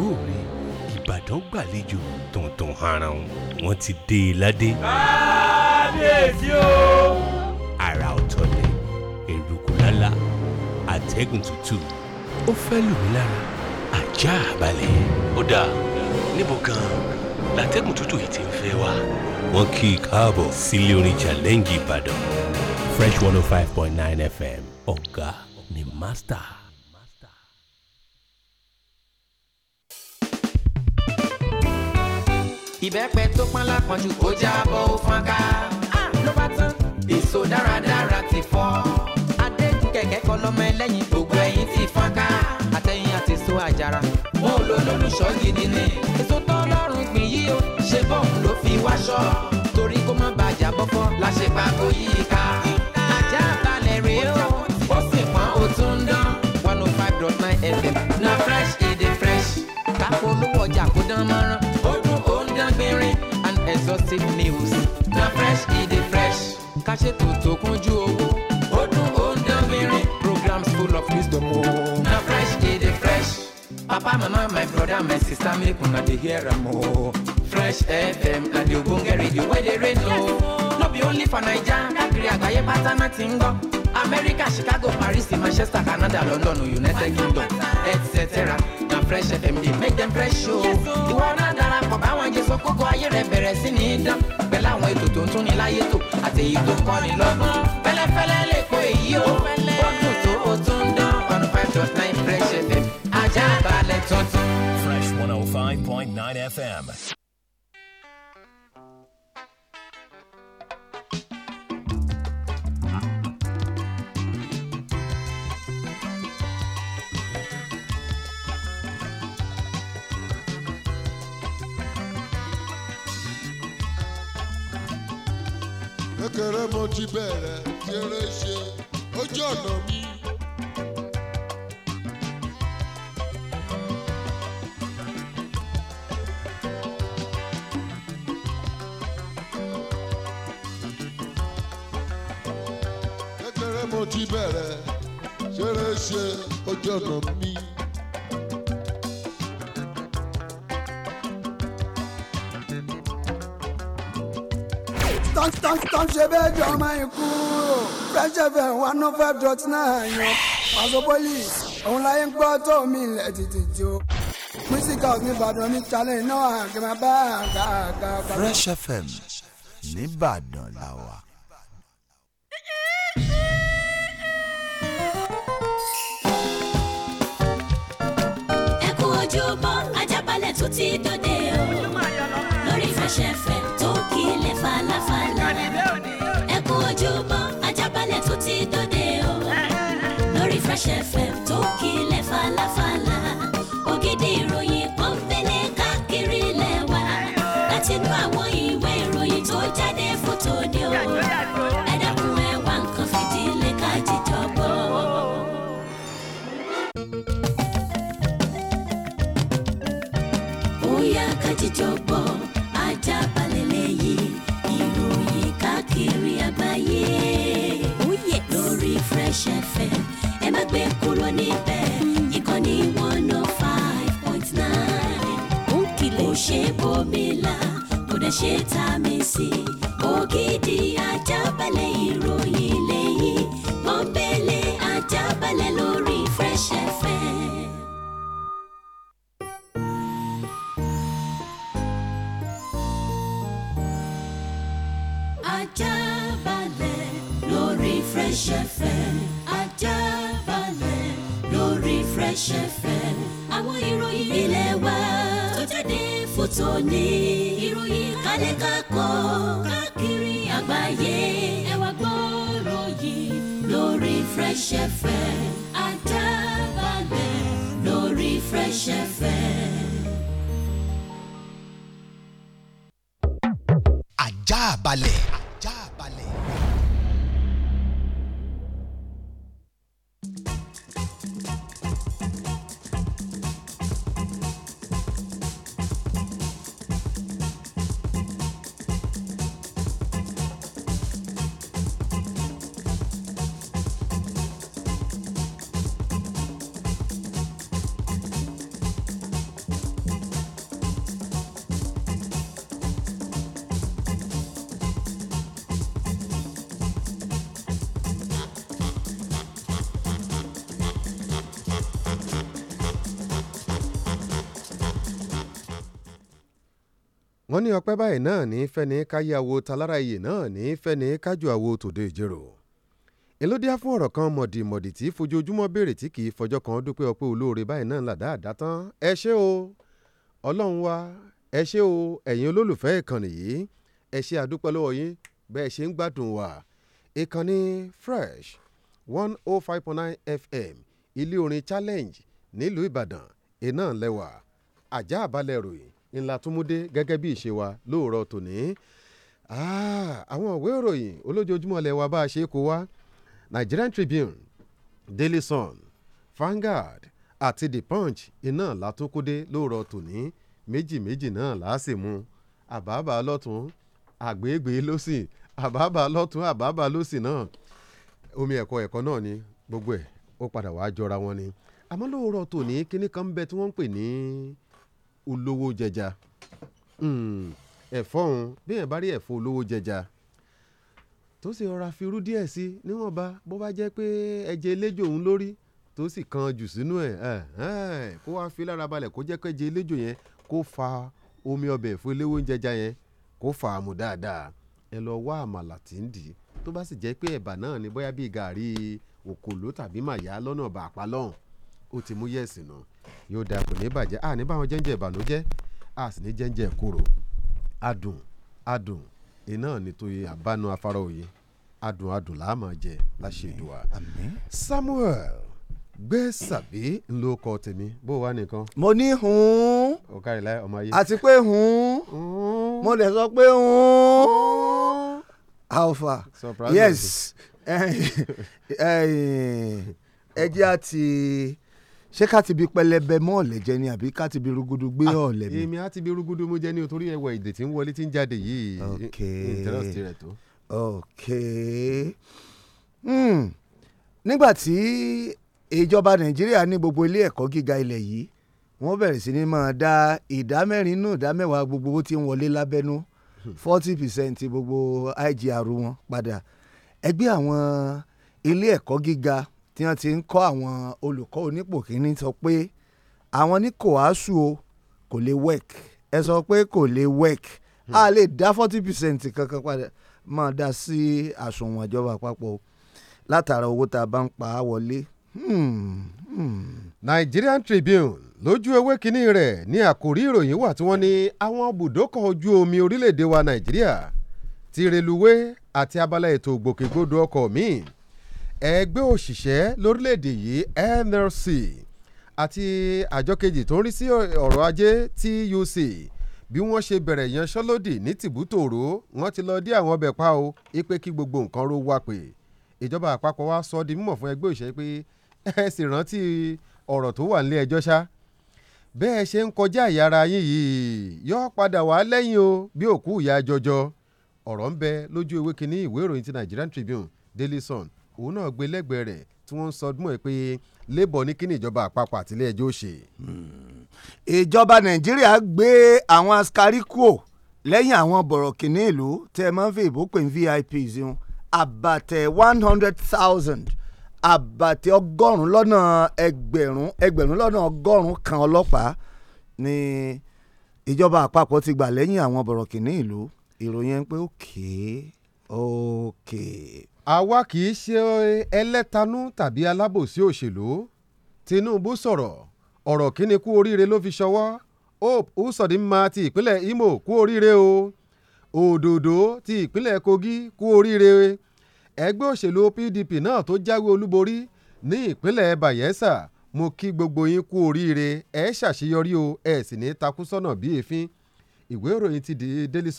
ògbóòre ìbàdàn gbàlejò tọ̀ntàn haran wọn ti dé e ládé. kábíyèsí o. àrà ọ̀tọ̀ ni eruku lálá àtẹ̀gùn tútù ó fẹ́ lù mí lára àjà àbálẹ̀. ó dáa níbo gan-an látẹ̀gùn tútù yìí ti ń fẹ́ wá. wọ́n kí i káàbọ̀ sílé orin challenge ìbàdàn fresh one oh five point nine fm ọ̀gá ni master. ìbẹ́pẹ tó pọ́n lápọ̀jù ó jábọ́ ó fọ́n ká ah, ló bá tán èso dáradára ti fọ́ adégun kẹ̀kẹ́ kọ́ lọ́mọ ẹlẹ́yin gbogbo ẹ̀yìn ti fọ́n ká àtẹ̀yìn àti èso àjàrà wọn ò lólùṣọ́ gidi ni èso tọ́lọ́run gbìn yìí ó ṣe bọ́ọ̀mù ló fi wáṣọ torí kó má bàjá bọ́fọ́ la ṣe pa kó yí i ká ajá balẹ̀ rèé ó ó sì pọ́n ó tún ń dán one oh five dot nine fm na fresh e dey fresh káfọ́ olówó ọjà kó dán mọ́rán. gossip news. na fresh e dey fresh. ká ṣètò tó kúnjú owó. oh do ó ń dán mìíràn. programs full of wisdom o. na fresh e dey fresh. papa mama my brother my sister make una dey hear am o. fresh fm na the ogbonge radio where they rain o. no be only for naija káàkiri àgbáyé pátá náà ti ń gbọ́. america chicago paris manchester canada london united kingdom etc. fresh fm dey make dem fresh o. Oh. ìwọ oh. náà darapọ̀ báwọn jẹ sọ kókó ayé rẹ bẹ̀rẹ̀ sí ní dán pẹ̀lú àwọn ètò tó ń tún ni láyé tò àti èyí tó kọ́ni lọ́gbọ́n fẹ́lẹ́fẹ́lẹ́ lè kó èyí o ó dùn tó o tún dán one five dot nine fresh fm ajá balẹ̀ tuntun. fresh one oh five point nine fm. kékeré mo ti bẹ̀rẹ̀ ṣeré ṣe ojú ọ̀nà mi. kékeré mo ti bẹ̀rẹ̀ ṣeré ṣe ojú ọ̀nà mi. tán tán ṣe bẹ́ẹ̀ jọ ọmọ ìkúrò Fresh FM one oh five dot nine yan Paso Police òun láyé ń gbọ́ tó mi ilẹ̀ tètè jó music house nìbàdàn mi challenge náà àgbẹ̀ bá àgbà àgbà. Fresh FM nìbàdàn làwà. ẹ kú ojúbọ Ajaabale tún ti dòde Fresh FM tó kílẹ̀ falafala. ẹ kú ojúmọ́ Ajaabale tó ti dòde o lórí Fresh FM. ibẹ̀ ṣe tá a mi sí. ògidì ajábalẹ̀ ìròyìn lẹ́yìn pọ́npẹ́lẹ́ ajábalẹ̀ lórí Fresh FM. ajábalẹ̀ lórí Fresh FM ajábalẹ̀ lórí Fresh FM àwọn ìròyìn ilé wa tó jáde fún tòní jáde kákó káàkiri àgbáyé ẹ wá gbọ́rọ̀ yìí lórí Fresh FM Ajaabale lórí Fresh FM. Ajaabale. ọpẹ́ báyìí náà ní fẹ́ni káyé àwo talára iyè náà ní fẹ́ni kájọ àwo tòde ìjérò elódíá fún ọ̀rọ̀ kan mọ̀dìmọ̀dì tí fojoojúmọ́ béèrè tí kì í fọjọ́ kan dúpẹ́ ọpẹ́ olóore báyìí náà làdá àdá ẹ ṣé o ọlọ́run wa ẹ ṣé o ẹ̀yin olólùfẹ́ ìkànnì yìí ẹ ṣé àdúpẹ́ lọ́wọ́ yín bẹ́ẹ̀ ṣe ń gbádùn wa ìkànnì fresh one oh five point nine fm ilé orin challenge nílùú ìbàdàn iná lẹ́wà ajá àbálẹ̀ ròyìn ńlá tún gẹ́gẹ́ bí ìṣe wa lóòrọ̀ tòní. Ah, àwọn ìwé ìròyìn olójoojúmọ́ lẹ̀ wá bá a ṣe kó wá Nigerian Tribune Daily Sun Vanguard àti The Punch iná látúnkúdé lóòrọ̀ tòní méjì méjì náà lásìmú àbábà lọ́tún àgbègbè lọ́sìn àbábà lọ́tún àbábà lọ́sìn náà omi ẹ̀kọ́ ẹ̀kọ́ náà ni gbogbo ẹ̀ ó padà wàá jọra wọn ni àmọ́ lóòrọ̀ tòní kíní kan ń bẹ tí wọ́n ń pè ní. Ni olówó jẹja hmm, ẹ̀fọ́ òun bí èèyàn bá rí ẹ̀fọ́ olówó jẹja tó sì rọra firú díẹ̀ sí níwọ̀nba bó bá jẹ́ pé ẹ̀jẹ̀ eléjò òun lórí tó sì kan jù sínú ẹ̀ kó wá fi lára balẹ̀ kó jẹ́ pé ẹ̀jẹ̀ eléjò yẹn kó fa omi ọbẹ̀ fún eléwó jẹja yẹn kó fa àmù dáadáa ẹ lọ wá àmàlà tí ń dì í tó bá sì jẹ́ pé ẹ̀bà náà ni bóyá bíi gàrí òkòló tàbí màyà lọ́nà bàpá lọ́hùn ó ti mú yẹ̀sìn náà yóò dáa kò ní bàjẹ́ àní báwọn jẹ́ńjẹ́ ìbànújẹ́ a sì ní jẹ́ńjẹ́ ìkorò adùn adùn iná nítorí àbánu afárá òye adùn adùn làá jẹ láṣẹ Samuel gbé sàbí ló kọ tèmi bó wà nìkan. mo ní hun. o kárí láyé ọmọ ayé. àti pé hun. mo lè sọ pé hun. alpha yes ẹ jẹ́ àti ṣé ká ti bi pẹlẹbẹ mọ ọ̀lẹ̀ jẹ ni àbí ká ti bi rúgudu gbé ah, ọ̀lẹ̀ mi. èmi á ti bi rúgudu mo jẹ ní o torí ẹwà èdè tí ń wọlé tí ń jáde yìí. ok interest rẹ tó. ok hmm. nígbà tí ìjọba nàìjíríà ní gbogbo ilé ẹ̀kọ́ gíga ilẹ̀ yìí wọ́n bẹ̀rẹ̀ sí ni máa da ìdá mẹ́rin nù ìdá mẹ́wàá gbogbo owó tí ń wọlé lábẹ́nú hmm. forty percent gbogbo IGR wọn padà ẹgbẹ́ àwọn ilé ẹ̀kọ́ gíga tí wọ́n ti ń kọ́ àwọn olùkọ́ onípò kínní sọ pé àwọn ní kò áṣù o kò lè work ẹ sọ pé kò lè work a lè dá forty percent kankan padà máa dá sí àsùnwọ̀n ìjọba àpapọ̀ látara owó tá a bá ń pa á wọlé. Nigerian Tribune lójú ewé kínní rẹ̀ ní àkórí ìròyìn wà tí wọ́n ní àwọn bùdókọ̀ ojú omi orílẹ̀-èdè wa Nàìjíríà ti reluwé àti abala ètò ìgbòkègbodò ọkọ̀ míì ẹgbẹ́ òṣìṣẹ́ lórílẹ̀‐èdè yìí NLC àti àjọ kejì tó ń rí sí ọ̀rọ̀ ajé TUC bí wọ́n ṣe bẹ̀rẹ̀ ìyanṣẹ́lódì ní tìbútòrò wọ́n ti lọ dí àwọn ọbẹ̀ pa o ipe kí gbogbo nǹkan ro wá pé ìjọba àpapọ̀ wa sọ di mímọ̀ fún ẹgbẹ́ òṣìṣẹ́ pé ẹ sì rántí ọ̀rọ̀ tó wà nílé ẹjọ́ ṣá bẹ́ẹ̀ ṣe ń kọjá ìyára yín yìí yọ padà wá lẹ́yìn o bí òkú ìyá jọjọ ọ̀rọ̀ ń bẹ lójú ewé kínní ìwé ìròyìn ti Nigerian Tribune Daily Sun òun náà gbé lẹ́gbẹ̀ẹ́ rẹ̀ tí wọ́n ń sọdúnmọ́ ẹ pé labour ní kíni ìjọba àpapọ̀ àti ilé-ẹjọ́ ṣe. Hmm. ìjọba nàìjíríà gbé àwọn askari kúò lẹ́yìn àwọn bọ̀rọ̀kìnní ìlú tẹ́ ẹ máa ń fi ìbò pè ní vips wọn àbàtẹ̀ one hundred thousand àbàtẹ̀ ọgọ́rùn-ún lọ́nà ẹgbẹ̀rún ẹgbẹ̀rún lọ́nà ọgọ́rùn-ún kan ọlọ́pàá ni ìjọba àpapọ̀ ti gbà lẹ́yìn àwọn bọ̀rọ̀kìnní ìlú ìròyìn pé ókè ókè. Okay. okay àwa kì í ṣe ẹlẹ́tanú tàbí alábòsí òṣèlú Tinubu sọ̀rọ̀ ọ̀rọ̀ kíni kú oríire ló fi ṣọwọ́ Hope Uzodinma ti ìpínlẹ̀ Imo kú oríire o Òdòdó ti ìpínlẹ̀ Kogi kú oríire ẹgbẹ́ òṣèlú PDP náà tó jáwé olúborí ní ìpínlẹ̀ Bayelsa mo kí gbogbo yín kú oríire ẹ ṣàṣeyọrí o ẹ sì ní takú sọ́nà bí èéfín ìwé ìròyìn ti The Daily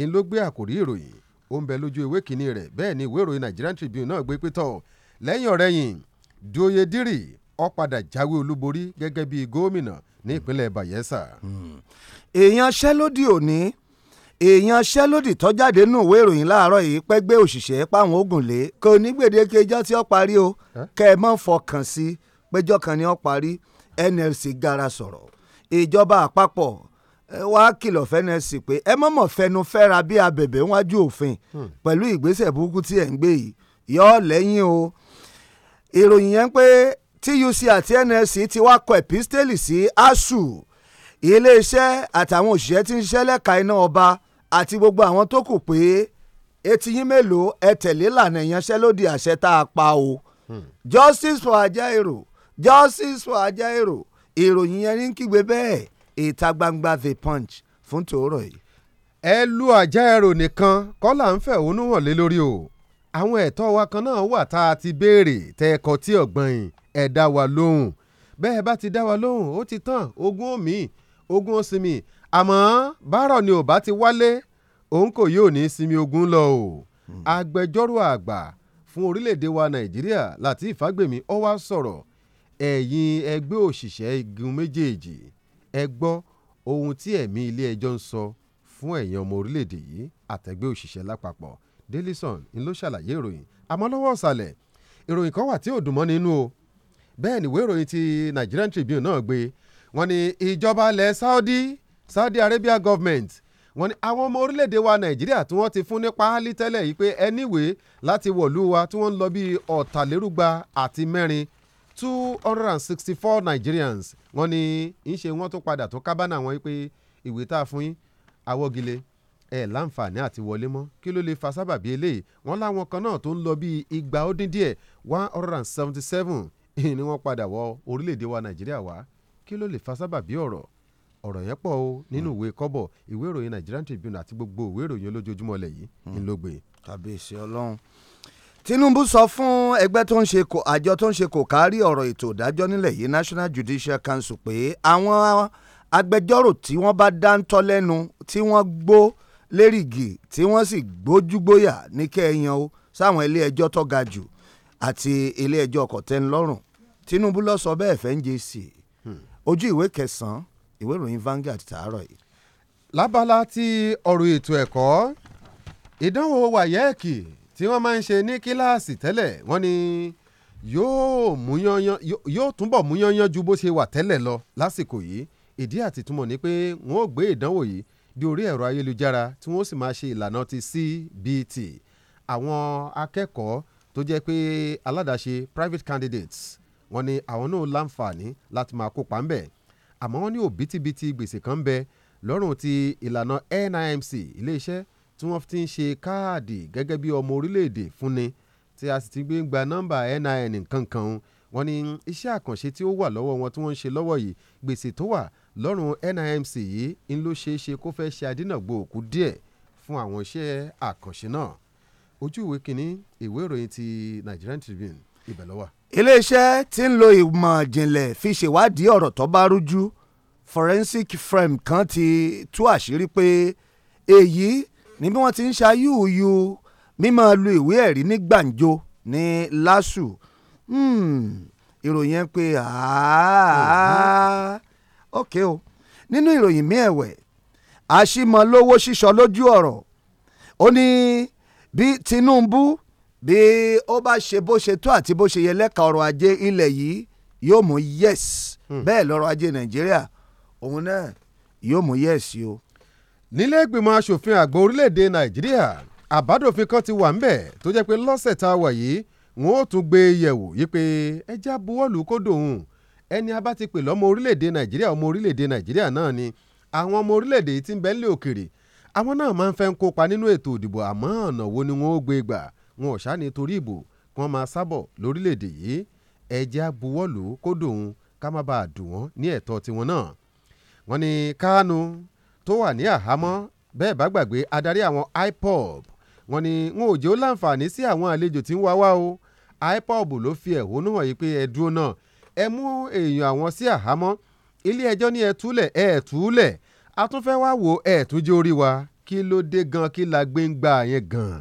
ń ló gbé àkórí ìròyìn ó ń bẹ lójú ìwé kìíní rẹ̀ bẹ́ẹ̀ ni ìwé ìròyìn Nigerian Tribune náà gbé pétọ́ lẹ́yìn ọ̀rẹ́yìn Diyoyediri ó padà jáwé olúborí gẹ́gẹ́ bíi gómìnà ní ìpínlẹ̀ Bayelsa. Hmm. èèyàn ṣẹlódì òní èèyàn ṣẹlódì tó jáde nù ìwé ìròyìn láàárọ̀ yìí pẹ́ gbé òṣìṣẹ́ páwọn ogun lé kò ní gbèdéke ijọ́ tí ó parí o kẹ́ ẹ mọ́ fọkàn sí péjọ kan ni ó parí NLC gara sọ̀rọ̀ ìjọba àpapọ̀ wàá kìlọ̀ fẹ́nẹ́ sí pé ẹ mọ̀mọ̀ fẹnu fẹ́ra bí abẹ̀bẹ̀ wájú òfin hmm. pẹ̀lú ìgbésẹ̀ burúkú tí ẹ̀ ń gbé yìí yọ ọ́ lẹ́yìn o ìròyìn yẹn pé TUC àti NSC ti wá kọ epistelli sí ASUU iléeṣẹ́ àtàwọn òṣìṣẹ́ tí ń ṣiṣẹ́ lẹ́ka iná ọba àti gbogbo àwọn tó kù pé etí yín mélòó ẹ tẹ̀lé lànà ìyanṣẹ́lódì àṣẹ tá a pa o hmm. justice for Ajaero justice for Ajaero ìròyìn yẹn ní kígbe bẹ́ẹ̀ ìta gbangba the punch fún tòórọ̀ yìí. ẹ lu àjá ẹrò nìkan kọ́là ń fẹ̀hónú hàn lé lórí o àwọn ẹ̀tọ́ wa kan náà wà tá a ti béèrè tẹ ẹ̀kọ́ tí ọ̀gbọ́n yìí ẹ̀ dá wa lóhùn bẹ́ẹ̀ bá ti dá wa lóhùn ó ti tán ogún omi ogún ó sinmi àmọ́ bárọ̀ ni ò bá ti wálé òun kò yóò ní sinmi ogún lọ o hmm. agbẹjọ́rò àgbà fún orílẹ̀-èdè wa nàìjíríà Lateef Fagbemi ó sọ̀rọ̀ ẹ̀yin ẹgbẹ́ òṣìṣẹ́ igun méjèèjì ẹ gbọ́ ohun tí ẹ̀mí ilé-ẹjọ́ ń sọ fún ẹ̀yin ọmọ orílẹ̀-èdè yìí àtẹgbẹ́ òṣìṣẹ́ lápapọ̀ Daily Sun ń ló ṣàlàyé ìròyìn àmọ́ lọ́wọ́ ọ̀sàlẹ̀ ìròyìn kan wà tí ò dùn mọ́ nínú o bẹ́ẹ̀ ni ìwé ìròyìn ti Nigerian Tribune náà gbé wọ́n ní ìjọba ilẹ̀ Saudi Saudi Arabia government wọ́n ní àwọn ọmọ orílẹ̀-èdè wa Nàìjíríà tí wọ́n ti fún ní páálí tẹ́lẹ̀ yìí pé ẹníwèé láti wọ̀lú wa tí wọ́n ń lọ bíi ọ̀tàlérúgba àti mẹ́rin two hundred and sixty four Nigerians wọ́n ní ń ṣe wọ́n tó padà tó kábánà wọn pé ìwé tá a fún yín awọ́gilé ẹ̀ láǹfààní àti wọlé mọ́ kí ló lè fa sábàbí eléyìí wọ́n láwọn kan náà tó ń lọ bíi igba ó dín díẹ̀ one hundred and seventy seven ni wọ́n padà wọ orílẹ̀-èdè wa Nàìjíríà wá kí ló lè fa sábàbí ọ̀rọ̀ ọ̀rọ̀ yẹn pọ̀ o nínú hmm. ìwé kọ́bọ̀ ìwé ìròyìn Nigerian Tribune àti gbogbo ìwé ìròyìn olójoojúmọ́ lẹ̀ yìí hmm. ńlọgbẹ̀ẹ́ kàbíyèsí ọlọ́run Tinubu sọ fún ẹgbẹ́ tó ń ṣe kò àjọ tó ń ṣe kò kárí ọ̀rọ̀ ètò ìdájọ́ nílẹ̀ yìí National Judicial Council pé àwọn agbẹjọ́rò tí wọ́n bá dáńtọ́ lẹ́nu tí wọ́n gbó lérìgì tí wọ́n sì gbójúgbóyà ní kẹ́ẹ̀yàn o sáwọn ilé ẹjọ́ tó ga jù àti ilé ẹjọ́ kọ̀tẹ́nlọ́rùn Tinubu lọ sọ bẹ́ẹ̀ fẹ́ ń jẹ sí i ojú ìwé kẹsàn-án ìwé ìròyìn Vanguard tààrọ̀ yìí. lábala ti ọ̀rọ̀ ètò ẹ̀kọ́ ìdánwò wáyẹ́ẹ̀kì tí wọ́n máa ń ṣe ní kíláàsì tẹ́lẹ̀ wọ́n ní yóò mú yanyan yóò túbọ̀ mú yanyan ju bó ṣe wà tẹ́lẹ̀ lọ lásìkò yìí ìdí àti túmọ̀ ni pé wọ́n ó gbé ìdánwò yìí di orí ẹ̀rọ ayélujára tí wọ́n sì máa ṣe ìlànà ti CBT àwọn akẹ́kọ̀ọ́ tó jẹ́ pé aládàáṣe private candidates wọ́n ní àwọn náà láǹfààní láti máa kópa ń bẹ̀ àmọ́ wọ́n ní òbítíbitì gbèsè kan ń bẹ lọ́rùn ti ìlànà NIMC iléeṣẹ́ tí wọ́n ti ń ṣe káàdì gẹ́gẹ́ bí ọmọ orílẹ̀-èdè fúnni tí a sì ti gbé gba nọ́mbà NIN kankan wọ́n ní iṣẹ́ àkànṣe tí ó wà lọ́wọ́ wọn tí wọ́n ń ṣe lọ́wọ́ yìí gbèsè tó wà lọ́rùn NIMC yìí ń ló ṣeé ṣe kó fẹ́ ṣe adínàgbò òkú díẹ̀ fún àwọn iṣẹ́ àkànṣe náà ojú ìwé kínní ìwé ìròyìn ti Nigerian Tribune ibẹ̀ ló iléeṣẹ́ tí ń lo ìmọ̀ ìjìnlẹ̀ fi ṣèwádìí ọ̀rọ̀ tó bá rújú forensic frame kan ti tú àṣírí pé èyí ní bí wọ́n ti ń ṣayúùyù mímọ́ lu ìwé ẹ̀rí ní gbàǹjo ní LASU hmm, ìròyìn ẹ pé ok o nínú ìròyìn mi ẹ̀wẹ̀ àṣìmọ̀lówó sísọ lójú ọ̀rọ̀ ó ní bí Tinubu bí ó bá ṣe bó ṣe tó àti bó ṣe yẹ lẹ́ka ọrọ̀ ajé ilẹ̀ yìí yóò mú yes hmm. bẹ́ẹ̀ lọ́rọ̀ ajé Nàìjíríà òun náà yóò mú yes o nílé ìgbìmọ̀ asòfin àgbà orílẹ̀-èdè nàìjíríà àbádòfin kan ti wà ń bẹ̀ tó jẹ́ pé lọ́sẹ̀ tá a wà yìí wọn ò tún gbé e yẹ̀wò yìí pé ẹja buwọ́lù kó dòun ẹni a bá ti pè lọ́mọ orílẹ̀-èdè nàìjíríà ọmọ orílẹ̀-èdè nàìjíríà náà ni àwọn ọmọ orílẹ̀-èdè yìí ti ń bẹ nílẹ̀ òkèrè àwọn náà máa ń fẹ́ ń kópa nínú ètò ìdìbò àmọ́ ọ̀nà wo ni wọ́n ó gbé gbà wọn ò ṣáà nítorí ìbò kí wọ́n máa sábọ̀ lórílẹ̀-èdè yìí ẹja buwọ́lù kó dòun ká má bàa dùn wọ́n ní ẹ̀tọ́ tiwọn náà wọ́n ní Kánú tó wà ní àhámọ́ bẹ́ẹ̀ bá gbàgbé adarí àwọn IPOB wọn ni wọn ò jẹ́ ó láǹfààní sí àwọn àlejò tí ń wá wá o IPOB ló fi ẹ̀hónú hàn yìí pé ẹ dúró náà ẹ mú èèyàn àwọn sí àhámọ́ ilé ẹjọ́ ní ẹ túlẹ̀ ẹ túlẹ̀ a tún fẹ́ wá wo ẹ tún jẹ́ orí wa kí ló dé gan kí la gbé ń gbà yẹn gan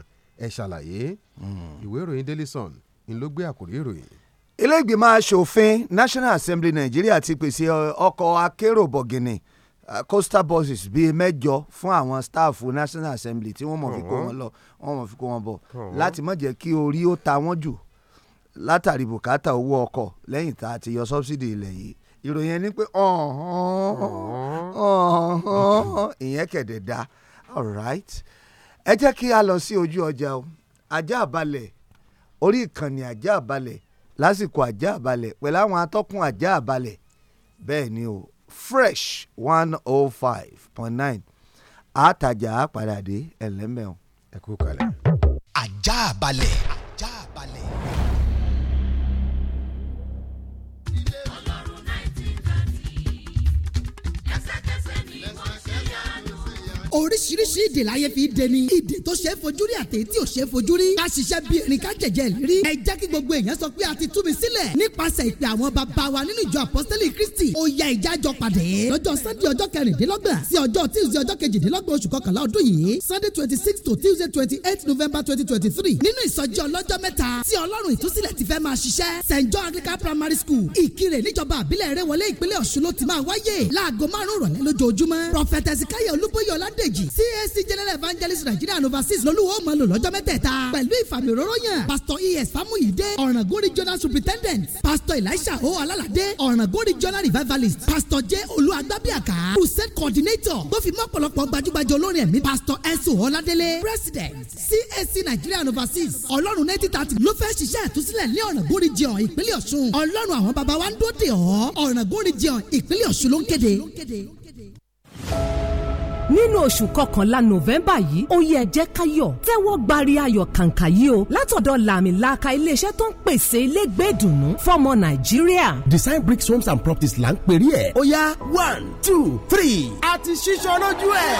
ẹ ṣàlàyé hmm. ìwé ìròyìn Daily Sun ni ló gbé àkórí ìròyìn ilé ìgbìmọ̀ asòfin National Assembly Nàìjíríà ti pèsè ọkọ̀ akérò bọ̀gìnì Uh, coastal buses bíi mẹ́jọ fún àwọn staff national assembly tí wọ́n mọ̀ fi kó wọn lọ wọ́n mọ̀ fi kó wọn bọ̀ láti má jẹ́ kí orí ó ta wọ́n jù látàrí bùkátà owó ọkọ̀ lẹ́yìn tá a ti yọ subsidy ilẹ̀ yìí ìròyìn ni pé ìyẹn kẹ̀dẹ̀ da alright ẹ jẹ́ kí a lọ sí ojú ọjà o ajá àbálẹ̀ orí ìkànnì ajá àbálẹ̀ lásìkò ajá àbálẹ̀ pẹ̀lú àwọn atọ́kùn ajá àbálẹ̀ bẹ́ẹ̀ ni o fresh one oh five point nine àtàjà àpàdàdé ẹlẹ́mẹ̀ọ́. ẹ kú kalẹ̀. ajá balẹ̀. ajá balẹ̀. oríṣiríṣi ìdè láyé fi dè ni ìdè tó ṣe é fojú rí àti tí ò ṣe é fojú rí ká ṣiṣẹ́ bí erin ká jẹ̀jẹ̀ lérí ẹ jẹ́ kí gbogbo èèyàn sọ pé a ti tú mi sílẹ̀ nípasẹ̀ ìpè àwọn bàbá wa nínú ìjọ apọ́sítẹ́lì kristi ó ya ìjájọ pàdé lọ́jọ́ sunday ọjọ́ kẹrìndínlọ́gbọ̀n sí ọjọ́ tuesday ọjọ́ kejìdínlọ́gbọ̀n oṣù kọkànlá ọdún yìí sunday twenty six to tuesday twenty eight november twenty twenty three nínú ìsọjí ọlọ́jọ́ mẹ́ta tí ọlọ́run ìtúsílẹ̀ ti fẹ́ máa ṣiṣẹ́ st john anglican primary school ìkirè níjọba àbílẹ̀ rẹ̀ wọlé ìpínlẹ̀ ọ̀ṣun ló ti máa wáyé láago márùn-ún rọ̀lẹ́ lójoojúmọ́ prọfẹtẹsì káyọ̀ olúbóyè ọ̀làd méjèèjì CAC general evangelist nigeria and overseas lolúwo máa lò lọ́jọ́ mẹ́tẹ̀ẹ̀ta pẹ̀lú ìfàmìrọ́rọ́yàn pastor es famuyide ọ̀ràngún regional superintendent pastor elisha o alalade ọ̀ràngún regional revivalist pastor j olú agbábíàká crusade coordinator tó fi mọ́ ọ̀pọ̀lọpọ̀ gbajúgbajù olórin ẹ̀mí pastor ẹ̀sùn ọ̀ládélé president CSC nigeria and overseas ọlọ́run ninety thirty ló fẹ́ ṣiṣẹ́ àtúnṣílẹ̀ ní ọ̀ràngún region ìpínlẹ̀ ọ̀ṣun ọlọ́run àwọn baba wa ń dóde ọ̀ ọ̀ràngún region ìpínlẹ̀ ọ̀ṣun nínú oṣù kọkànlá november yìí ó yẹ jẹ́ káyọ̀ tẹ́wọ́ gbari ayọ̀ kàǹkà yìí o látọ̀dọ̀ làmìlaka iléeṣẹ́ tó ń pèsè ilé gbẹ́dùnú fọmọ nàìjíríà. design bricks homes and properties là ń pèrè ẹ̀ ó yá one two three àti ṣíṣọ́ lójú ẹ̀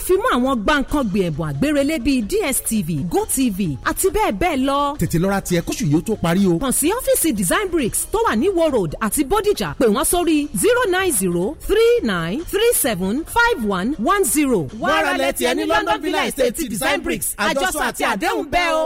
fi mú àwọn gbàǹkangbè ẹ̀bùn àgbérelé bíi DSTV GoTV àti bẹ́ẹ̀ bẹ́ẹ̀ lọ. tètè lọ ra tiẹ̀ kóṣù yìí ó tó parí o. kàn sí ọ́fíìsì Design Bricks tó wà ní Wo Road àti Bódìjà pè wọ́n sórí zero nine zero three nine three seven five one one zero. wàá ra lẹ́tì ẹ London Villa Estate Design Bricks àjọṣọ àti àdéhùn bẹ́ẹ̀ o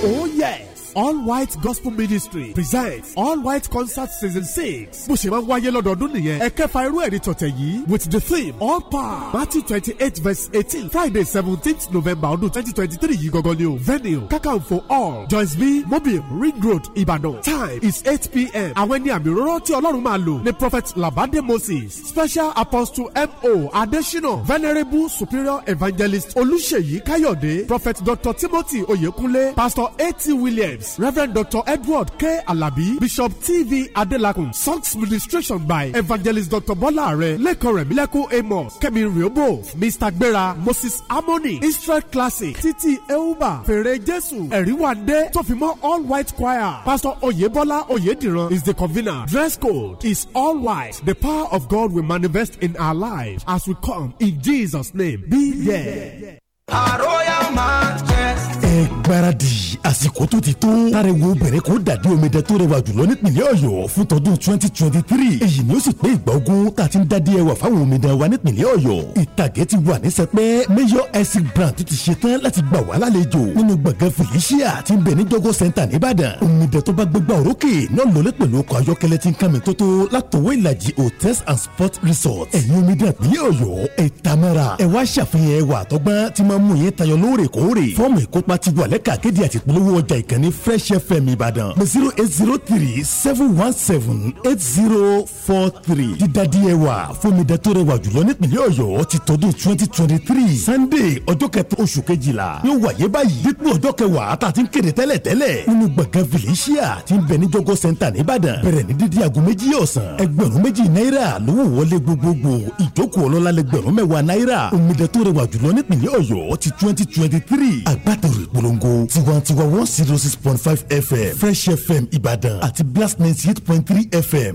Oh, yeah. all white gospel ministry presents all white concert season six bó ṣe máa ń wáyé lọ́dọọdún nìyẹn ẹ̀kẹfà irú ẹ̀rí tọ̀tẹ̀ yìí with the theme all power matthew twenty eight verse eighteen friday seventeenth november ọdún twenty twenty three yìí gangan ni o venue kakanfo hall joyce b mobile ring road Ibadan. time is eight pm àwọn ẹni àmì òróró tí ọlọ́run máa lò ni prophet labade moses special apostle mo adesina venerable superior evangelist olùṣèyí káyọ̀dé prophet dr timothy oyekunle pastor a.t williams Service Reverend Dr. Edward K. Alabi Bishop T.V. Adelakun Songs Ministration by Evangelist Dr. Bola Are Lẹ́kọ̀ọ́ Rẹ̀mílẹ́kọ̀ Amos Kẹ́mi Riobo Mr. Gbéra Moses Harmony Israel Classic Títí Euba Fèrè Jésù Ẹ̀ríwándé tó fi mọ́ All White Choir Pastor Oyebola Oyediran is the convener. Dress code is all white. The power of God will manifest in our lives as we come in Jesus' name. Be there. A royal majesty. Ẹ gbáradì àsìkò tó ti tó tariwo bẹ̀rẹ̀ kó dàdí omidan tó rẹwà jùlọ nípìnlẹ̀ ọ̀yọ́ fún tọdún twenty twenty three èyí ni ó sì pé ìgbà ogún tá a ti ń dádí ẹwà fáwọn omidan wa nípìnlẹ̀ ọ̀yọ́ ìtàgé ti wà ní sẹpẹ́ mayor essex brand tó ti ṣe tán láti gbà wá lálejò nínú gbọ̀ngàn felicia ti ń bẹ ní jọgọ́ center nìbàdàn omidan tó bá gbégbá òrókè náà lọlé pẹ̀lú ọkọ̀ ayọ́kẹ́lẹ́ ti ń kàmì tó tó látọwọ́ ìlàjì hotels and sports resort ẹ̀yin omidan ìpínlẹ̀ ọ̀yọ́ ẹ̀ tamara ẹ̀ wá ṣàfihàn ẹwà àtọ́gbọ́n ti máa mú yín tayọ lóòrèkóòrè fọ́ọ̀mù ìkópa ti wà lẹ́ka kéde àtìpó polówó ọjà ìkànnì fresh fm ìbàdàn pé zero eight zero three seven one seven eight zero four three dídádì wa. fúnmidà tó rẹwà jùlọ nípìnlẹ̀ ọ̀yọ́ ti tọdún twenty twenty three sunday ọjọ́ kẹta oṣù kejìlá yóò wáyé báyìí dípò ọjọ́ kẹwàá tá a ti ń kéde tẹ́lẹ̀ tẹ́lẹ̀ nínú gbọ̀ngàn felicia ti ń bẹ ní jọgọ center nìbàdàn bẹ̀rẹ̀ ní dídí aago méjì ọ̀sán ẹgbẹ̀rún méjì náírà lówó wọlé gbogbogbò ìjókòó ọlọ́lá lẹgbẹ̀rún mẹ́wàá náírà omidan tó rẹwà jùlọ nípìnlẹ̀ ọ̀yọ́ ti twenty twenty three agbátẹrù ìpolongo tiwantiwa one zero oh six point five fm fresh fm ìbàdàn àti blast ninety eight point three fm.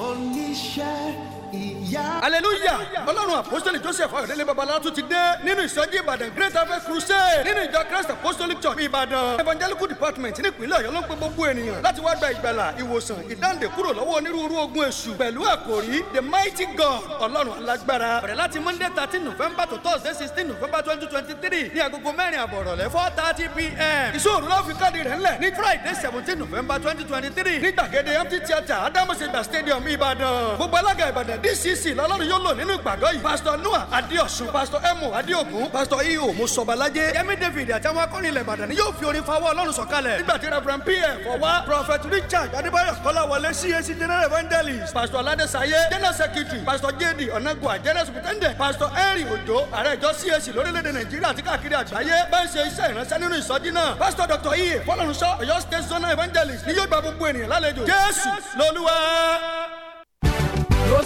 oníṣẹ́ ọlọ́run àpòsílẹ̀ joseph ayọ̀délé babalá tún ti dé nínú ìsọjí ìbàdàn great harvest crusade nínú ìjọ christ apostolic church ìbàdàn evangelical department nípínlẹ̀ ọ̀yọ́ ló ń pe gbogbo ènìyàn láti wá gba ìgbàlà ìwòsàn ìdáǹdè kúrò lọ́wọ́ onírúurú ogun èṣù pẹ̀lú àkòrí the mighty god ọlọ́run alágbára bẹ̀rẹ̀ láti monday thirteen november to thursday sixteen november twenty twenty three ní agogo mẹ́rin àbọ̀rọ̀lẹ́ four thirty pm ìṣòro lọ́ọ́ fi káàdì rẹ̀ ńlẹ̀ ní friday seventeen november twenty twenty three ní gbàgede empty theatre adamusegba stadium ìbàdàn gbogbo alága ìbàdàn dcc lọ́lọ́run yóò lò nínú ìpàgọ́ yìí pastor noah Mama Adéọ̀sùn pásítọ̀ Emu Adéògún pásítọ̀ Iho e Mosọ̀bàlájẹ́ Yẹmí David àti àwọn akọrin ilẹ̀ Ìbàdàn ni yóò fi orin fawọ́ Ọlọ́run sọ̀kalẹ̀ nígbà tí P.F. Ọwá Prophet Richard Adébáyọ̀ Kọ́láwọlé CAC General Evangelist Pásítọ̀ Aládésáyé General Secretary Pásítọ̀ J.D. Ọ̀nàgùà General Superintendent Pásítọ̀ Henry Ojo Ààrẹ ìjọ CAC lórílẹ̀‐èdè Nàìjíríà àti káàkiri àgbáyé bá ń ṣe iṣẹ́ ìránṣẹ́ nínú ìsọjí náà Pásítọ̀ Dr. Iye Fọlọ́runṣọ́ Ọ̀yọ́ State Zonal Evangelist ni yóò gba gbogbo ènìyàn lálejò Jésù lolúwa.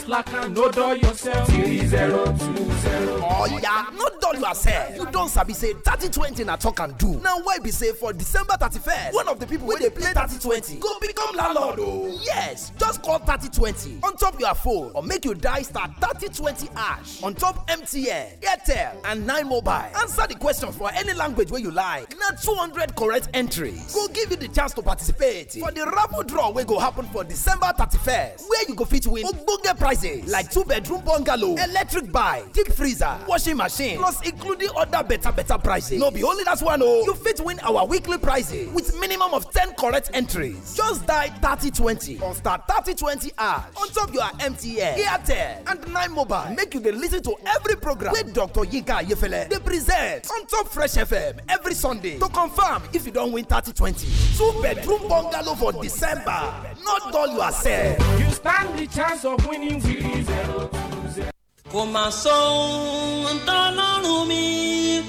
just slack and no yourself. Three zero two zero. Oh yeah, no call you as head you don't sabi say thirty twenty na talk and do now why be say for december thirty first one of the people wey dey play thirty twenty go become landlord o oh. yes just call thirty twenty on top your phone or make you die star thirty twenty ash on top mtn airtel and nine mobile answer the question for any language wey you like na two hundred correct entries go give you the chance to participate for the raffle draw wey go happen for december thirty first where you go fit win ogbonge prizes like two bedroom bungalow electric bike deep freezer washing machine plus including other better better prizes no be only that one o oh. you fit win our weekly prizes with minimum of ten correct entries just die thirty twenty on star thirty twenty ash on top your mtn airtel and nine mobile make you the listen to every program Wait, dr you ayefele They present on top fresh fm every sunday to confirm if you don't win twenty. Two bedroom bungalow for december Not all yourself. you stand the chance of winning zero zero. kò mà sọ ohun tọ́lọ́run mi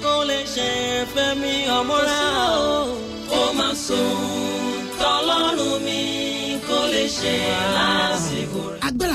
kò lè ṣe fẹ́ mi ọmọ rẹ̀ o. kò mà sọ ohun tọ́lọ́run mi kò lè ṣe lásìkò rẹ̀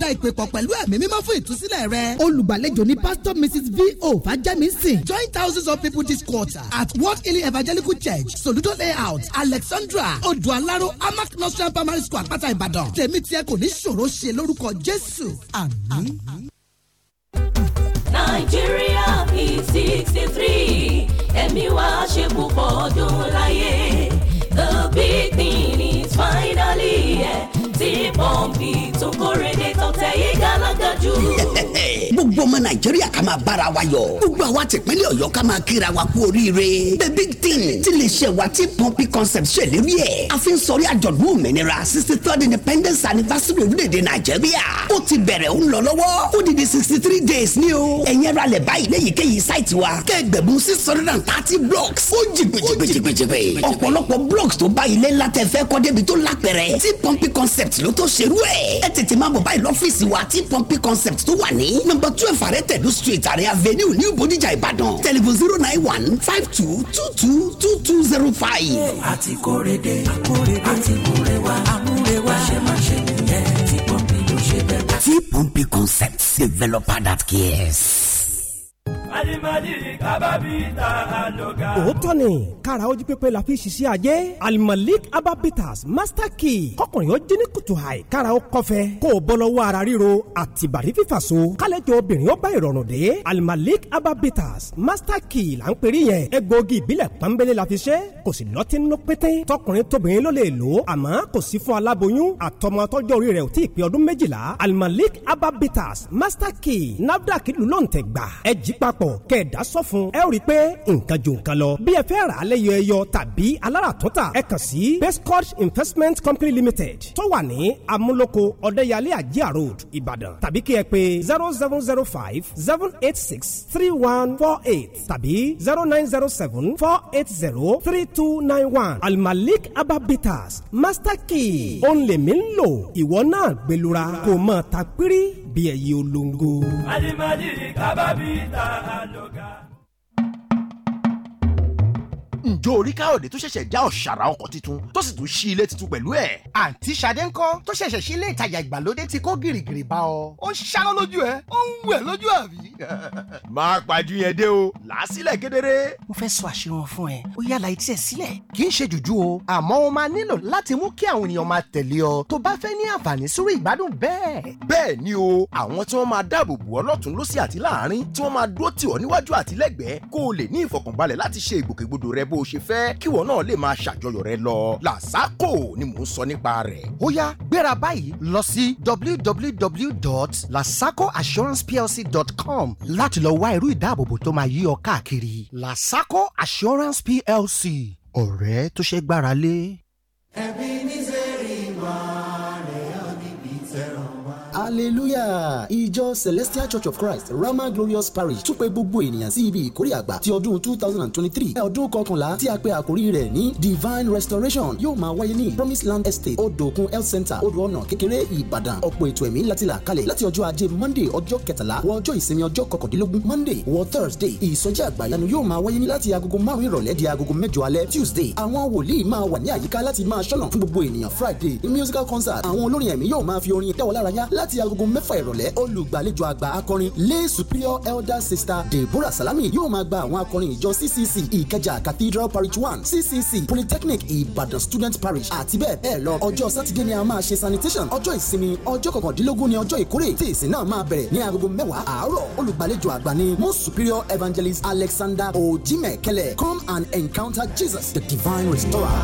da ìpèpọ̀ pẹ̀lú ẹ̀mí mímọ́ fún ìtúsílẹ̀ rẹ. olùgbàlejò ni pastor mrs v o fàjẹmísìn. join thousands of people this quarter at world healing evangelical church soludo layout alexandra odualaro amak nursery primary school àpáta ìbàdàn tèmi tiẹ̀ kò ní ṣòro ṣe lórúkọ jésù àmín. nàìjíríà p sixty three ẹ̀mí wa ṣe púpọ̀ ọdún láyé the big thing is finally ẹ̀ tí pọ́ǹpì tó kórè dé ọ̀tẹ̀ yìí jù. gbogbo ọmọ nàìjíríà ká máa bára wa yọ̀ gbogbo àwa tìpínlẹ̀ ọ̀yọ́ ká máa kíra wa kú oríire the big thing ti lè ṣe wa tí pọ́ńpì concept ṣèlérí ẹ̀ a fi ń sọrí àjọ̀dún òmìnira sixty third independence anniversary orílẹ̀-èdè nàìjíríà ó ti bẹ̀rẹ̀ ó ń lọ lọ́wọ́ ó di di sixty three days ní o ẹ̀yẹ́ ra lẹ̀ báyìí léyìíkéyìí sáìtì wa kẹ́gbẹ̀bùn six hundred and thirty blocks ó jì gbèjìgbèjìgbè ọ̀pọ̀lọpọ̀ blocks tó bá ilé ńlá tẹ fẹ́ kọ́ débi tó lápẹ̀rẹ̀ tí pọ́ńpì concept ló tó ṣerú ẹ̀ ẹ̀ tètè má bọ̀ báyìí lọ́fíì ọ́fíìsì wa tí pọ́ńpì concept tó wà ní nọ́mbà twelve àrẹ́tẹ̀dú street àrẹ avenue new bodijà ìbàdàn tẹlifon zero nine one five two two two two two zero five. a ti kórè dé a kórè dé a ti múre wá a múre wá ṣe má ṣe nìyẹn tí pọ́ńpì ló ṣe bẹ́ẹ̀. tí pọ́ńpì concept developer that cares. Alimadi ababita aloga. òótọ́ ni kára ojú pépé la fi ṣiṣẹ́ ajé alimalik ababitas master key kọkùnrin ó jí ní kùtù àì kára ó kọfẹ kó o bọ́ lọ́wọ́ ara ríro àtibàrí fífà so kálẹ̀jọ obìnrin ó bá ìrọ̀rùn dé alimalik ababitas master key là ń perí yẹn egbòogi ìbílẹ̀ pọ́nbélé la fi ṣe kò sì lọ́tí nínú pété tọkùnrin tóbìnrin ló lè lò àmọ́ kò sí fún aláboyún àtọmọ tọjọ́ orí rẹ̀ ò tí ì pé ọdún méjìlá alimalik ababitas master key nafdac lulọ̀ǹtẹ̀ gbà ẹ jí pa papọ̀ kẹ̀ẹ́dá sọ fún ẹ rí i pé nǹkan jò nǹkan lọ. bí ẹ fẹ́ rà á lẹ́yọ ẹyọ tàbí aláràtúntà ẹ kàn sí bestcourt investment company limited tó wà ní amúlòkó ọ̀dẹ́yàlẹ́ àjíà road ìbàdàn tàbí kí ẹ pé zero seven zero five seven eight six three one four eight tàbí zero nine zero seven four eight zero three two nine one almalik ababitas master key òun lèmi ń lò ìwọ náà gbẹlura kò mọ̀ ta bí ẹyẹ olóńgó. àdìmọ́dì kábàbí ta àlọ́gà ǹjọ́ mm. orí káyọ̀dé tó ṣẹ̀ṣẹ̀ já ọ̀ṣàrà ọkọ̀ tuntun tó sì tún ṣí ilé tuntun pẹ̀lú ẹ̀. àǹtí ṣadé ńkọ́ tó ṣẹ̀ṣẹ̀ sí ilé ìtajà ìgbàlódé ti kó gìrìgìrì bá ọ. ó ń ṣáró lójú ẹ ó ń wẹ̀ lójú àbí. máa pàjù yẹn dé o làásílẹ̀ kedere. mo fẹ́ sọ àṣírun fún ẹ ó yàrá etí ẹ sílẹ̀. kì í ṣe jùjú o àmọ́ o máa nílò láti mú kí àwọn ènìyàn máa tẹ̀lé ọ tó bá fẹ́ ní àǹfààní sórí ìgbádùn bẹ́ẹ̀. bẹ́ẹ̀ ni o àwọn tí wọ́n máa dáàbò bò ọ́ lọ́tún lọ́sí àti láàárín tí wọ́n máa dúró tì ọ́ níwájú àti lẹ́gbẹ̀ẹ́ kó o lè ní ìfọkànbalẹ̀ láti ṣe ìgbòkègbodò rẹ bó o ṣe fẹ́ kíwọ náà lè máa ṣàjọyọ̀ rẹ lọ làsákò ni mò ń sọ nípa rẹ̀. ó yá gbéra báyìí lọ sí www.lasacoassuranceplc.com láti lọ wá irú ìdáàbòbò tó máa yí ọ káàkiri lasaco assurance plc ọ̀rẹ́ tó ṣe gbára lé. ẹbí hallelujah ìjọ celestial church of christ rama glorious parish tún pè gbogbo ènìyàn sí ibi ìkórè àgbà ti ọdún two thousand and twenty-three ọdún kọkànlá tí a pè àkórí rẹ̀ ní divine restoration yóò máa wáyé ní promise land estate odòkun health center odò ọ̀nà kékeré ìbàdàn ọ̀pọ̀ ètò ẹ̀mí láti là kalẹ̀ láti ọjọ́ ajé monday ọjọ́ kẹtàlá wọ ọjọ́ ìsinmi ọjọ́ kọkàndínlógún monday wọ thursday ìsọjí àgbàyanu yóò máa wáyé ní láti agogo márùn ìrọ̀lẹ́ di agogo mẹ́jọ alẹ́ tuesday àwọn wòlíì máa wà ní àyíká láti máa ṣọ́nà fún gbogbo ènìyàn friday ní musical concert àwọn olórin ẹ̀mí yóò máa fi orin dáwọ́ lára yá láti di mẹ́fà ìrọ̀lẹ́ olùgbàlejò àgbà akọrin lay superior elder sister deborah salami yóò máa gba àwọn akọrin ìjọ ccc ìkẹjà cathedral parish one ccc polytechnic ìbàdàn student parish àti bẹ́ẹ̀ bẹ́ẹ̀ lọ ọjọ́ sátidé ni a máa ṣe sanitation ọjọ́ ìsinmi ọjọ́ kọkàndínlógún ni ọjọ́ ìkórè tí ìsìn náà máa bẹ̀rẹ̀ ní agogo mẹ́wàá àárọ̀ olùgbàlejò àgbà ni most superior evangelist alexander ojimekele come and encounter jesus the divine restorer.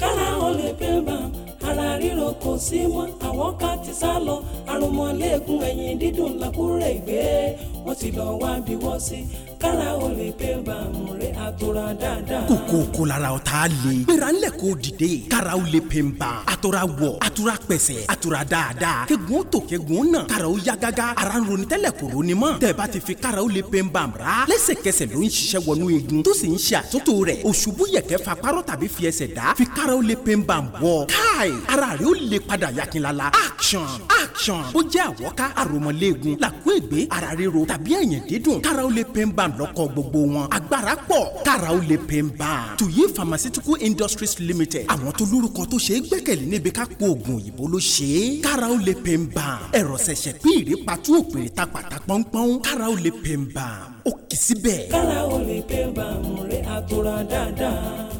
kára ó lè pé Hello. ríro kò sí mọ́ àwọn ká ti sá lọ àrùnmọ́ léegun ẹ̀yìn dídùn làkúrẹ́ ìgbé wọ́n ti lọ wá bí wọ́n sí kára o lè pé bàmù rẹ̀ àtòrà dáadáa. kòkó kò lára o t'a gbéra ńlẹ̀ kò dìde. kára o lè pè ń àtòrà wọ̀ àtòrà pẹ̀sẹ̀ àtòrà dáadáa. kegun tó kegun náà. kára o ya gágá. ara ń ronú tẹ́lẹ̀ kò ronú mọ́. tẹ̀bá ti fi kára o lè pè ń ban ra. lẹ́sẹ̀kẹsẹ̀ ló ń ṣiṣẹ́ wọnú igun. tó sì ń ṣe àtúntò rẹ̀. òṣùbù yẹ̀kẹ́ fa párọ̀ fi ẹsẹ̀ dá. fi kára o rẹ̀ ó lè padà yakinlala. action action bó jẹ́ àwọ̀ká àròmọ̀léegun làkúègbé ara ríro tàbí ẹ̀yìn dídùn kára ó lè pín bá lọ́kọ̀ gbogbo wọn agbára pọ̀ kára ó lè pín bá. tuyi pharmaceutical industries limited àwọn tó lórúkọ tó ṣe é gbẹ́kẹ̀lé níbi ká po oògùn òyìnbó ló ṣe é kára ó lè pín bá. ẹ̀rọ ṣẹ̀ṣẹ̀ pín ìrèpàtú òpèrè ta pàtà pọ́npọ́n kára ó lè pín bá ó kì í síbẹ̀. kára ó lè pín bá mú rí àtúrà dáadáa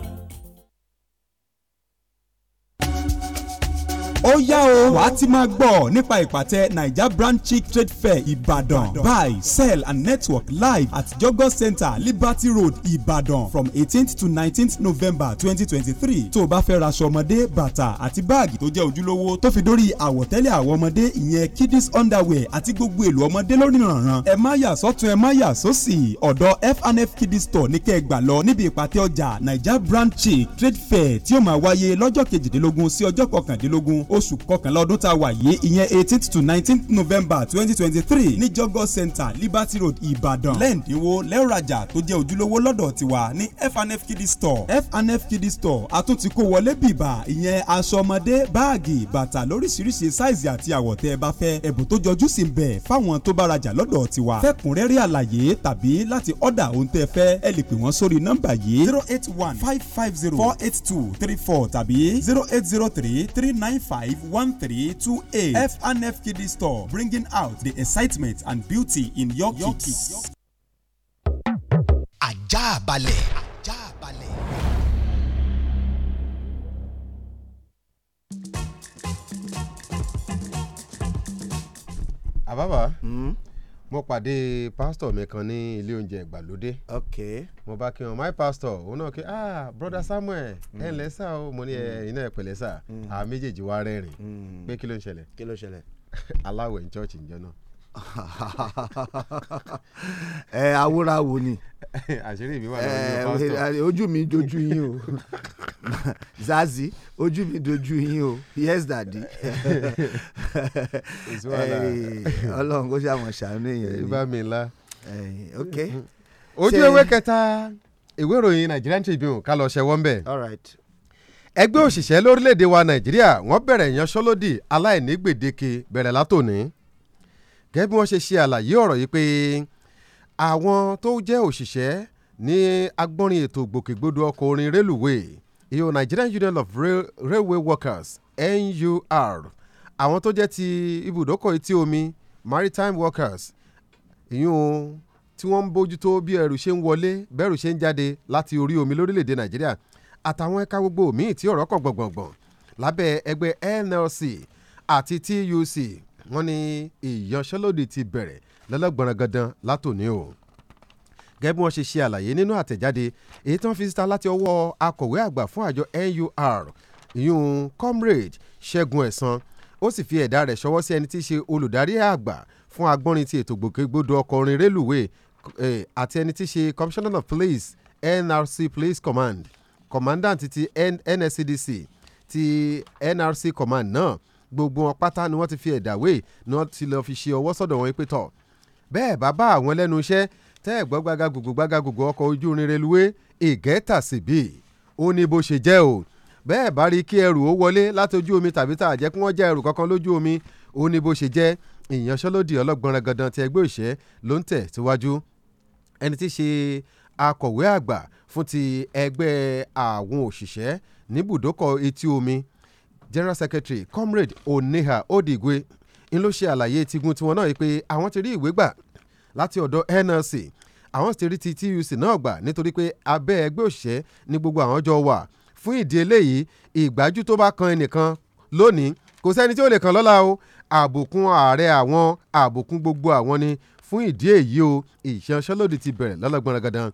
ó yá o wàá ti máa gbọ́ nípa ìpàtẹ naija brand chic trade fair ìbàdàn buy sell and network live at jogos center liberty road ìbàdàn from eighteenth to nineteenth november twenty twenty three tó o bá fẹ́ raṣọ ọmọdé bàtà àti báàgì tó jẹ́ ojúlówó tó fi dórí àwọ̀tẹ́lẹ̀ àwọn ọmọdé ìyẹn kiddies underwear àti gbogbo èlò ọmọdé lónìí rànran ẹ má yà sọ́tún ẹ má yà sósì ọ̀dọ̀ fnf kiddies store ní kẹ́ ẹ gbà lọ níbi ìpàtẹ ọjà naija brand chic trade fair tí ó máa wáyé lọ́jọ́ kejìdínlógún sí ọjọ́ kọkàndínlógún oṣù kọkànlá ọdún tá a wà yìí ìyẹn eighteenth to nineteenth november twenty twenty three ní jọgọ center liberty road ìbàdàn lẹ́ǹdínwó lẹ́ọ̀rajà tó jẹ́ ojúlówó lọ́dọ̀ tiwa ní fnf kiddy store fnf kiddy store àtúntí kó wọlé bìbà ìyẹn aṣọ ọmọdé báàgì bàtà lóríṣiríṣi sáìzì àti àwọ̀ tẹ́ ẹ bá fẹ́ ẹ̀bùn tó jọjú sí ń bẹ fáwọn tó bá rajà lọ́dọ̀ tiwa fẹ́kùnrẹ́rẹ́ àlàyé tàbí láti ọ̀dà ohun tẹ́ ẹ fẹ́ ẹ lè pè wọ́n sórí nọ́mbà yìí zero eight one five five zero four eight two three four tàbí zero eight zero three three nine five. Five one three two 51328 FNF Kiddie Store, bringing out the excitement and beauty in your, your kids. kids. Ajá balẹ̀. Ajá ah, mo pàdé pásítọ̀ mi kan ní ilé oúnjẹ ìgbàlódé. ok. mo bá kí wọn my pastor òun náà kí ah brother samuel mm. ẹ ǹlẹ́ sà o mo ní ẹ̀yin mm. náà ẹ pẹ̀lẹ́ sà mm. àwọn méjèèjì wá rẹ́rìn-ín pé kí ló ń ṣẹlẹ̀. kí ló ń ṣẹlẹ̀. aláwẹ̀ ní chọ́ọ̀chì níjọ́ náà. ẹ awúráwo ni àṣírí mi wà lórí o zazi ojú mi dojú yín o yes daddy ọlọ́run kó ṣàmọ̀ ṣàánú èèyàn ni ok. ojú ewé kẹta ìwé ìròyìn Nigerian Tribune ká lọ ṣẹwọ́ ń bẹ̀. ẹgbẹ́ òṣìṣẹ́ lórílẹ̀‐èdè wa nàìjíríà gẹ́gẹ́ bí wọ́n ṣe ṣe àlàyé ọ̀rọ̀ yìí pé àwọn tó jẹ́ òṣìṣẹ́ ní agbọ́nrin ètò ìgbòkègbodò ọkọ̀ orin rélùwéè ìyó Nigerian Union of Railway Workers NUR àwọn tó jẹ́ ti ibùdókọ̀ etí omi maritime workers ìyún tí wọ́n ń bójútó bí ẹrù ṣe ń wọlé bẹ́rù ṣe ń jáde láti orí omi lórílẹ̀‐èdè Nàìjíríà àtàwọn ẹ̀ka gbogbo míì tí ọ̀rọ̀ kan gbọ̀ngbọ̀ngbọ̀n lábẹ́ ẹgbẹ́ NLC àti TUC wọ́n ní ìyanṣẹ́lódì ti bẹ̀rẹ̀ lọ́lọ́gbọ̀nrán gandan látòní o gẹ́gẹ́ bí wọ́n ṣe ṣe àlàyé nínú àtẹ̀jáde èyí tí wọ́n fi síta láti ọwọ́ akọ̀wé àgbà fún àjọ NUR yun comrade ṣẹ́gun ẹ̀sán ó sì fi ẹ̀dá rẹ̀ ṣọwọ́ sí ẹni tí í ṣe olùdarí àgbà fún agbọ́nrin ti ètò gbòkègbodò ọkọ̀ orin rélùwéè àti ẹni tí í ṣe commissioner of police NRC police command commandant ti NSCDC ti NRC command náà gbogbo wọn pátá ni wọ́n ti fi ẹ̀dà wé ni wọ́n ti lọ́ọ́ fi ṣe ọwọ́ sọ̀dọ̀ wọn pé tọ̀ bẹ́ẹ̀ bá bá àwọn lẹ́nu iṣẹ́ tẹ́ ẹ̀ gbọ́ gbaga gbogbo gbaga gbogbo ọkọ̀ ojú irin reluwé ìgẹ́ta sì bì ó ní bó ṣe jẹ́ o bẹ́ẹ̀ bá rí kí ẹrù ó wọlé láti ojú omi tàbí tá àjẹ́ kí wọ́n já ẹrù kankan lójú omi ó ní bó ṣe jẹ́ ìyanṣẹ́lódì ọlọ́gbọ́n rangandan ti ẹgbẹ́ òṣẹ́ ló ń tẹ̀ síwájú ẹni tí í ṣe akọ̀wé àgbà fún ti ẹgbẹ́ àwọn òṣìṣẹ́ níbùdókọ̀ etí omi general secretary comrade oneha odigwe ń ló ṣe àlàyé tigun tiwọn náà yìí pé àwọn ti rí ìwé gbà láti ọ̀dọ̀ nlc àwọn sì rí ti tuc náà gbà nítorí pé abẹ́ ẹgbẹ́ òṣìṣẹ́ ní gbogbo àwọn jọ wà fún ìdí eléyìí ìgbájú tó bá kan ẹnìkan lónìí kò sẹ́ni tí ó lè kàn lọ́la o àbùkún ààrẹ àwọn àbùkún gbogbo àwọn ni fún ìdí èyí o ìyanṣẹ́lódì ti bẹ̀rẹ̀ lọ́lọ́gbọ̀n rẹ̀gàdàn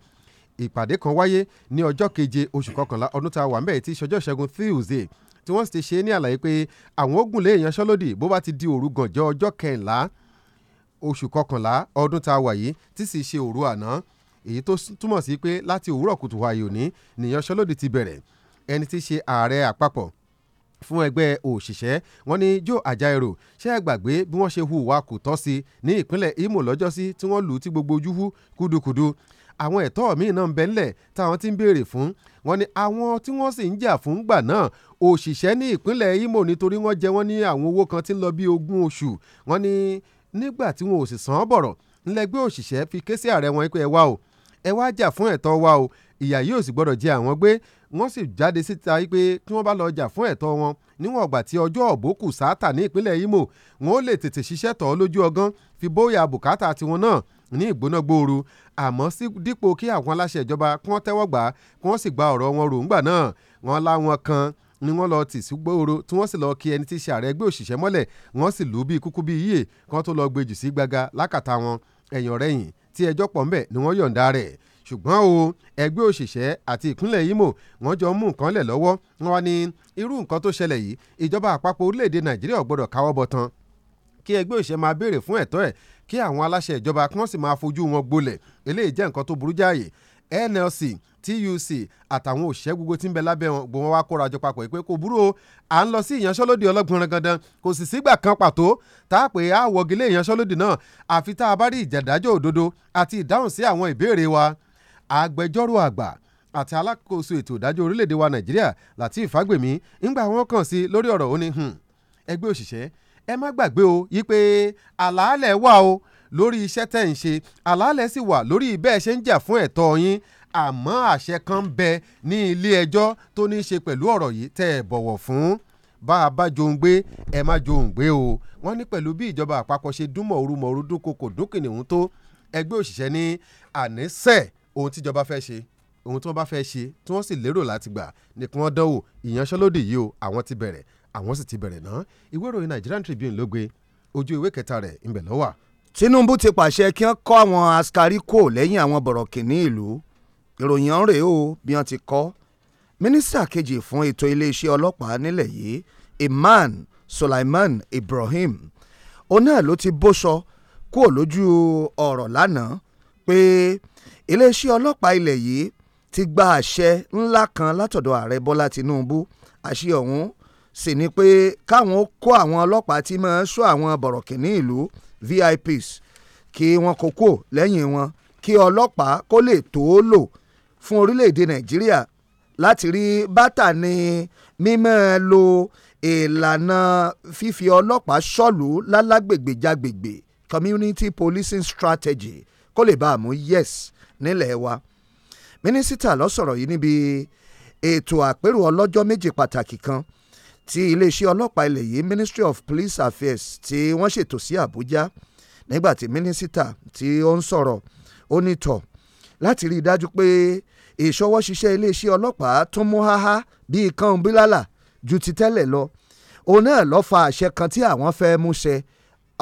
ìpàdé kan wáyé ní ọjọ́ keje oṣù kọkànlá ọdún tá a wà ń tí ìṣọjọ́ ìṣẹ́gun thursday tí wọ́n ti ṣe ní àlàyé pé àwọn ogun lè yanṣọ́lódì bó bá ti di òru gànjọ́ ọjọ́ kẹrìnlá oṣù kọkànlá ọdún tá a wà yìí tí sì ṣe òru àná èyí tó túmọ̀ sí pé láti òwúrọ̀ kùtù wàyí òní nìyanṣọ́lódì ti bẹ̀rẹ̀ ẹni tí ṣe ààrẹ àpapọ̀ fún ẹgbẹ́ òṣìṣẹ́ wọn ni Joe Ajaero ṣé ẹ gbàgbé bí wọ́n ṣe hùwà kò tọ́ sí ní ìpínlẹ̀ Imo lọ́jọ́sí tí wọ́n lù ú tí gbogbo ojú hú kúdukùdu àwọn ẹ̀tọ́ míì náà ń bẹ ńlẹ̀ táwọn ti ń béèrè fún wọn ni àwọn tí wọ́n sì ń jà fún gbà náà òṣìṣẹ́ ní ìpínlẹ̀ Imo nítorí wọ́n jẹ wọ́n ní àwọn owó kan tí ń lọ bí ogún oṣù wọn ni nígbà tí wọn ò sì san án bọ̀rọ̀ ńlẹgbẹ́ òṣìṣẹ́ fi ké sí ààrẹ wọn pé ẹ wá o ẹ wá jà fún ẹ̀tọ́ wa o ìyà yóò sì gbọ́dọ̀ jẹ àwọn gbé wọ́n sì jáde síta pé kí wọ́n bá lọ jà fún ẹ̀tọ́ wọn níwọ̀n ọ̀gbà tí ọjọ́ ọ̀bọ kù sáátà ní ìpínlẹ̀ Imo wọn ó lè tètè ṣiṣẹ́ tọ̀ lójú ọgán fi bóyá bùkátà tiwọn náà ní ìgbóná gbòòrò àmọ́ dípò kí àwọn aláṣẹ ìjọba kí wọ́n tẹ́wọ́ gbà kí wọ́n sì gba ọ̀rọ̀ wọn ròǹgbà náà wọ́n láwọn kan ni wọ́n lọ tì sí gbòòrò tí wọ́n sì lọ kí ẹni tí í ṣe ààrẹ ẹgbẹ́ òṣìṣẹ́ mọ́lẹ̀ wọ́n sì lù ú bíi kúkú bíi yíyè kí wọ́n tó lọ gbèjì sí gbaga lákàtà wọn ẹ̀yìn ọ̀rẹ́yìn tí ẹjọ́ pọ̀ ńbẹ̀ ni wọ́n yọ̀ǹda rẹ̀ ṣùgbọ́n o ẹgbẹ́ òṣìṣẹ́ àti ìpínlẹ̀ Imo wọ́n jọ mú nǹkan lẹ̀ lọ́wọ́ wọn ni irú nǹkan tó ṣẹlẹ̀ yìí ìjọba àpapọ̀ orílẹ̀-èdè Nàìjíríà ò káwọ́ bọ̀tán kí ẹgbẹ́ òṣìṣẹ́ máa béèrè fún ẹ̀tọ́ ẹ̀ kí àwọn aláṣẹ ìjọba kí wọ́n sì máa fojú wọn gbolẹ̀ eléyìí jẹ́ nǹkan tó burú jáàyè NLC TUC àtàwọn òṣìṣẹ́ gbogbo tí ń bẹ lábẹ́ wọn gbọ́n wá kóra jọ papọ̀ pé kò burú o à ń lọ sí ìyanṣẹ́lódì ọlọ́gbọ̀n gandan kò sì sígbà kan pàtó tá a pè á wọgilé ìyanṣẹ́lódì náà àfi tá a bá rí ìjàdájọ́ òdodo àti ìdáhùn sí àwọn ìbéèrè wa agbẹjọ́rò àgbà àti alákòóso ètò ìdájọ́ orílẹ̀-èdè wa Nàìjíríà Lateef Fagbemi ńgbà wọn kàn sí lórí ọ̀rọ̀ ó ní hmm, ẹgbẹ́ òṣìṣẹ́ ẹ má gbàgbé o yí pé àlàálẹ̀ wà o lórí iṣẹ́ tẹ̀ ń ṣe àlàálẹ̀ sì wà lórí bẹ́ẹ̀ ṣe ń jà fún ẹ̀tọ́ yín àmọ́ àṣẹ kan ń bẹ ní ilé ẹjọ́ tó ní í ṣe pẹ̀lú ọ̀rọ̀ yìí tẹ́ ẹ bọ̀wọ̀ fún bá a bá joun gbé ẹ má joun gbé o wọ́n ní pẹ̀lú bí ìjọba àpapọ̀ ṣe dúnmọ̀ òru mọ̀ọ́rú dúnkokò dúnkìnìún tó ẹgbẹ́ òṣìṣẹ́ ní àníṣe ohun tíjọba fẹ́ ṣe ohun tí wọ́n bá fẹ́ ṣe tí wọ́n sì lérò láti gbà ní wọ́n dánwò ìyanṣẹ́lódì yìí o àwọn ti bẹ̀rẹ̀ àwọn sì ti bẹ̀rẹ̀ náà ìwé ìròyìn Nigerian Tribune ló gbé ojú ìwé kẹta rẹ̀ ńbẹ̀ ló wà. Tinubu ti pàṣẹ kí wọ́n kọ́ àwọn askari kò lẹ́yìn àwọn bọ̀rọ̀kìnní ìlú ìròyìn ọ̀rẹ́ o bí wọ́n ti kọ́ mínísítà kejì fún ètò iléeṣẹ́ ọlọ́pàá nílẹ̀ yìí Iman Sulaiman Ibrahim òun náà ló ti bóṣọ kúrò lójú ọ̀rọ̀ lánàá pé iléeṣẹ́ ọlọ́pàá ilẹ̀ yìí ti gba àṣẹ ńlá kan látọ̀dọ̀ ààrẹ Bọ́lá Tinubu àṣẹ ọ̀hún sì ni pé káwọn kó àwọn ọlọ́pàá tí máa ń ṣọ́ àwọn bọ̀rọ̀kìnní ìlú VIPs kí wọ́n kó kò lẹ́yìn wọn kí ọlọ́pàá kó lè tó o lò fún orílẹ̀-èdè Nàìjíríà láti rí bátà ní mímọ́ lo ìlànà fífi ọlọ́pàá ṣọ́lù lálágbègbè jágbègbè community policing strategy kó lè bá a mú yes nílẹ̀ wa mínísítà ló sọ̀rọ̀ yìí níbi ètò àpérò ọlọ́jọ́ méje pàtàkì kan tí iléeṣẹ́ ọlọ́pàá ilẹ̀ yìí Ministry of Police Affairs tí wọ́n ṣètò sí Àbújá nígbà tí mínísítà tí ó ń sọ̀rọ̀ ó ní tọ̀ láti rí i dájú pé ìṣọwọ́ṣiṣẹ́ iléeṣẹ́ ọlọ́pàá tún mú háhá bíi kan bílálà ju ti tẹ́lẹ̀ lọ òun náà ló fa àṣẹ kan tí àwọn fẹ́ mú ṣẹ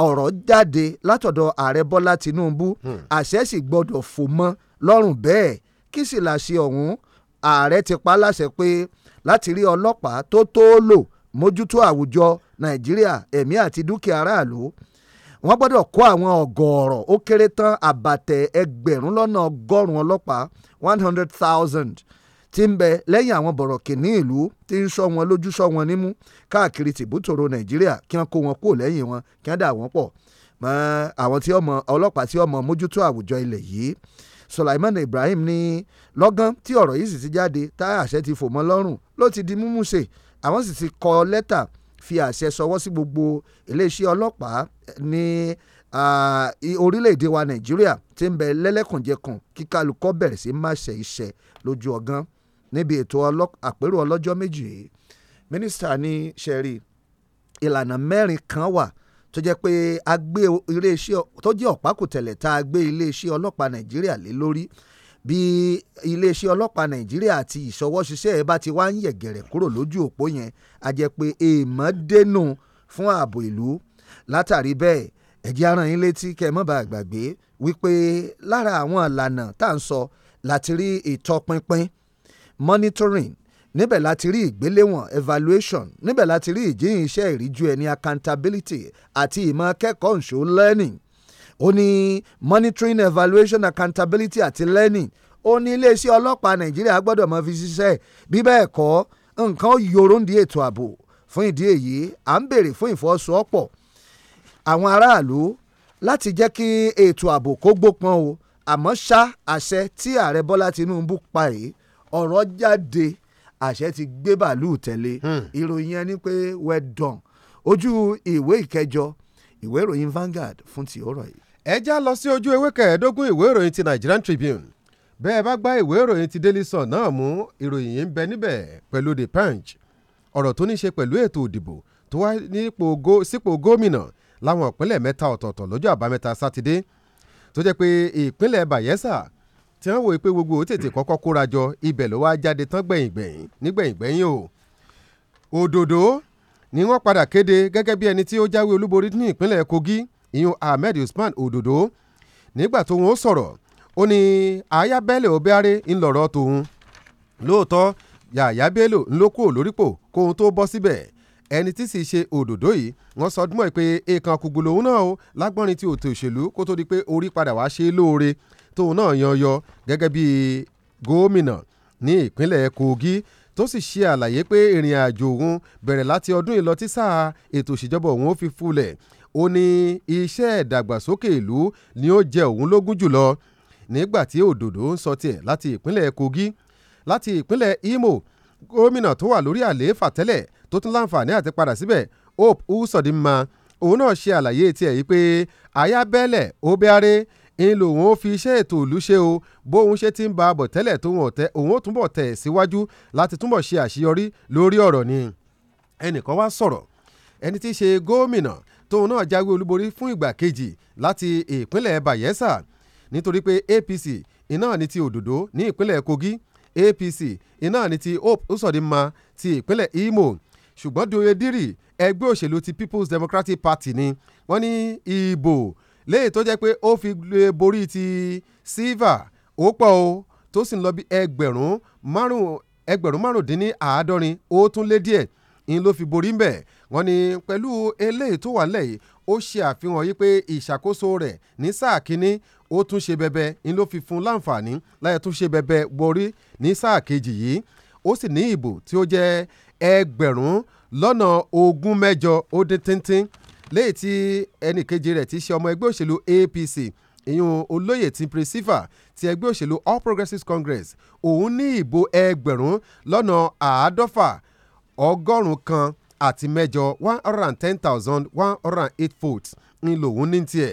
ọ̀rọ̀ jáde látọ̀dọ̀ ààrẹ Bọ́lá Tinubu hmm. àṣẹ sì gbọ́dọ̀ fò mọ́ lọ́rùn bẹ́ẹ̀ kí sì láṣẹ ọ̀hún ààrẹ ti pa láṣẹ pé láti rí ọlọ́pàá tó tó lò mójútó àwùjọ nàìjíríà ẹ̀mí àti dúkìá aráàlú wọ́n gbọ́dọ̀ kó àwọn ọ̀gọ̀ọ̀rọ̀ ó kéré tán àbàtẹ̀ ẹgbẹ̀rún lọ́nà ọgọ́rùn-ún ọlọ́pàá one hundred thousand ti ń bẹ lẹ́yìn àwọn bọ̀rọ̀ kìíní ìlú tí ń sọ wọn lójú sọ wọn nímú káàkiri tìbútòrò nàìjíríà kí wọ́n kó wọn kúrò lẹ́yìn wọn kí wọ́n dà wọ́n pọ̀ mọ́ àwọn tí ọmọ ọlọ́pàá tí ọmọ mójútó àwùjọ ilẹ̀ yìí Sulaiman Ibrahim ní lọ́gán tí ọ̀rọ̀ yìí sì ti jáde tá àṣẹ ti fò mọ́ lọ́rùn ló ti di múmúṣe àwọn sì ti kọ lẹ́tà fi àṣẹ sọwọ́ sí gbogbo iléeṣẹ́ ọlọ́pàá ní orílẹ̀-èdè wa nàìjíríà tí ń bẹ lẹ́lẹ́kùnjẹkùn kí kálukọ́ bẹ̀rẹ̀ sí máa ṣe iṣẹ́ lójú ọgán níbi ètò àpérò ọlọ́jọ́ méjì yìí mínísítà ní sẹ́rí ìlànà mẹ́rin kan wà tó jẹ́ pé a gbé iléeṣẹ́ tó jẹ́ ọ̀pákùtẹ̀lẹ̀ tá a gbé iléeṣẹ́ ọlọ́pàá nàìjíríà lé lórí bí iléeṣẹ́ ọlọ́pàá nàìjíríà àti ìṣọwọ́ṣiṣẹ́ ẹ̀ bá ti wá ń yẹ̀gẹ̀rẹ̀ kúrò lójú òpó yẹn a jẹ́ pé èèmọ̀ dènù fún ààbò ìlú látàrí bẹ́ẹ̀ ẹ̀jẹ̀ aràn yín létí kẹ́ ẹ mọ́ bá gbàgbé wípé lára àwọn ìlànà tá à ń sọ láti rí ìtọpinpin monitoring níbẹ̀ láti rí ìgbéléwọ̀n evaluation níbẹ̀ láti rí ìjíhìn iṣẹ́ ìríjú ẹni accountability àti ìmọ̀ akẹ́kọ̀ọ́ nṣó learning ó ní monitoring evaluation accountability àti learning ó ní iléeṣẹ́ ọlọ́pàá nàìjíríà gbọ́dọ̀ mọ́ fi ṣiṣẹ́ bí bẹ́ẹ̀ kọ́ nǹkan ó yorùndí ètò ààbò fún ìdí èyí à ń béèrè fún ìfọwọ́sowọ́pọ̀ àwọn aráàlú láti jẹ́ kí ètò ààbò kó gbópọn o àmọ́ ṣá àṣẹ tí ààrẹ bọ́lá tinubu pa yìí ọ̀rọ̀ jáde àṣẹ ti gbé bàálù tẹ̀lé hmm. ìròyìn ẹni pé well ojú ìwé ìkẹjọ ìwé ìròyìn Vanguard fún ti ọ̀rọ̀ yìí ẹ já lọ sí ojú ewé kẹẹ̀ẹ́dógún ìwé ìròyìn ti Nigerian Tribune bẹ́ẹ̀ bá gbá ìwé ìròyìn ti Daily Sun náà mú ìròyìn yìí ń bẹ níbẹ̀ pẹ̀lú The Punch ọ̀rọ̀ tó ní ṣe pẹ̀lú ètò òdìbò tó wá sípò gómìnà láwọn ìpínlẹ̀ mẹ́ta ọ̀tọ̀ọ̀tọ̀ lọ́jọ́ àbámẹ́ta sátidé tó jẹ́ pé ìpínlẹ̀ Bayelsa tí wọ́n wò pé gbogbo ó tètè kọ́kọ́ kóra jọ ibẹ̀ ló wá jáde tán gbẹ̀yìn gbẹ̀yìn o òdòdó ni wọ́n padà kéde gẹ́gẹ́ bí ẹni tí ó jáwé olúborí ní ìpínlẹ̀ Kogi ìyún Ahmed Usman Ododo nígbà tó wọn ó sọ̀rọ̀ ó ní aya Bello Obiare ńlọrọ̀ tòun lóòótọ́ Yàyà Bello ńlọ kúrò lórípò kóhun tó bọ́ síbẹ̀ ẹni tí sì ṣe òdòdó yìí wọ́n sọ ọdún mọ́ pé èèkàn kùgbù lòun náà o lágbọ́nrin ti òtò òṣèlú kó tó di pé orí padà wá ṣe é lóore tóun náà yanyọ gẹ́gẹ́ bí gómìnà ní ìpínlẹ̀ Kogi tó sì ṣe àlàyé pé ìrìn àjò òun bẹ̀rẹ̀ láti ọdún ìlọ sáà ètò òṣèjọba òun ó fi fúlẹ̀ ó ní iṣẹ́ ìdàgbàsókè ìlú ni ó jẹ òun lógún jùlọ nígbà tí òdòdó ń sọ tiẹ̀ láti ìpínlẹ̀ kogi láti ìpínlẹ̀ imo gómìnà tó wà lórí àlééfà tẹ́lẹ̀ tó tún láǹfààní àti padà síbẹ̀ hope usodimma òun náà ṣe àlàyé tiẹ̀ yìí pé ayábẹ́lẹ̀ obiare ń lò wọ́n fi iṣẹ́ ètò ìlú ṣe o bóun ṣe ti ń ba àbọ̀ tẹ́lẹ̀ tó wọ́n tẹ òun ó túbọ̀ tẹ̀ síwájú láti túbọ̀ ṣe àṣeyọrí lórí ọ̀rọ̀ ni ẹnìkan wá sọ̀rọ̀ ẹni tí í ṣe gómìnà tóun náà jáwé olúborí fún ìgbà kejì láti ìpínlẹ̀ Bayelsa nítorí pé APC iná ní ti Òdòdó ní ìpínlẹ̀ Kogi APC iná ní ti Hope Uzodinma ti ìpínlẹ̀ Imo ṣùgbọ́n Doyediri ẹgbẹ́ òṣèlú ti People's Democratic Party ni wọ́n ní ìbò léyìí tó jẹ́ pé ó fi borí ti silva ó pọ̀ o tó sì ń lọ bí ẹgbẹ̀rún márùn-ún ẹgbẹ̀rún márùndínní àádọ́rin ó tún lé díẹ̀ ń ló fi borí mbẹ̀ wọ́n ní pẹ̀lú eléyìí tó wà lẹ́yìn ó ṣe àfihàn yìí pé ìṣàkóso rẹ̀ ní sáà kínní ó tún ṣe bẹbẹ ń ló fi fún láǹfààní láyé tún ṣe bẹbẹ borí ní sáà kejì yìí ó sì ní ìbò tí ó jẹ́ ẹgbẹ̀rún lọ́nà ogún mẹ́jọ ó dín tíntín léyìí tí ẹnìkejì rẹ̀ ti ṣe ọmọ ẹgbẹ́ òṣèlú APC ìyún olóyè tí principal ti ẹgbẹ́ òṣèlú All Progressives Congress òun ní ìbò ẹgbẹ̀rún lọ́nà àádọ́fà ọgọ́rùn-ún kan àti mẹ́jọ one hundred and ten thousand one hundred and eight votes ń lòun ní tiẹ̀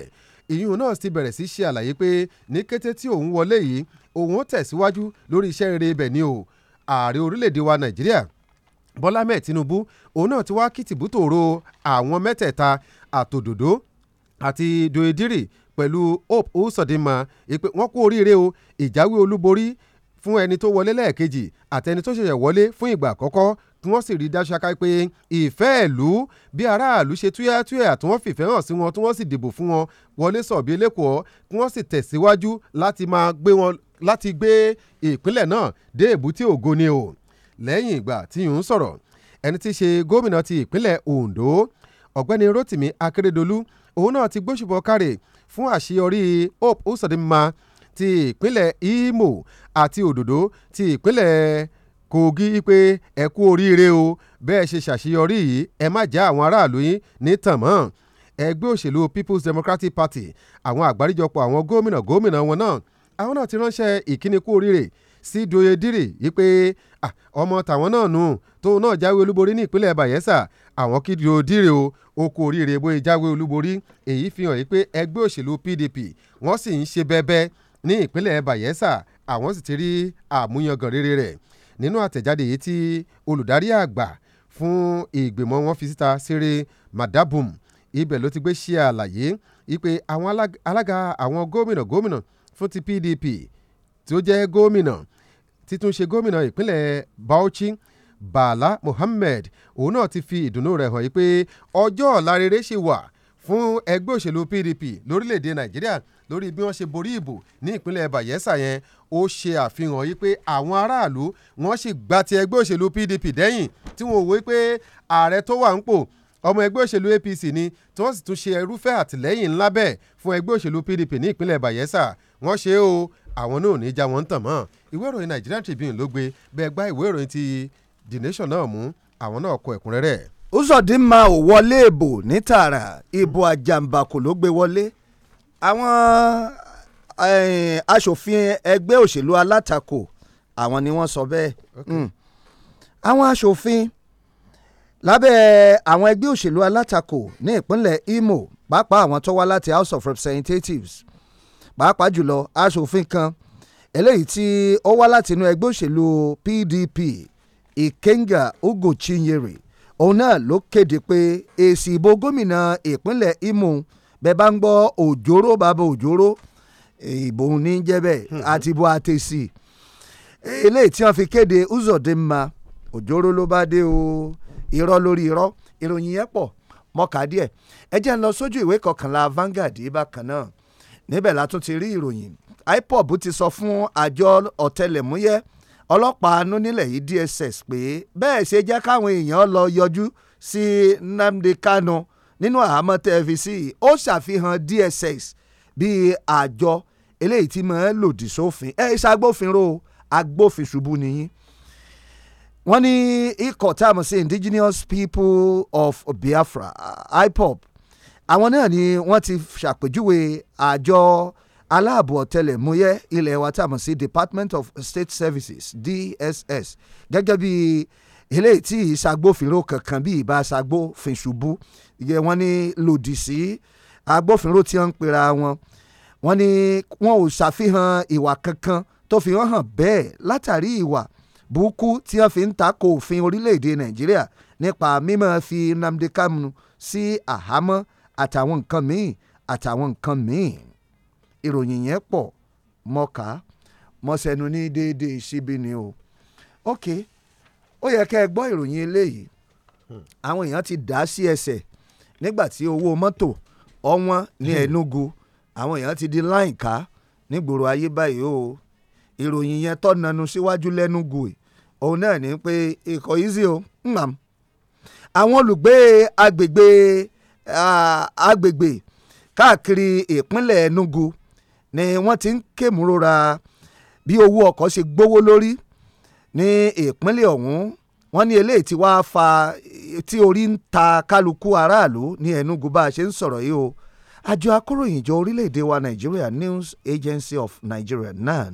ìyún náà ti bẹ̀rẹ̀ sí ṣe àlàyé pé ní kété tí òun wọlé yìí òun ó tẹ̀síwájú lórí iṣẹ́ rere ibẹ̀ ni o ààrẹ orílẹ̀-èdè wa nàìjíríà bọ́lá mẹ́ẹ̀ tinubu òun náà ti wá kìtìbú tòró àwọn mẹ́tẹ̀ẹ̀ta àtòdòdó àti doediri pẹ̀lú hope usodima ìpè wọ́n kú oríire o ìjáwé olúborí fún ẹni tó wọlé lẹ́ẹ̀kejì àtẹni tó ṣẹ̀ṣẹ̀ wọlé fún ìgbà àkọ́kọ́ kí wọ́n sì rí dáṣáká pé ìfẹ́ ìlú bí aráàlú ṣe túyàtúyà tí wọ́n fìfẹ́ hàn sí wọn tí wọ́n sì dìbò fún wọn wọlé sọ̀bí lẹ́kọ̀ọ́ kí wọ́n sì tẹ̀síwájú láti máa gbé wọn láti gbé ìpínlẹ̀ náà dé èbúté ògo ni o lẹ́yìn ìgbà tí yìí ń sọ̀rọ̀ ẹni tí í ṣe gómìnà ti ìpínlẹ̀ Ondo ọ̀gbẹ́ni Rotimi Akeredolu òun náà ti gbóṣùbọ̀ káre fún àṣeyọrí Hope Uzodinma ti ìpínlẹ̀ Imo àti Ododo ti ìpínlẹ̀ Kogi wípé ẹ kú oríire o bẹ́ẹ̀ ṣe ṣàṣeyọrí yìí ẹ má já àwọn aráàlú yín ní tàn mọ́ òṣèlú People's Democratic Party àwọn àgbáríjọpọ̀ àwọn gómìnà gómìnà wọn náà àwọn náà ti ránṣẹ́ ìkíni kú oríire sí Doyedire wípé ọmọ tàwọn náà nù tóun náà jáwé olúborí ní ìpínlẹ̀ Bayelsa àwọn kí Doyedire o ó kú oríire bóyá jáwé olúborí èyí fi hàn wípé ẹgbẹ́ òṣèlú PDP wọ́n sì ń ṣe bẹ́bẹ́ ní ìpínlẹ̀ Bayelsa àwọn sì ti rí àmúyangàn rere rẹ̀ nínú àtẹ̀jáde yìí tí olùdarí àgbà fún ìgbìmọ̀ wọn fi síta Sire Madabum ibẹ̀ ló ti gbé ṣe àlàyé wípé àwọn alága àwọn gómìnà gómìnà fún ti PDP tí ó jẹ́ gómìnà títúnṣe gómìnà ìpínlẹ̀ Bauchi Bala Mohammed òun náà ti fi ìdùnnú rẹ̀ hàn yìí pé ọjọ́ ọ̀la rere ṣì wà fún ẹgbẹ́ òṣèlú PDP lórílẹ̀‐èdè Nàìjíríà lórí bí wọ́n ṣe borí ìbò ní ìpínlẹ̀ Bayelsa yẹn ó ṣe àfihàn yìí pé àwọn aráàlú wọ́n sì gba ti ẹgbẹ́ òṣèlú PDP dẹ́yìn tí wọ́n wò pé ààrẹ tó wà ń pò ọmọ ẹgbẹ́ òṣèlú APC ni tí wọ́n sì tún ṣe irúfẹ́ àtìlẹ́yìn ńlá bẹ́ẹ̀ fún ẹgbẹ́ òṣèlú PDP ní ìpínlẹ̀ Bayelsa wọ́n ṣe o àwọn náà ní já wọn tàn mọ́ ìwé ìròyìn Nigerian Tribune ló gbé bẹ́ẹ̀ gbá ìwé ìròyìn ti The Nation náà mú àwọn náà kọ ẹ̀kúnrẹ́rẹ́. Uzodinma ò wọlé ìbò ní tààrà ìbò àjàǹbàkù ló gbé wọlé àwọn eh, aṣòfin ẹgbẹ́ òṣèlú alátakò àwọn ni wọ́n sọ bẹ́ẹ̀ hmm. àwọn aṣòfin lábẹ́ àwọn ẹgbẹ́ òṣèlú alátakò ní ìpínlẹ̀ Imo pàápàá àwọn tó wá láti House of Representatives pàápàá jùlọ aṣòfin kan eléyìí tí ó wá láti inú ẹgbẹ́ òṣèlú PDP Ikenga Ugochinyere òun náà ló kéde pé èsì ìbò gómìnà ìpínlẹ̀ Imo bẹ́ẹ̀ bá ń gbọ́ òjòrò bàbá òjòrò ìbò ní jẹ́bẹ̀ hmm. àti ìbò àtẹ̀sí eléyìí tí wọ́n fi kéde Uzodinma òjòrò ló bá dé o irọ́ lórí irọ́ ìròyìn yẹn pọ̀ mọ́ka díẹ̀ ẹ jẹ́ ń lọ sójú ìwé kọkànlá Vanguard bákan náà níbẹ̀ la tún ti rí ìròyìn IPOB ti sọ fún àjọ ọ̀tẹlẹ̀múyẹ́ ọlọ́pàá anú nílẹ̀ yìí DSS pé bẹ́ẹ̀ ṣe jẹ́ káwọn èèyàn lọ yọjú sí Nnamdi Kanu nínú àhámọ́ tẹ́ ẹ fi sí i ó ṣàfihàn DSS bíi àjọ eléyìí tí máa ń lòdì sófin ẹ ṣe agbófinró agbófinṣubú nìyí wọ́n ní ikọ̀ tá sí indigenous people of Biafra IPOB àwọn náà ni wọ́n ti ṣàpèjúwe àjọ aláàbò ọ̀tẹlẹ̀múyẹ́ ilẹ̀ wa tá a mọ̀ sí Department of State Services DSS gẹ́gẹ́ bí eléyìí tí ìṣàgbófinró kankan bí ìbá ṣàgbófinṣubú ìyẹn wọ́n ní lòdì sí agbófinró tí wọ́n ń pera wọn wọ́n ní wọn ò ṣàfihàn ìwà kankan tó fi hàn hàn bẹ́ẹ̀ látàrí ìwà burúkú tí wọ́n fi ń takò òfin orílẹ̀-èdè nàìjíríà nípa mímọ́ fi Nnamdi Kanu sí àhámọ́ àtàwọn nǹkan míì àtàwọn nǹkan míì ìròyìn yẹn pọ̀ mọ́ka mọ́sẹ̀nu ní déédéé síbi ni o ok ó yẹ kẹ́ ẹ gbọ́ ìròyìn eléyìí hmm. àwọn èèyàn ti dá sí ẹsẹ̀ nígbà tí owó mọ́tò ọ̀wọ́n ní Enugu àwọn èèyàn ti di láìka nígboro ayé báyìí o ìròyìn yẹn tó nanu síwájú lẹ́nugu òun náà ní pé ikọ̀ easy o ńmàm àwọn olùgbé agbègbè agbègbè káàkiri ìpínlẹ̀ Enugu ni wọ́n ti ń kémúrora bí owó ọkọ̀ ṣe gbówó lórí ní ìpínlẹ̀ ọ̀hún wọ́n ní eléyìí tí wàá fa tí orí ń ta kálukú aráàlú ní Enugu bá a ṣe ń sọ̀rọ̀ yìí o àjọ akóròyìnjọ orílẹ̀-èdè wa Nigeria News Agency of Nigeria NAN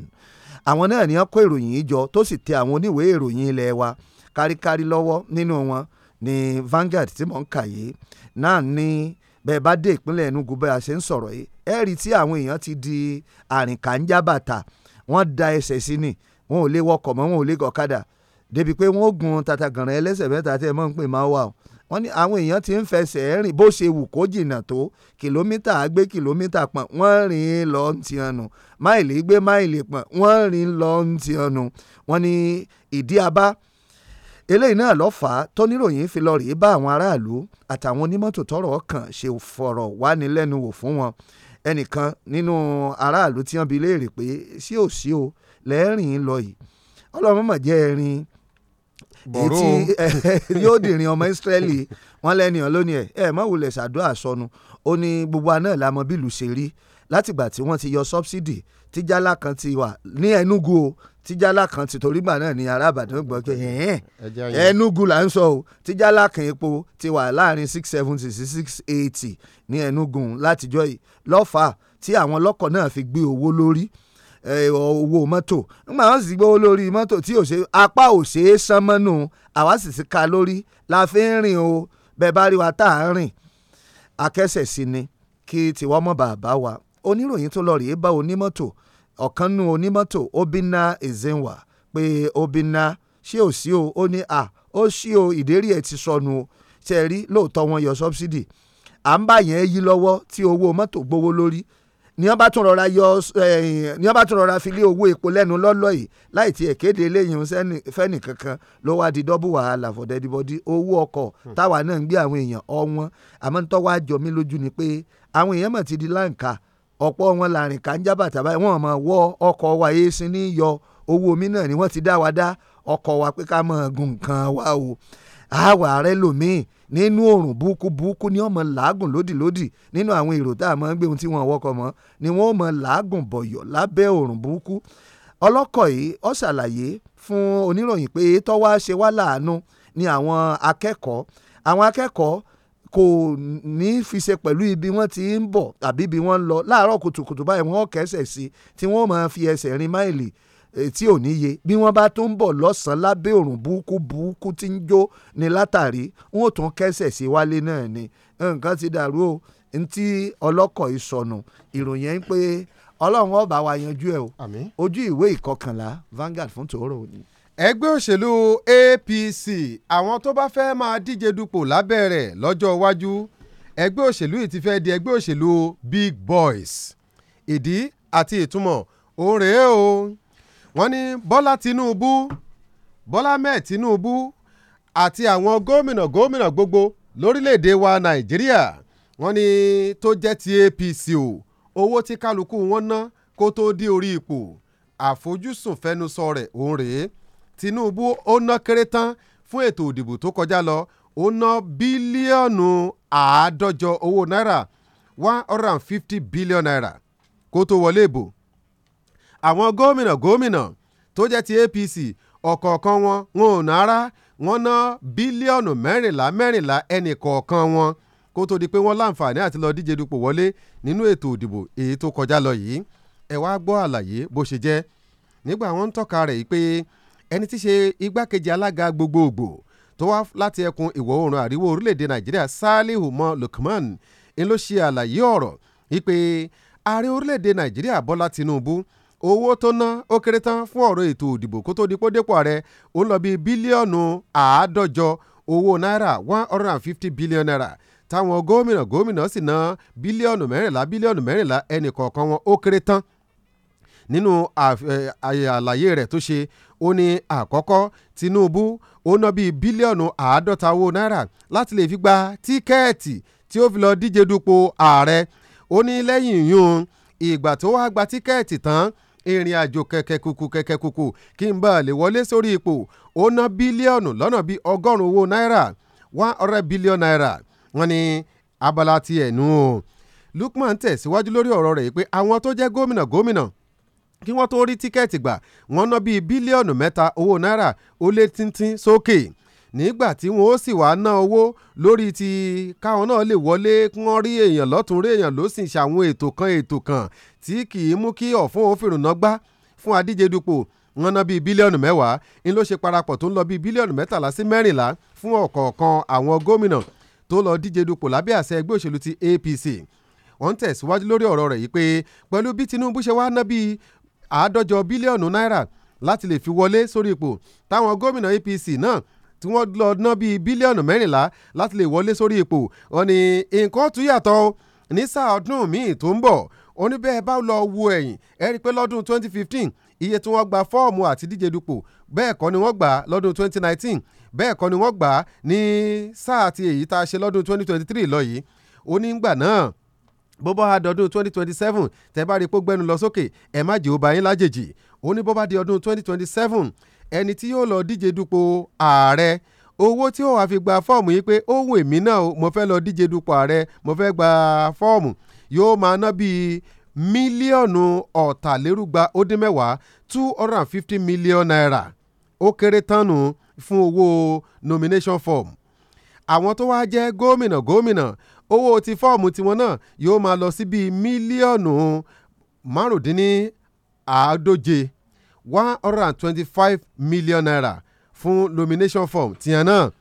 àwọn náà ni wọ́n kó ìròyìn yìí jọ tó sì tẹ àwọn oníwèé ìròyìn ilẹ̀ wa káríkárí lọ́wọ́ nínú wọn ni Vanguard tí mò ń kà yìí náà ní bẹ́ẹ̀ bá dé ìpínlẹ̀ Enugu bá a ṣe ń sọ̀rọ̀ yìí ẹ̀ rí tí àwọn èèyàn ti di àrìnkànjábàtà wọ́n da ẹsẹ̀ sí ni wọn ò lè wọkọ̀ mọ́ wọn ò lè gọ̀kadà débi pé wọ́n ó gun tatagànrà ẹlẹ́sẹ̀ mẹ́ta tí ẹ mọ̀ ń pè máa wà o wọ́n ní àwọn èèyàn ti ń fẹsẹ̀ rìn bó ṣe wù kó jìnnà tó kìlómítà gbé kìlómítà pọ̀n wọ́n rìn lọ ń ti ọ̀nù máìlì gbé máìlì pọ̀n wọ́n rìn lọ ń ti ọ̀nù wọ́n ní ìdí abá eléyìí náà ló fà á tó níròyìn fi lọ rèé bá àwọn aráàlú àtàwọn onímọ́tò tọ́rọ̀ kàn ṣe fọ̀rọ̀ wánilẹ́nuwò fún wọn ẹnìkan nínú aráàlú tí wọ́n bi léèrè pé sí o lẹ́ẹ̀rìn lọ yìí ọlọ́run mọ̀ jẹ́ ẹ̀rin èyí tí eh, eh, yóò dìrin ọmọ Ísírẹ́lì wọn lẹ́nu ọ̀ lónìí ẹ̀ ẹ̀ mọ̀ wulẹ̀ ṣàdúrà sọnù ó ní gbogbo àná làmọ́ bílù ṣe rí látìgbà tí wọ́n ti yọ sọ́bsidì tíjálá kan ti wà ní Enugu o tíjálá kan ti torí gbà náà ní ará Ìbàdàn gbọ́ pé Enugu là ń sọ o tíjálá kan epo ti wà láàrin six seventy sí six eighty ní Enugu látijọ́ yìí lọ́fà tí àwọn ọlọ́kọ̀ náà fi gbé owó lórí Eh, owó mọ́tò nígbà wọn sì gbówó lórí mọ́tò tí apá ò ṣeé san mọ́nù àwa sì ti ka lórí la fi ń rìn o bẹ́ẹ̀ bá rí wa tá à ń rìn akẹ́sẹ̀ sí ni kí tiwọ́ mọ̀ bàbá wa oníròyìn tó lọ rèé bá onímọ́tò ọ̀kan nu onímọ́tò obìnà ezenwa pé obìnà ṣé ò sí o ó ní à ó sí o ìdérí ẹ̀ ti sọnù o ṣe rí lóòótọ́ wọn yọ sọ́bsidì à ń bá yẹn yí lọ́wọ́ tí owó mọ́tò gbówó lórí ni wọ́n bá tún rọra yọ eh, ni wọ́n bá tún rọra fi lé owó epo lẹ́nu lọ́lọ́ yìí láì tiẹ̀ kéde eléyìí fẹ́ni kankan ló wá di dọ́bù wàhálà for dead body owó ọkọ̀ hmm. táwa náà ń gbé àwọn èèyàn ọ̀wọ́n àmọ́ nítorí wàá jọ mí lójú ni pé àwọn èèyàn mọ̀ ti di láǹkà ọ̀pọ̀ wọn làrìn ká ń jábà tàbá wọn mọ̀ wọ ọkọ̀ wa yé sin ní yọ owó omi náà ni wọ́n ti dá wa dá ọkọ̀ wa pé ká mọ̀ gùn nǹkan wa o àwa ààrẹ lòmíì nínú oòrùn burúkú burúkú ni wọ́n mọ̀ làágùn lódìlódì nínú àwọn èrò tá a mọ̀ ń gbé ohun tí wọ́n wọ́kọ̀ mọ́ ni wọ́n mọ̀ làágùn bọ̀yọ̀ lábẹ́ oòrùn burúkú ọlọ́kọ̀ yìí ó ṣàlàyé fún oníròyìn pé tó wá ṣe wá láàánú ni àwọn akẹ́kọ̀ọ́ àwọn akẹ́kọ̀ọ́ kò ní fi ṣe pẹ̀lú ibi wọ́n ti ń bọ̀ àbí ibi wọ́n ń lọ láàárọ̀ kùtùkùtù báyìí wọ́n kẹsẹ̀ sí tí wọ́n máa fi ẹsẹ̀ rin máìlì tí ò níye bí wọ́n bá tún ń bọ̀ lọ́sàn-án lábẹ́ òrùn burúkú burúkú tí ń jó ni látàrí wọ́n ò tún kẹ́sẹ̀ sí wálé náà ni nǹkan ti dàrú o ntí ọlọ́kọ̀ ìsọnù ìròyìn ń pé ọlọ́run ọba wa yanjú ẹ o ojú ìwé ìkọkànlá Vanguard fún tòórọ́ òní. ẹgbẹ́ òṣèlú APC àwọn tó bá fẹ́ máa díje dupò lábẹ́ rẹ̀ lọ́jọ́ iwájú ẹgbẹ́ òṣèlú yìí ti fẹ́ di ẹgbẹ́ òṣèlú big boys ìdí àti ìtumọ̀ òun rèé o wọ́n ní bọ́lá tinúbú bọ́lá mẹ́ẹ̀ tinúbú àti àwọn gómìnà gómìnà gbogbo lórílẹ̀‐èdè wa nàìjíríà wọ́n ní tó jẹ́ ti apc o owó tí kálukú wọn ná kó tó dé orí ipò àfojúsùn fẹnusọ rẹ̀ òun rèé tinubu ó ná kéré tán fún ètò òdìbò tó kọjá lọ ó ná bílíọ̀nù àádọ́jọ owó náírà one hundred and fifty billion naira kó tó wọlé ìbò àwọn gómìnà gómìnà tó jẹ́ ti APC ọ̀kọ̀ọ̀kan wọn wọn ò nára wọn ná bílíọ̀nù mẹ́rìnlá mẹ́rìnlá ẹnì kọ̀ọ̀kan wọn kó tó di pé wọ́n láǹfààní àti lọ díje dupò wọlé nínú ètò òdìbò èyí tó kọjá lọ yìí ẹ wá gbọ́ àlàyé bó ṣe jẹ́ nígbà wọn ń tọ́ka rẹ̀ pé ẹni tí ṣe igbákejì alága gbogbogbò tó wá láti ẹkùn ìwọ̀ oòrùn àríwó orílẹ̀-èdè Nàìjíríà Salihu Mo Lukman ń ló ṣe àlàyé ọ̀rọ̀ wípé ààrẹ orílẹ̀-èdè Nàìjíríà Bọ́lá Tinubu owó tó ná ó kéré tán fún ọ̀rọ̀ ètò òdìbò kó tó di pó dépò ààrẹ ó ń lọ bí bílíọ̀nù àádọ́jọ owó náírà one hundred and fifty billion naira táwọn gómìnà gómìnà sì ná bílíọ̀nù mẹ́rìnlá bílíọ̀nù mẹ́rìnlá ẹnì kọ̀ọ̀kan wọn ó kéré tán nínú àlàyé rẹ̀ tó ṣe ó ní àkọ́kọ́ Tinubu ó ná bíi bílíọ̀nù àádọ́ta owó náírà láti lè fi gba tíkẹ́ẹ̀tì tí ó fi lọ díje dupò ààrẹ ó ní lẹ́yìn yún ìgbà tó wá gba tíkẹ́ẹ̀tì tán ìrìn àjò kẹ̀kẹ́ kúkú kẹ̀kẹ́ kúkú kí n bá lè wọlé sórí ipò ó ná bílíọ̀nù lọ́nà bíi ọgọ́rùn-ún owó náírà one hundred billion naira wọ́n ní abala ti ẹ̀nu o Lukman tẹ̀síwájú lórí ọ̀rọ̀ rẹ̀ pé àwọn tó jẹ́ gómìnà gómìnà kí wọ́n tó rí tíkẹ́ẹ̀tì gbà wọ́n ná bíi bílíọ̀nù mẹ́ta owó náírà ó lé tíntín sókè. So nígbà tí wọn ó sì wá ná owó lórí ti káwọn náà lè wọlé kí wọ́n rí èèyàn lọ́tún rí èèyàn ló sì ń ṣàwọn ètò kan ètò kan tí kì í mú kí ọ̀fun òfìrùnà gbá fún adíje dupò wọn ná bíi bílíọ̀nù mẹ́wàá ń ló ṣe parapọ̀ tó ń lọ bíi bílíọ̀nù mẹ́tàlá sí mẹ́rìnlá fún ọ̀kọ̀ọ̀kan àwọn gómìnà tó lọ díje dupò lábẹ́ àṣẹ ẹgbẹ́ òṣèlú ti APC wọ́n ń tẹ̀síwájú lórí ọ̀rọ̀ rẹ̀ yìí pé pẹ̀lú bí Tinubu ṣe wá ná bíi àádọ́jọ bílíọ̀nù náírà láti lè fi wọlé sórí ipò táwọn gómìnà APC náà tí wọ́n lọ ná bíi bílíọ̀nù mẹ́rìnlá láti lè wọlé sórí ipò wọn ni nǹkan tún yàtọ̀ ní sáà ọdún míì tó ń bọ̀ ó bá lọ wo ẹ̀yìn ẹ rí i pé lọ́dún 2015 iye tí wọ́n gba fọ́ọ̀mù àti díje dupò bẹ́ẹ̀ kọ́ ni wọ́n gbà lọ́dún 2019 bẹ́ẹ̀ kọ́ ni wọ́n gbà ní sáà ti èyí tá a ṣe lọ́dún 2023 lọ yìí ó ní gbà náà bó bá dọdún 2027 tẹ́ bá rí i pé gbẹnu lọ sókè ẹ̀ má jẹ́ ó bá yín lájèjì ó ní bó di ọdún 2027 ẹni tí yóò lọ díje dupò ààrẹ owó tí ó wàá fi gba fọ́ọ̀mù yìí pé ohun èmi náà mo fẹ́ lọ díje dupò ààrẹ mo fẹ́ gba fọ́ọ̀mù yóò máa ná bíi mílíọ̀nù ọ̀tàlérúgba ó dín mẹ́wàá two hundred and fifty million naira ó kéré tánu fún owó nomination form àwọn tó wáá jẹ́ gómìnà gómìnà owó ti fọ́ọ̀mù tiwọn náà yóò máa lọ sí bíi mílíọ̀nù márùndínláàádóje one hundred and twenty-five million naira fún nomination form tiyan náà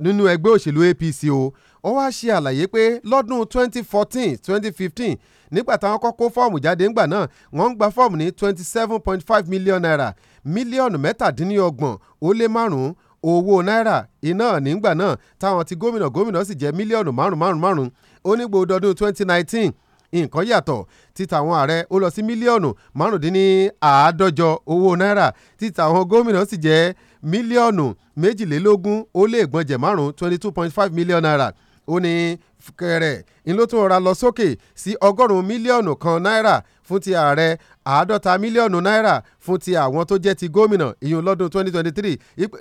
nínú ẹgbẹ́ òṣèlú APC o wọ́n wá ṣe àlàyé pé lọ́dún twenty fourteen twenty fifteen nígbà táwọn kọ́kọ́ fọ́ọ̀mù jáde ńgbà náà wọ́n ń gba fọ́ọ̀mù ní twenty seven point five million naira mílíọ̀nù mẹ́tàdínlọ́gbọ̀n ó lé márùn-ún owó náírà iná nígbà náà táwọn ti gómìnà gómìnà sì jẹ́ mílíọ̀nù márùn-ún márùn-ún márùn-ún ó nígbà ọdọọdún twenty nineteen nǹkan yàtọ̀ títa àwọn ààrẹ ó lọ sí mílíọ̀nù márùndínláàádọ́jọ owó náírà títa àwọn gómìnà sì jẹ́ mílíọ̀nù méjìlélógún ó lé ìgbọ̀njẹ̀ márùn twenty two point five million naira ó ní kẹrẹ ńlọtún ọ̀rá lọ sókè sí ọgọ́rùn-ún mílíọ̀nù kan náírà fún ti ààrẹ àádọ́ta mílíọ̀nù náírà fún ti àwọn tó jẹ́ ti gómìnà ìyún lọ́dún 2023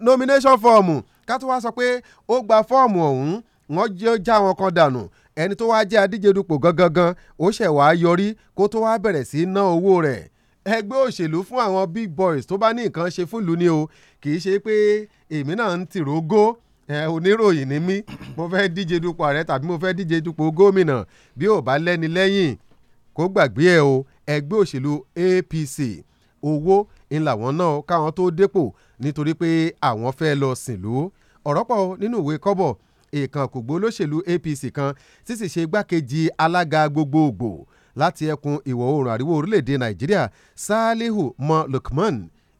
nomination fọ́ọ̀mù ká tó wá sọ pé ó gba fọ́ọ̀mù ọ̀hún wọ́n jẹ́ já wọn kan dànù ẹni tó wá jẹ́ adíjedupò gangan gan ó ṣẹ̀ wá yọrí kó tó wá bẹ̀rẹ̀ sí ná owó rẹ̀ ẹgbẹ́ òṣèlú fún àwọn big boys tó bá ní nǹkan ṣe fún ìlú ni o kì í ṣe pé èmi náà ń tìrógó oníròyìn ni mí mo fẹ́ díje dupò ààrẹ tàbí mo fẹ́ díje dupò gómìnà bí ò bá lẹ́ni lẹ́yìn kó gbàgbé ẹ o ẹgbẹ́ òṣèlú APC owó ńlá wọn náà káwọn tó dépò nítorí pé àwọn fẹ́ lọ sìnlú ọ̀rọ̀ pọ̀ nínú ìwé kọ́bọ̀ ìkànkùgbó olóṣèlú APC kan tí sì ṣe igbákejì alága gbogbogbò láti ẹkùn ìwọ̀ oòrùn àríwá orílẹ̀-èdè Nàìjíríà Salihu Mo Lukman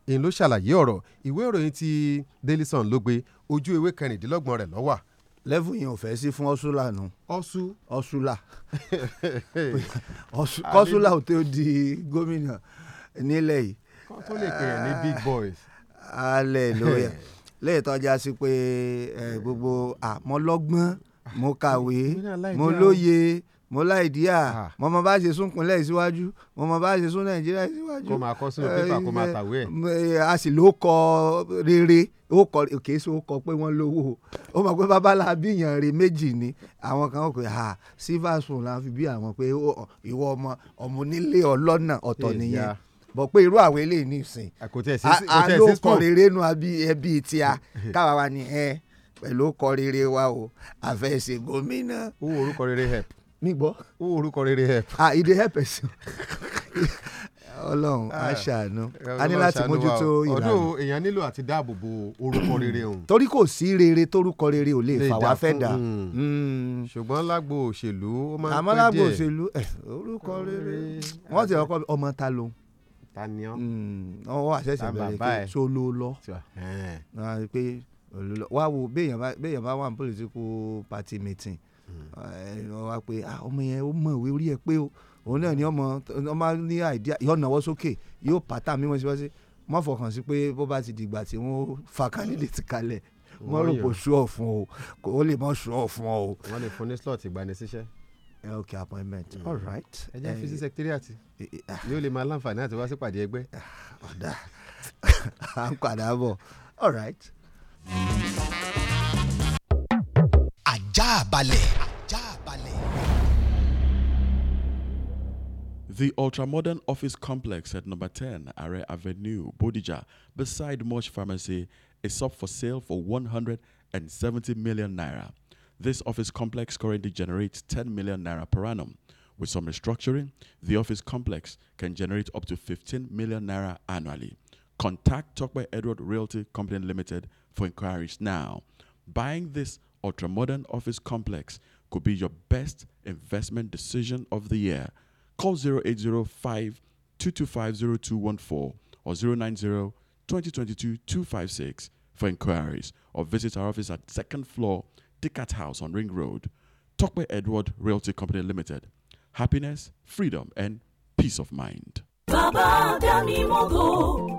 ń ló ṣàlàyé ọ̀rọ̀ ìwé ìròyìn ti Daily Sun ló gbé ojú ewé kẹrìndínlọ́gbọ̀n rẹ̀ lọ́wà lẹ́fù yẹn ò fẹ́ sí fún ọ́sùlà nu. ọ̀sù. ọ̀sùlà kọ́sùlà ò tó di gómìnà nílẹ̀ yìí. kọ́ tó lè pè é ní big boys. hallelujah. lẹ́ẹ̀tọ́ já sí pé gbogbo àmọ́lọ́gbọ́n mo kàwé mo lóye mo láìdíà mo mọ bá ṣe sún kúnlẹ̀ síwájú mo mọ bá ṣe sún nàìjíríà síwájú. kó máa kọ sínú pépà kó máa tàwé ẹ. a sì ló kọ rere ó kọ kìí ó kọ pé wọ́n lówó ó mọ̀ pé babalá bíyàn rè méjì ni àwọn kan ó pè ha silver spoon bí àwọn pé ìwọ ọmọ ọmọ onílé ọlọ́nà ọ̀tọ̀ nìyẹn bọ̀ pé irú àwọn eléyìí nìsín àlòkọ rere nu ẹbí tíya káwa wa ni ẹ pẹ̀lú ọkọ rere wa o àfẹsẹ̀ gómìnà. ó wo orúkọ rere help. mi gbọ́. ó wo orúkọ rere help. ah e dey help person. Ọlọ́run á a ah, ní láti mójútó ìlànà. ọdún èèyàn nílò àti dáàbò bo orúkọ rere òun. torí kò sí rere tórúkọ rere ò lè fà wá fẹ́ dà. Hmm. Hmm. ṣùgbọ́n lágbo òṣèlú ó máa ń pẹ́ díẹ̀. àmọ́ lágbo òṣèlú orúkọ rere wọ́n ti ọkọ ọmọ ta lòun ta ni ọ. Hmm, ọwọ́ àṣẹ̀ṣẹ̀ bẹ̀rẹ̀ pé sóló lọ pé wá wo béèyàn bá wà ní political party meeting hmm. wá pé ah, ọmọ yẹn ó mọ̀ ìwé orí ẹ̀ pé òun náà ni ọmọ ọmọ ní àìdíà yóò náwó sókè yóò pàtà mímọ́ sí wáṣẹ́ mọ́ fọkàn sí pé bó bá ti dìgbà tí wọ́n fa candidate kalẹ̀ mọ́ rò pò sùọ́ fún o kò ó lè mọ́ sùọ́ fún o. wọ́n lè fún ní slot ìgbanisíṣẹ́. okay appointment mm. all right. ẹ jẹ́ fi sí eh, sẹkítírìàtì eh, eh, ah. yóò lè máa láǹfààní àti wá sípàdé ẹgbẹ́. Ah, ọ̀dà à ń padà bọ̀ all right. ajá The ultra-modern office complex at number 10 Are Avenue, Bodija, beside Mosh Pharmacy, is up for sale for 170 million naira. This office complex currently generates 10 million naira per annum. With some restructuring, the office complex can generate up to 15 million naira annually. Contact Talk by Edward Realty Company Limited for inquiries now. Buying this ultra modern office complex could be your best investment decision of the year. Call 0805 2250214 or 090 2022 256 for inquiries or visit our office at second floor Cat House on Ring Road, Tokwe Edward Realty Company Limited. Happiness, freedom, and peace of mind. bàbá dami mogo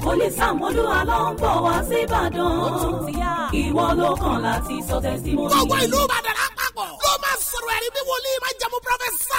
olùsàmúlò wá ìwọ ló kàn láti sọ gbogbo ìlú ìbàdàn lápapọ̀ ló máa sọ̀rọ̀ ẹ̀rí bí máa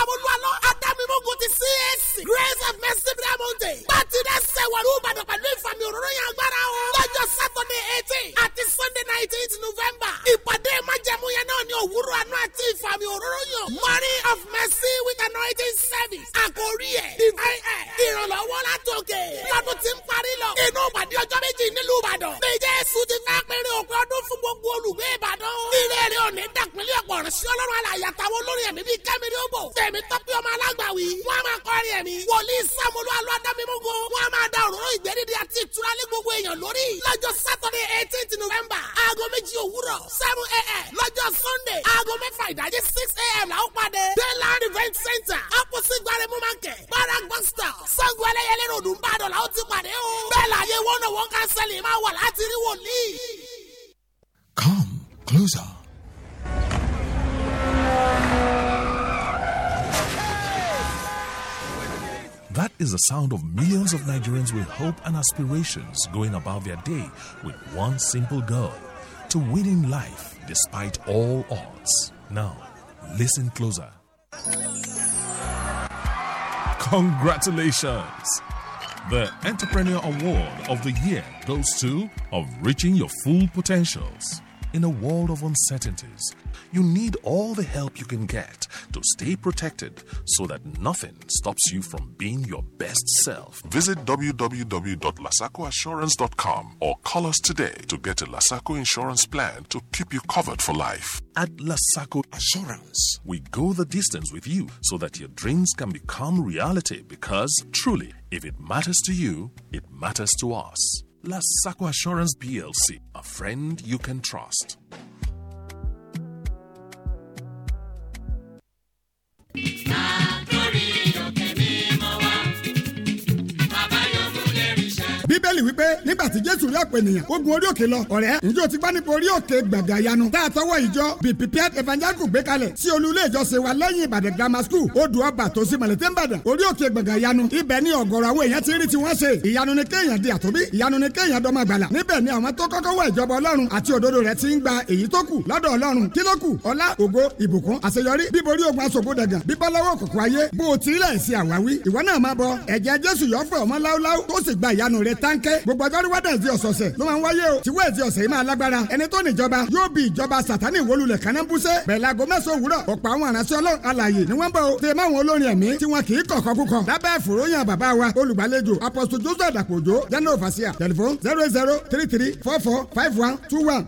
sound of millions of Nigerians with hope and aspirations going about their day with one simple goal to win in life despite all odds. Now, listen closer. Congratulations! The Entrepreneur Award of the Year goes to Of Reaching Your Full Potentials. In a world of uncertainties, you need all the help you can get to stay protected so that nothing stops you from being your best self. Visit www.lasacoinsurance.com or call us today to get a Lasaco insurance plan to keep you covered for life. At Lasaco Assurance, we go the distance with you so that your dreams can become reality because truly, if it matters to you, it matters to us. Lasaco Assurance PLC, a friend you can trust. bíbélì wípé nígbà tí jésù rí ọ̀pọ̀ ènìyàn ó gun orí òkè lọ ọ̀rẹ́ ǹjẹ́ o ti gbá nípa orí òkè gbàgbà yanu tá a tọwọ́ ìjọ be prepared evangelical gbé kalẹ̀ sí olú ilé ìjọsìn wa lẹ́yìn ìbàdàn grammar school odò ọba tó sí mọ̀lẹ́tẹ́ ìbàdàn orí òkè gbàgbà yanu ibẹ̀ ni ọ̀gọ̀rọ̀ àwọn èèyàn ti rí tí wọ́n ṣe ìyanu ni kéèyàn di àtòbí ìyanu ni kéèyàn dọ́mọ gbàlà níbẹ̀ ni àwọn tó kọ́kọ́ wọ ìjọba ọlọ́run àti òdodo rẹ̀ ti ń gba èyí tó kù lọ́dọ̀ ọlọ́run kí ló kù ọlá ògo ìbùkún àṣeyọrí bíborí ogun aṣògo dàgàn bíbọ́láwọ́ òkùnkùn ayé bó o ti sí àwáwí ìwọ náà máa bọ ẹ̀jẹ̀ jésù yọ fún ọmọ láúláú tó sì gba ìyanu rẹ̀ tánk dákẹ́ gbogbo ọjọ́rú wẹ́dẹ̀sì ọ̀sọ̀ọ̀sẹ̀ ló máa ń wáyé o tí wẹ́ẹ̀sì ọ̀sẹ̀ yìí máa lágbára ẹni tó níjọba yóò bí ìjọba sàtánì wólulẹ̀ kánábùsẹ̀ bẹ́ẹ̀ láago mẹ́sàn òwúrọ̀ ọ̀pọ̀ àwọn aránṣẹ́ ọlọ́run alààyè ni wọ́n bọ̀ o ṣe máwọn olórin ẹ̀mí tí wọn kì í kọ̀kọ́ kúkọ lábẹ́ ìfòròyìn bàbá wa olùgbàlejò zero zero three three four four five one two one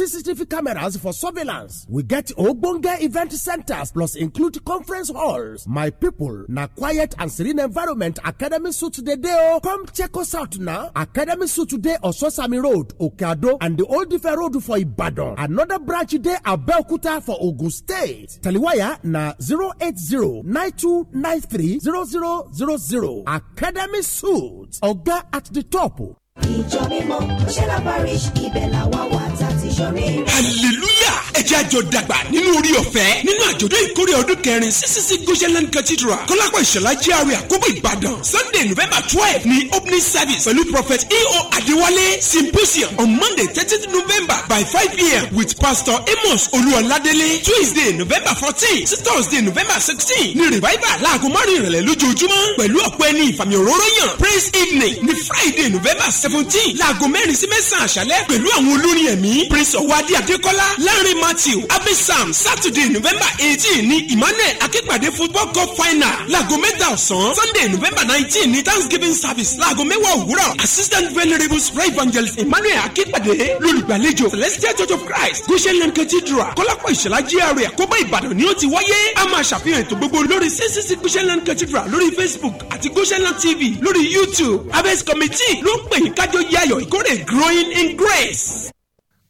CCTV cameras for surveillance. We get Ogbonge event centers plus include conference halls. My people, na quiet and serene environment Academy Suit the day. Oh, Come check us out now. Academy Suit today Sosami Road, Okeado and the Old Ife Road for Ibadan. Another branch at Belkuta for Ogun State. Taliwaya na 08092930000. Academy Suit. Oga at the top ìjọ mímọ́ ṣẹlá parish ibẹ̀ làwa wà tá ti hallelujah ẹ jẹ́ àjọ dàgbà nínú orí ọ̀fẹ́ nínú àjọ̀dún ìkórè ọdún kẹrin ccc goshenland cathedral kọ́lápọ̀ ìṣọ̀lá jíàrè àkókò ìbàdàn sunday november twelve ni opening service pẹ̀lú prophet eo adewale symposium on monday thirteenth november by five pm with pastor amos olúwaladélé tuesday november fourteen sí thursday november sixteen ni revival láago márùn ìrẹ̀lẹ̀ lójoojúmọ́ pẹ̀lú ọ̀pọ̀ ẹni ìfàmì òróró yàn praise evening ni friday november seven seventeen láago mẹ́rin sí mẹ́sàn-án àṣálẹ́ pẹ̀lú àwọn olórin ẹ̀mí prince ọ̀wádìí adékọ́lá Larry matthew abisam saturday november eighteen ní emmanuel akípàdé football cup final láago mẹ́ta ọ̀sán sunday november nineteen ní thanksgiving service láago mẹ́wàá òwúrọ̀ assistant venerable spray evangelist emmanuel akípàdé lólùgbàlejò celestial church of christ goshenland cathedral kọ́lápọ̀ ìṣẹ̀lá gra àkóbá ìbàdàn ni ó ti wáyé a máa ṣàfihàn ètò gbogbo lórí ccc goshenland cathedral lórí facebook àti goshenland tv lórí youtube abes committee ló ń pè yín k Ikore growing in grace.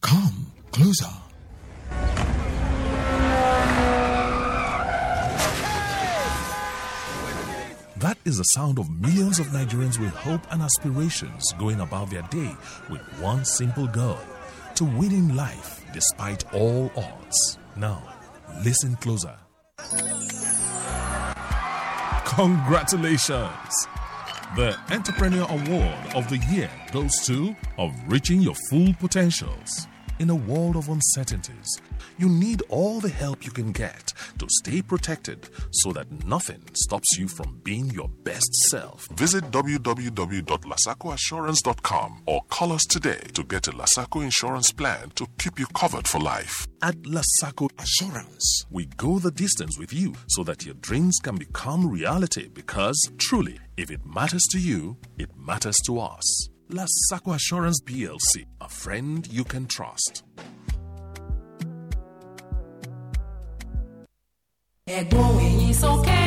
Come closer. That is the sound of millions of Nigerians with hope and aspirations going about their day with one simple goal to win in life despite all odds. Now, listen closer. Congratulations! The Entrepreneur Award of the Year goes to Of Reaching Your Full Potentials in a World of Uncertainties you need all the help you can get to stay protected so that nothing stops you from being your best self. Visit www.lasacoinsurance.com or call us today to get a Lasaco insurance plan to keep you covered for life. At Lasaco Assurance, we go the distance with you so that your dreams can become reality because truly, if it matters to you, it matters to us. Lasaco Assurance PLC, a friend you can trust. ẹ̀gbọ́n èyí sókè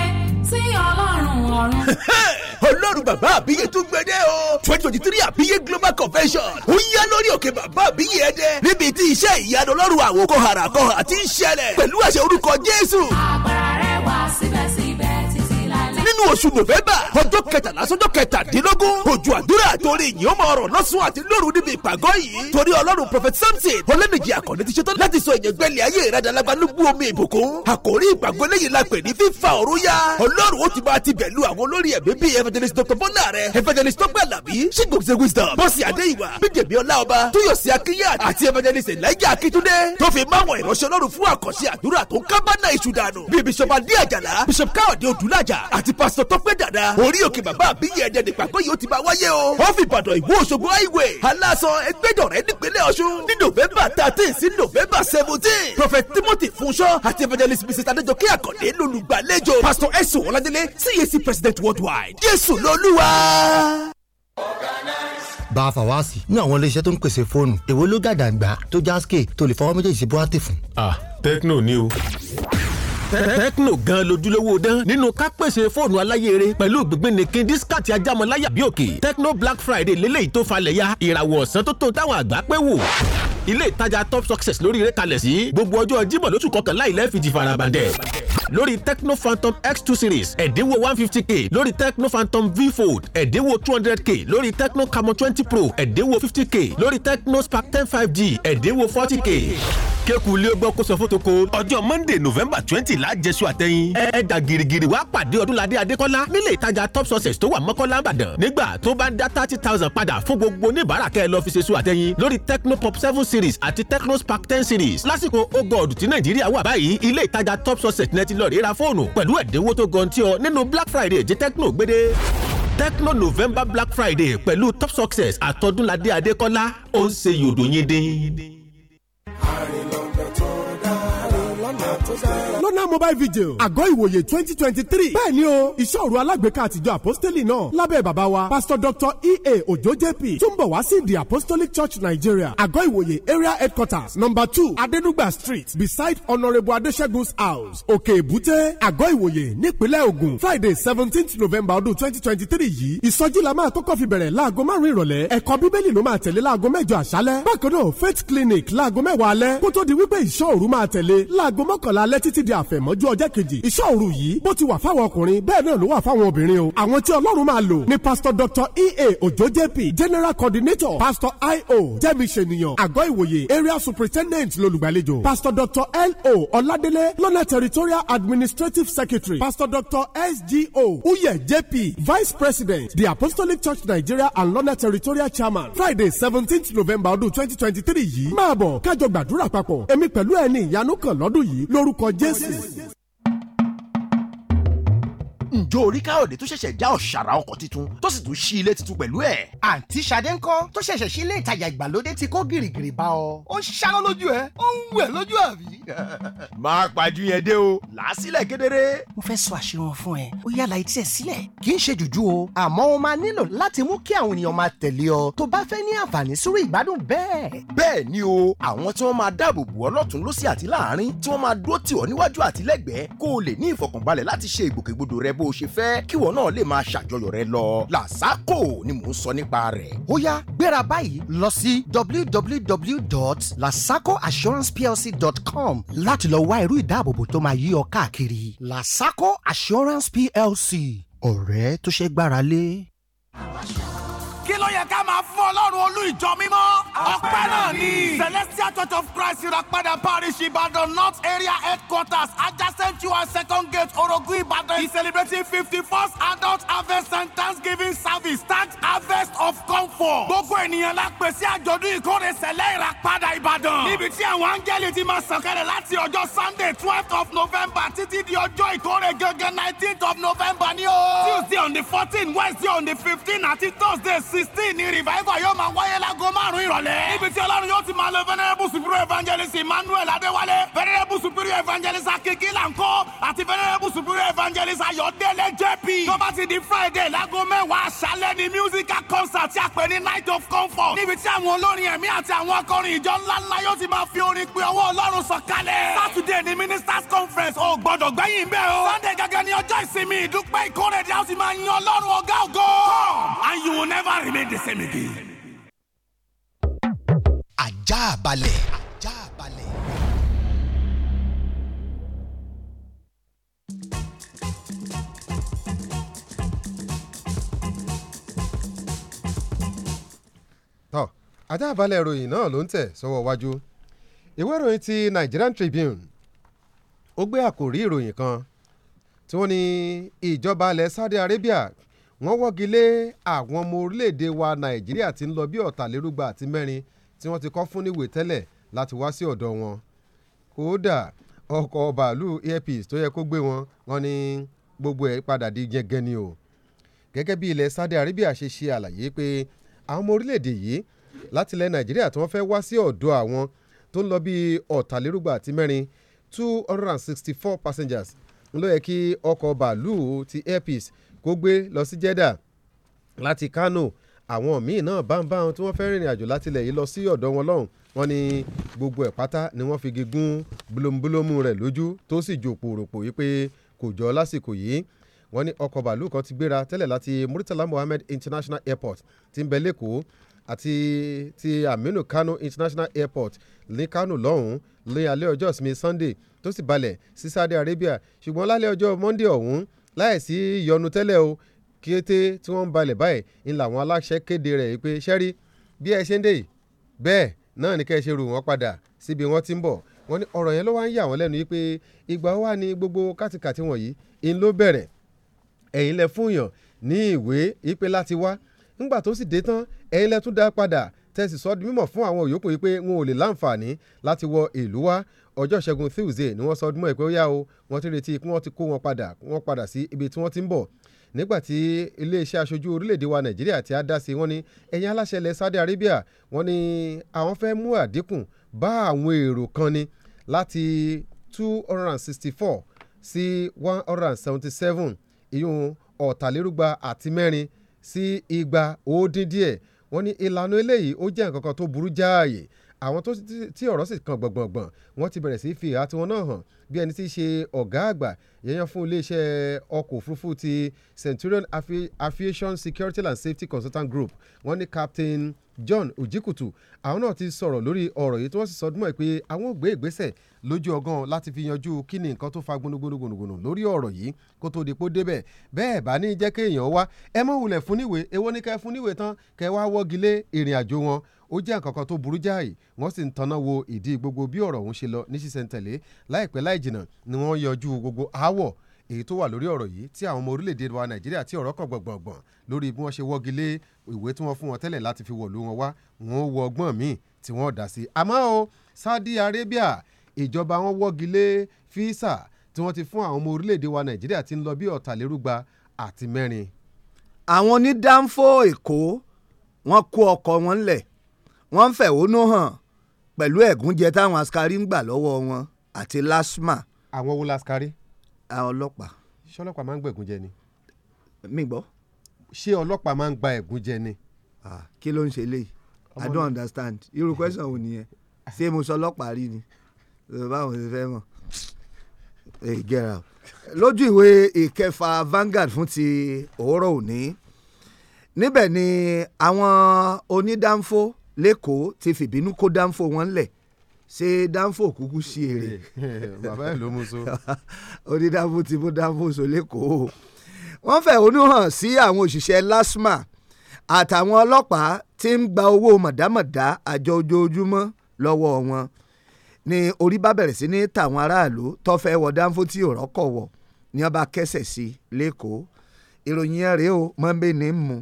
sí ọlọ́run ọ̀run. ọlọ́run bàbá àbíyé tún gbẹdẹ o twenty twenty three àbíyé global convention ó yá lórí òkè bàbá àbíyé ẹdẹ níbi tí iṣẹ́ ìyanu ọlọ́run àwòkọ́ harakọ́ àti ìṣẹ̀lẹ̀ pẹ̀lú àṣẹ orúkọ jésù. àgbàrá rẹ̀ wá síbẹ̀ sí nínú oṣù nọ́fẹ̀bà ọjọ́ kẹtàlá sọ́jọ́ kẹtàdínlógún ojú àdúrà torí ìyìn ọmọ ọ̀rọ̀ lọ́sùn àti lóru níbi ìpàgọ́ yìí torí ọlọ́run prophet samson ọlẹ́nìjì àkànní ti ṣetán láti sọ ìyẹn gbẹ́lẹ̀ ayé ìradàlágbá ló gbú omi ìbùkún àkòrí ìpàgọ́ lẹ́yìn la pè ní fífa òru ya ọlọ́run ó ti bá ti bẹ̀lú àwọn olórí ẹ̀mí bíi evangelist dr bọ́lá rẹ̀ evangelist tọ́pẹ́ àlàbí ṣígbòkìṣe wisdom bọ́sì adéyìnwá bíjèbí ọláọba tóyọ̀sí akínyà àti evangelist elijah akíntúndé tó fi máwọn ìránṣẹ́ ọlọ́run fún àkànṣe àdúrà tó ń kábàánà ìṣùdànù bíi bishop adé àjàlá bishop káyọ̀dé odúlájà àti aṣọ tó pé dàda orí òkè bàbá àbíyẹ ẹ̀jẹ̀ nípàgọ́ yìí ó ti bá wáyé o wọ́n fi ìbàdàn ìwó òṣogbo highway alásan ẹgbẹ́dọ̀rẹ́ nípínlẹ̀ ọ̀ṣun ní november thirteen sí november seventeen prophet timothy funṣọ àti evangelist mrs adéjọkẹ́ àkàndé lolùgbàlejò pastor ẹ̀sùn ọ̀làdélé cac president worldwide jésù lolúwa. bá a fà wá sí ní àwọn iléeṣẹ́ tó ń pèsè fóònù èwo ló gàdàgbà tó jásíkè tó lè fọwọ́ méjèèjì sí búrátì fún. ah tecno ni o tẹ́kínò gan lójúlówó dán nínú ká pèsè fóònù aláyèrè pẹ̀lú gbígbínnikin dískàtì ajámọ̀láyà bí òkè tẹ́kínò black friday lélẹ́yìí tó falẹ̀ ya ìràwọ̀ ọ̀sán tó tó táwọn àgbà pé wò ilé ìtajà top success lórí rẹ̀ kalẹ̀ sí gbogbo ọjọ́ jímọ̀ lóṣù kọkànlá ilẹ̀ fìdí farabandẹ̀ lórí tecno phantom x2 series ẹ̀dínwó 150k lórí tecno phantom v fold ẹ̀dínwó 200k lórí tecno Camo 20 pro ẹ̀dínwó 50k lórí tecno spark 10 5g ẹ̀dínwó 40k kéku ilé ọgbọ́n kó sọ fótoko ọjọ́ monday november twenty lájẹsùn àtẹ̀yìn ẹ̀ẹ́dà girigiri wàá pàdé ọdúnladé adékọ́lá nílé ìtajà top success tó wà mọ́kànlá ìbàdàn nígbà tó bá ń dá thirty thousand padà fún gbogbo oníbàárà kẹ́ ẹ lọ́ọ́ fi ṣe sùn àtẹ̀yìn lórí tecno pop seven series àti tecno spark ten series lásìkò ogod tí nàìjíríà wà báyìí ilé ìtajà top success net lọ rí ra fóònù pẹ̀lú ẹ̀dínwó tó gan tí ọ nínú black friday jẹ́ tecno gbédè tecno november black friday pẹ̀lú top success àtọ́dúnladé adékọ́lá ó ń ṣe yòdò yín dín. àrìnlọ́gbẹ̀ International Mobile video. àgọ́ ìwòye twenty twenty three bẹ́ẹ̀ o iṣẹ́ òru alágbèéká àtijọ́ apostoli náà lábẹ́ bàbá wa Pastor Dr E.A. Ojo JP tún bọ̀ wá sí the Apostolic Church Nigeria àgọ́ ìwòye area headquarters number two Adenugba street beside Honourable Adesegun's house Òkè Èbúté àgọ́ ìwòye nípínlẹ̀ Ògùn Friday seventeenth November ọdún twenty twenty three yìí ìsọjí la máa kọ́kọ́ fi bẹ̀rẹ̀ láago márùn-ún ìrọ̀lẹ́ ẹ̀kọ́ bíbélì ló máa tẹ̀lé láago mẹ́jọ àṣálẹ́ bákan náà faith clinic láago mẹ́wàá alẹ́ kó tó di wípé ìṣọ́ òru máa tẹ̀lé láago mọ́kànlá alẹ́ títí di àf àfẹ̀mọ́jú ọjọ́ kejì ìṣọ́ òru yìí bó ti wà fáwọn ọkùnrin bẹ́ẹ̀ náà ló wà fáwọn obìnrin o àwọn tí ọlọ́run máa lò ni pastor dr ea ojo jp general coordinator pastor io jẹ́mi ṣènìyàn àgọ́ ìwòye area superintendent lolùgbàlejò pastor dr lo ọládélé lọ́nà territorial administrative secretary pastor dr sgo uye jp vice president the apostolic church nigeria and lọ́nà territorial chairman friday seventeenth november ọdún twenty twenty three yìí máa bọ̀ kájọ gbàdúrà papọ̀ èmi pẹ̀lú ẹni ìyanu kan lọ́dún yìí lórúkọ jésù. this. ǹjọ́ orí káyọ̀dé tó ṣẹ̀ṣẹ̀ já ọ̀ṣàrà ọkọ̀ tuntun tó sì tún ṣí ilé tuntun pẹ̀lú ẹ̀. àǹtí ṣadé ńkọ́ tó ṣẹ̀ṣẹ̀ ṣí ilé ìtajà ìgbàlódé ti kó gìrìgìrì bá ọ. ó ṣáró lójú ẹ ó ń wẹ̀ lójú àbí. máa pàjù yẹn dé o làásílẹ̀ kedere. mo fẹ́ sọ àṣírí wọn fún ẹ ó yàrá etí ẹ sílẹ̀. kì í ṣe jùjú o àmọ́ o máa nílò láti mú kí àwọn ènìyàn máa tẹ̀lé ọ tó bá fẹ́ ní àǹfààní sórí ìgbádùn bẹ́ẹ̀. bẹ́ẹ̀ ni o àwọn tí wọ́n máa dáàbò bò ọ́ lọ́tún lọ́sí àti láàárín tí wọ́n máa dúró tì ọ́ níwájú àti kó o lè ní ìfọ̀kànbalẹ̀ láti ṣe ìgbòkègbodò rẹ b bó ṣe fẹ́ kíwọ náà lè máa ṣàjọyọ̀ rẹ lọ làsákò ni mò ń sọ nípa rẹ̀. ó yá gbéra báyìí lọ sí www.lasacoassuranceplc.com láti lọ wá irú ìdáàbòbò tó máa yí ọ káàkiri lasaco assurance plc ọ̀rẹ́ tó ṣe gbára lé yẹ ká máa fún ọlọ́run olú ìjọ mímọ́. ọpẹ́ náà ni. celestial church of christ ìràpadà parish ìbàdàn north area headquarters adjacent to our second gate orogun ìbàdàn. is celebrating fifty first adult harvest and thanksgiving service thank harvest of comfort. gbogbo ènìyàn la pè sí àjọ̀dún ìkórè sẹ̀lẹ̀ ìràpadà ìbàdàn. níbi tí àwọn áńgẹ́lì ti máa sọ̀kẹ́rẹ̀ láti ọjọ́ sunday twelfth of november títí di ọjọ́ ìkórè gangan nineteenth of november ni o. tuesday on the fourteen wednesday on the fifteen àti thursday sixteen sí ni revival yóò máa wáyé láago márùn-ún ìrọ̀lẹ́. níbi tí ọlọ́run yóò ti máa lo venerable superior evangelist emmanuel adéwálé venerable superior evangelist akeke lanko àti venerable superior evangelist ayọ̀délé jp. tó bá ti di friday láago mẹ́wàá aṣálẹ́ ni musical concert tí a pè ní night of comfort. níbi tí àwọn olórin ẹ̀mí àti àwọn akọrin ìjọ ńláńlá yóò ti máa fi orin pe ọwọ́ ọlọ́run sọ̀kalẹ̀. saturday ni ministers conference ò gbọ́dọ̀ gbẹ́yìn bẹ́ẹ̀ o. sunday gẹ́gẹ́ ni ọjọ́ ìsinmi ìdúpẹ́ ìkórè jáde sẹ́mìgì. ajá balẹ̀. ajá balẹ̀. tọ́ ajá balẹ̀ ìròyìn náà ló ń tẹ̀ sọ́wọ́ iwájú ìwé ìròyìn ti Nigerian Tribune ó gbé àkòrí ìròyìn kan tí wọ́n ní ìjọba ilẹ̀ Saudi Arabia wọ́n wọ́gi lé àwọn ọmọ orílẹ̀-èdè wa nàìjíríà ti ń lọ bí ọ̀tàlérúgba àti mẹ́rin tí wọ́n ti kọ́ fún níwèé tẹ́lẹ̀ láti wá sí ọ̀dọ̀ wọn. kódà ọkọ̀ bàálù airpeace tó yẹ kó gbé wọn wọ́n ní gbogbo ẹ̀ padà di jẹgẹ́ ni o. gẹ́gẹ́ bí ilẹ̀ Saudi Arabia ṣe ṣe àlàyé pé àwọn ọmọ orílẹ̀-èdè yìí láti ilẹ̀ nàìjíríà tí wọ́n fẹ́ wá sí ọ̀dọ̀ àwọn tó ń lọ bí ọ̀tàlérúgba àti mẹ́rin two hundred and sixty four passengers ló yẹ kí ọkọ̀ bàálù ti airpeace kó gbé lọ sí Jeddah láti Kano àwọn míì náà bá ń bá wọn tí wọ́n fẹ́ rìnrìn àjò látilẹ̀ yìí lọ sí ọ̀dọ̀ wọn lọ́hùn wọn ni gbogbo ẹ̀ pátá ni wọ́n figi gún bulombulomu rẹ̀ lójú tó sì jò pòròpò yìí pé kò jọ lásìkò yìí wọ́n ní ọkọ̀ bàálù kan ti gbéra tẹ́lẹ̀ láti Murtala Mohammed International Airport ti ń bẹ lẹ́kọ̀ọ́ àti ti Aminu Kano International Airport ní Kano lọ́hùn ní alẹ́ ọjọ́ ìsinmi Sunday tó sì balẹ̀ sí Saudi Arabia ṣùgbọ́n lálẹ́ ọjọ́ Monday ọ̀hún láìsí ìyọnu tẹ́lẹ̀ o kété tí wọ́n ń balẹ̀ báyìí ń làwọn aláṣẹ kéde rẹ̀ pé ṣẹ́rí bí ẹ ṣe ń dé yìí bẹ́ẹ̀ náà ni kẹ́ ẹ ṣe rù wọ́n padà síbi wọ́n ti ń bọ̀ wọ́n ní ọ̀rọ̀ yẹn ló wá ń yà wọ́n lẹ́nu yìí pé ìgbà wà ní gbogbo kátìkàtì wọ̀nyí ń ló bẹ̀rẹ̀ ẹ̀yin lẹ fún yàn ní ìwé ìpè láti wá ńgbà tó sì dé tán ẹ̀yin lẹ tún dá padà tẹ́sí sọ di mímọ̀ fún àwọn òyòkù yìí pé wọn ò lè láǹfààní láti wọ ìlú wá ọjọ́ ìṣẹ́gun Tuesday ni wọ́n sọ ọdún mọ́ ẹ̀ pé ó yá o wọ́n ti retí pé wọ́n ti kó wọn padà wọ́n padà sí ibi tí wọ́n ti ń bọ̀ nígbàtí iléeṣẹ́ aṣojú orílẹ̀-èdè wa nàìjíríà ti á dá sí wọ́n ní ẹ̀yin aláṣẹ ilẹ̀ Saudi Arabia wọ́n ní àwọn fẹ́ mú àdínkù bá àwọn èrò kan ni láti two hundred and sixty four sí one hundred and seventy seven ìyún ọ̀tàlérúgba àti mẹ́rin sí igba ó dín díẹ̀ wọ́n ní ìlànà eléyìí ó jẹ́ nǹkan kan tó burú jáàyè àwọn tó tí ọ̀rọ̀ sì kan gbọ̀ngbọ̀ngbọ̀n wọ́n ti bẹ̀rẹ̀ sí fi ìhà tiwọn náà hàn bí ẹni tí í ṣe ọ̀gá àgbà yẹyan fún iléeṣẹ́ ọkọ̀ òfurufú ti Centurion Aviation Security and Safety Consultant Group wọ́n ní Captain John Òjìkùtù àwọn náà ti sọ̀rọ̀ lórí ọ̀rọ̀ yìí tí wọ́n sì sọ dúnmọ́ ẹ̀ pé àwọn ò gbé ìgbésẹ̀ lójú ọgán láti fi yanjú kí ni nǹkan tó fa gbónúgbónúgbónúgbónú lórí ọ̀rọ̀ yìí kó tó di pó débẹ̀ bẹ́ẹ̀ bá ní jẹ́ kéèyàn wá ẹ mọ̀ wulẹ̀ fún níwèé èwo ni kẹ́ fún níwèé tán kẹ́ wá wọ́gi lé ìrìn àjò wọn ó jẹ́ nǹkan tó burú jáì wọ́n sì ń tanná wo ìdí gbogbo bí ọ̀rọ̀ ọ̀hún èyí tó wà lórí ọ̀rọ̀ yìí tí àwọn ọmọ orílẹ̀-èdè wa nàìjíríà tí ọ̀rọ̀ kàn gbọ̀ngbọ̀ngbọ̀n lórí bí wọ́n ṣe wọ́gi lé ìwé tí wọ́n fún wọn tẹ́lẹ̀ láti fi wọ̀lú wọn wá wọn ó wọ ọgbọ́n míì tí wọ́n dá sí. àmọ́ o Saudi Arabia ìjọba wọn wọ́gi lé fíìsà tí wọ́n ti fún àwọn ọmọ orílẹ̀-èdè wa nàìjíríà ti ń lọ bí ọ̀tàlérúgba àti mẹ́rin. àwọn onídàáfó èkó wọn kó ọkọ̀ wọn lẹ̀ wọ́n ń fẹ̀hónú hàn pẹ̀lú ẹ̀gúnjẹ táwọn askari ń gbà lọ́wọ́ wọn àti lasma. àwọn wo laskari ọlọ́pàá. ṣé ọlọ́pàá máa ń gbẹ̀gùn jẹ ni. mi gbọ́. ṣé ọlọ́pàá máa ń gba ẹ̀gún jẹ ni. kí ló ń ṣe léyìí i don't understand irú question wo nìyẹn ṣé mo sọ ọlọ́pàá rí ni báwo ṣe fẹ́ mọ̀ ìgẹ̀rà lójú ìwé ìkẹfà Vanguard fún ti òwúrọ̀ òní níbẹ̀ ni àwọn onídàáfó lẹ́kọ̀ọ́ ti fìbínú kó dáńfó wọn lẹ̀ ṣé danfo kúkú sí èrè. bàbá ẹ ló mú so. onídàbò ti mú danfo so lẹ́kọ̀ọ́. wọ́n fẹ̀hónú hàn sí àwọn òṣìṣẹ́ lasma àtàwọn ọlọ́pàá tí ń gba owó mọ̀dámọ̀dá àjọ ojoojúmọ́ lọ́wọ́ wọn ni orí bá bẹ̀rẹ̀ sí ní tàwọn aráàlú tó fẹ́ wọ danfo tí òrọ́ kọ̀ wọ̀ ni wọ́n bá kẹsẹ̀ sí lẹ́kọ̀ọ́ ìròyìn ẹ̀ rèé o mọ́ńbé ni ń mu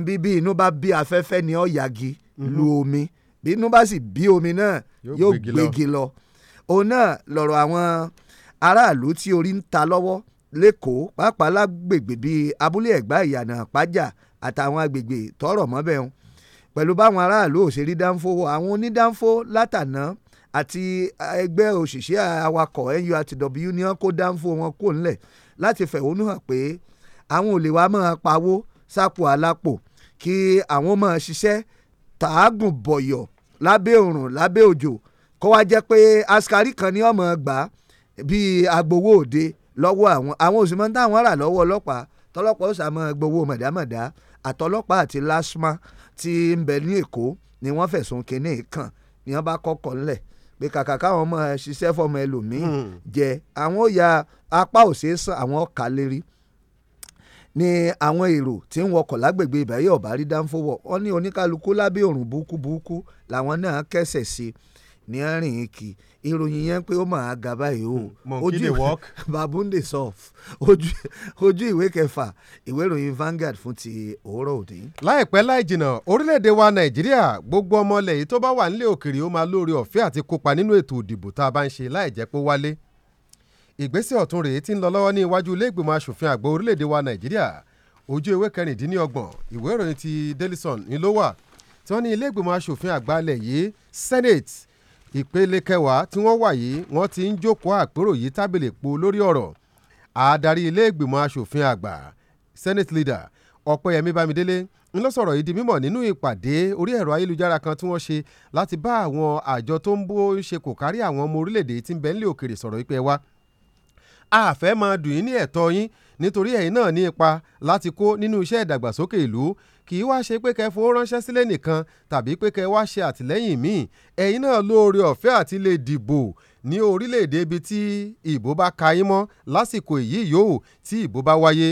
nbí bí inú bá bí afẹ́fẹ́ ni ó yagi mhm. lu omi bínú bá sì bí omi náà yóò gbégi lọ òun náà lọ̀rọ̀ àwọn aráàlú tí orí ń ta lọ́wọ́ lẹ́kọ̀ọ́ pàápàá lágbègbè bíi abúlé ẹ̀gbá ìyànà pàjà àtàwọn agbègbè tọrọ mọ́bẹ̀ wọn pẹ̀lú báwọn aráàlú ò ṣe rí dánfó wọ àwọn onídánfó látàná àti ẹgbẹ́ òṣìṣẹ́ awakọ̀ NURTW ni wọ́n kó dánfó wọn kò ńlẹ̀ láti fẹ̀hónú hàn pé àwọn ò lè wá máa pawó sápò alápò kí àwọn máa ṣiṣẹ́ tààgùn bọ̀yọ̀ lábẹ́ òrùn lábẹ́ òjò kó wá jẹ́ pé askari kan ní ọmọ gbà bíi agbowó òde lọ́wọ́ àwọn àwọn òsì máa ń táwọn rà lọ́wọ́ ọlọ́pàá tọlọ́pàá ó sàmọ́ gbowó mọ̀dámọ̀dá àtọlọ́pàá àti LASTMA ti ń bẹ ní Èkó ni wọ́n fẹ̀sùn kínní kàn ni wọ́n bá kọ́kọ́ ńlẹ̀ pé kàkà káwọn ọmọ ṣiṣẹ́ fọmọ ẹlòmíì hmm. jẹ àwọn ó ya apá òṣèṣàn àwọn ọ̀kà lérí ni àwọn èrò tí ń wọkọ̀ lágbègbè ìbáyé ọ̀bá rí dáńfọ́wọ́ wọn ní oníkálukú lábẹ́ òrùn burúkú burúkú làwọn náà kẹsẹ̀ sí ní rìn kì ìròyìn yẹn pé ó máa ga báyìí o hmm, ojú babunde sọf ojú ìwé kẹfà ìwé ìròyìn Vanguard fún ti òwúrọ̀ òde. láìpẹ́ láì jìnnà orílẹ̀-èdè wa nàìjíríà gbogbo ọmọ ilẹ̀ yìí tó bá wà nílé òkèèrè ó máa lóore ọ̀fẹ́ àti kópa nínú ètò ìdìbò tá a bá ń ṣe láì jẹ́ pé wálé ìgbésẹ̀ ọ̀tún rèé tí ń lọ lọ́wọ́ ní iwájú ilé ìgbìmọ̀ asòfin àgbà orílẹ̀-èdè wa nàìjíríà ojú ewé kẹrìndínlọ́gbọ̀n ìwé ìròyìn ti Daily Sun ni ló wà tí wọ́n ní ilé ìgbìmọ̀ asòfin àgbà alẹ̀ yìí Senate ìpele kẹwàá tí wọ́n wà yìí wọ́n ti ń jókòó àpérò yìí tábìlì po lórí ọ̀rọ̀ àadarí ilé ìgbìmọ̀ asòfin àgbà Senate leader Ọpẹ́yẹmí Bámidélé ń lọ sọ̀rọ̀ yìí di mímọ̀ nínú ìpàdé orí ẹ̀rọ ayélujára kan tí wọ́n ṣe láti bá àwọn àjọ tó ń bó ṣe kò kárí àwọn ọmọ orílẹ̀-èdè tí ń bẹ òkèrè sọ̀rọ̀ ìpẹ́ wa àfẹ́ máa dùn yín ní ẹ̀tọ́ yín nítorí ẹ̀yin náà ní ipa láti kó nínú iṣẹ́ ìdàgbàsókè ìlú kì í wá ṣe pé kẹ́ fowó ránṣẹ́ sílé nìkan tàbí pé kẹ́ wá ṣe àtìlẹ́yìn míì ẹ̀yin náà lóore ọ̀fẹ́ àti lè dìbò ní orílẹ̀-èdè ibi tí ìbò bá ka yín mọ́ lásìkò èyí yòówù tí ìbò bá wáyé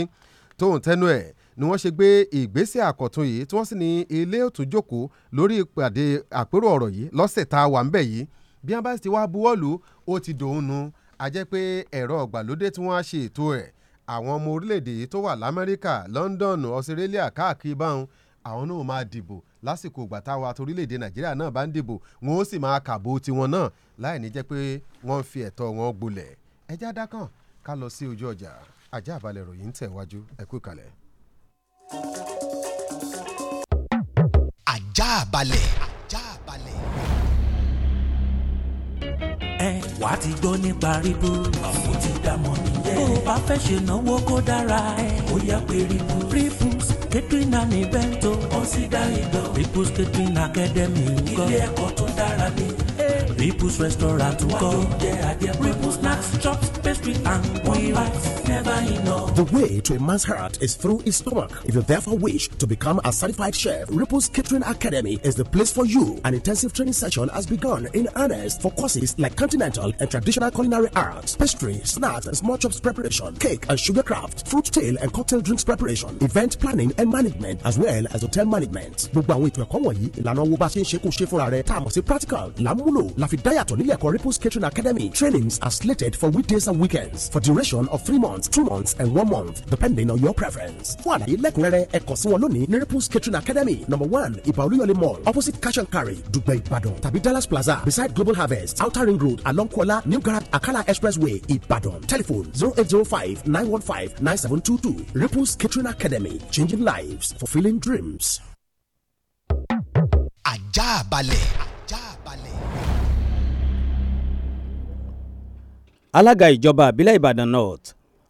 tóun tẹnu ẹ̀ ni wọ́n ṣe gbé ìgbésẹ̀ àkọ́tún yìí tí wọ́n sì ní ilé òtún jókòó lórí ìpàdé àpérò ọ̀rọ̀ yìí lọ́sẹ̀ tá a wà ń bẹ̀ yìí bí wọ́n bá ti wá buwọ́lù ó ti dòun nu a jẹ́ pé ẹ̀rọ ọ̀gbàlódé tí wọ́n á ṣe ètò ẹ̀ àwọn ọmọ orílẹ̀-èdè tó wà lamẹ́ríkà London Australia káàkiri báwọn àwọn náà máa dìbò lásìkò ìgbà táwa torílẹ̀-èdè Nàìjíríà náà bá ń dìbò wọn ó sì máa kàbó tiwọn náà láì ní jẹ́ pé wọ́n ń fi ẹ̀tọ́ wọn gbolẹ̀ ẹjẹ́ adákàn ká lọ sí ojú ọjà ajá àbálẹ̀ ròyìn ń tẹ̀ wájú ẹ̀kú kalẹ̀. ajá àbálẹ̀. ajá àbálẹ̀ ẹ wàá ti gbọ́ nípa Rìbú. àwọn ti dámọ̀ nìyẹn. bó o bá fẹ́ ṣe náwó kó dára ẹ ó yá pé Rìbú. Rìbú's Katrina ni bento. o. ó sì dá ìdán. Katrina catering academy ń kọ́. ilé ẹ̀kọ́ tó dára ni. Ripple's restaurant to go. Ripple snacks, chops, pastry, and boy Never enough. The way to a man's heart is through his stomach. If you therefore wish to become a certified chef, Ripple's Catering Academy is the place for you. An intensive training session has begun in earnest for courses like continental and traditional culinary arts, pastry, snacks and small chops preparation, cake and sugar craft, fruit tail and cocktail drinks preparation, event planning and management, as well as hotel management. gbogbo àwọn ètò ẹ̀kọ́ wọ̀nyí ìlànà owó bá ṣe ń ṣe kó ṣe fúnra rẹ̀ tá a mọ̀ sí practical làmúlò Lafidaya Tonileco Ripples Catering Academy trainings are slated for weekdays and weekends for duration of three months, two months, and one month, depending on your preference. Fún àlàyé lẹ́kùnrẹ́rẹ́ ẹ kàn sí wọn lónìí ní Ripples Catering Academy number one Ìbà Mall opposite Cash and Carry Dùgbẹ̀ Ìbàdàn tàbí Dallas Plaza beside Global Harvest Outer Ring Road along Kuala New Garage Akala Expressway Ìbàdàn telephone zero eight zero five nine one five nine seven two two Ripples Catering Academy changing lives fulfilling dreams. Ajá balẹ̀. alága ìjọba àbílẹ̀ ìbàdàn north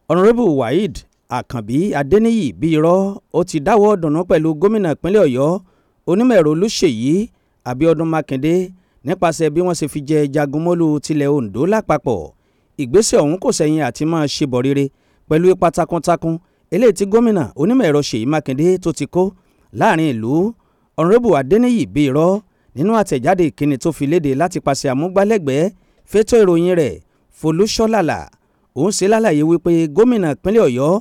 honorable waheed àkànbí adéníyì bíirọ́ ó ti dáwọ́ dùnú pẹ̀lú gómìnà ìpínlẹ̀ ọ̀yọ́ onímọ̀ ẹ̀rọ olùṣèyí abíọ́dún mákindé nípasẹ̀ bí wọ́n ṣe fi jẹ jagunmọ́lú tilẹ̀ ondo lápapọ̀ ìgbésẹ̀ ọ̀hún kò sẹ́yìn àti máa ṣe bọ̀ rere pẹ̀lú ipa takuntakun eléyìí tí gómìnà onímọ̀ ẹ̀rọ ṣèyí mákindé tó ti kó láàrin ìlú honorable adéníyì bíirọ́ nínú àtẹ̀jáde ìkíni tó fi léde láti pàṣẹ àmúgbálẹ́gbẹ̀ẹ́ fétò ìròyìn rẹ̀ folúṣọ́lálà òun ṣe lálàyé wípé gómìnà ìpínlẹ̀ ọ̀yọ́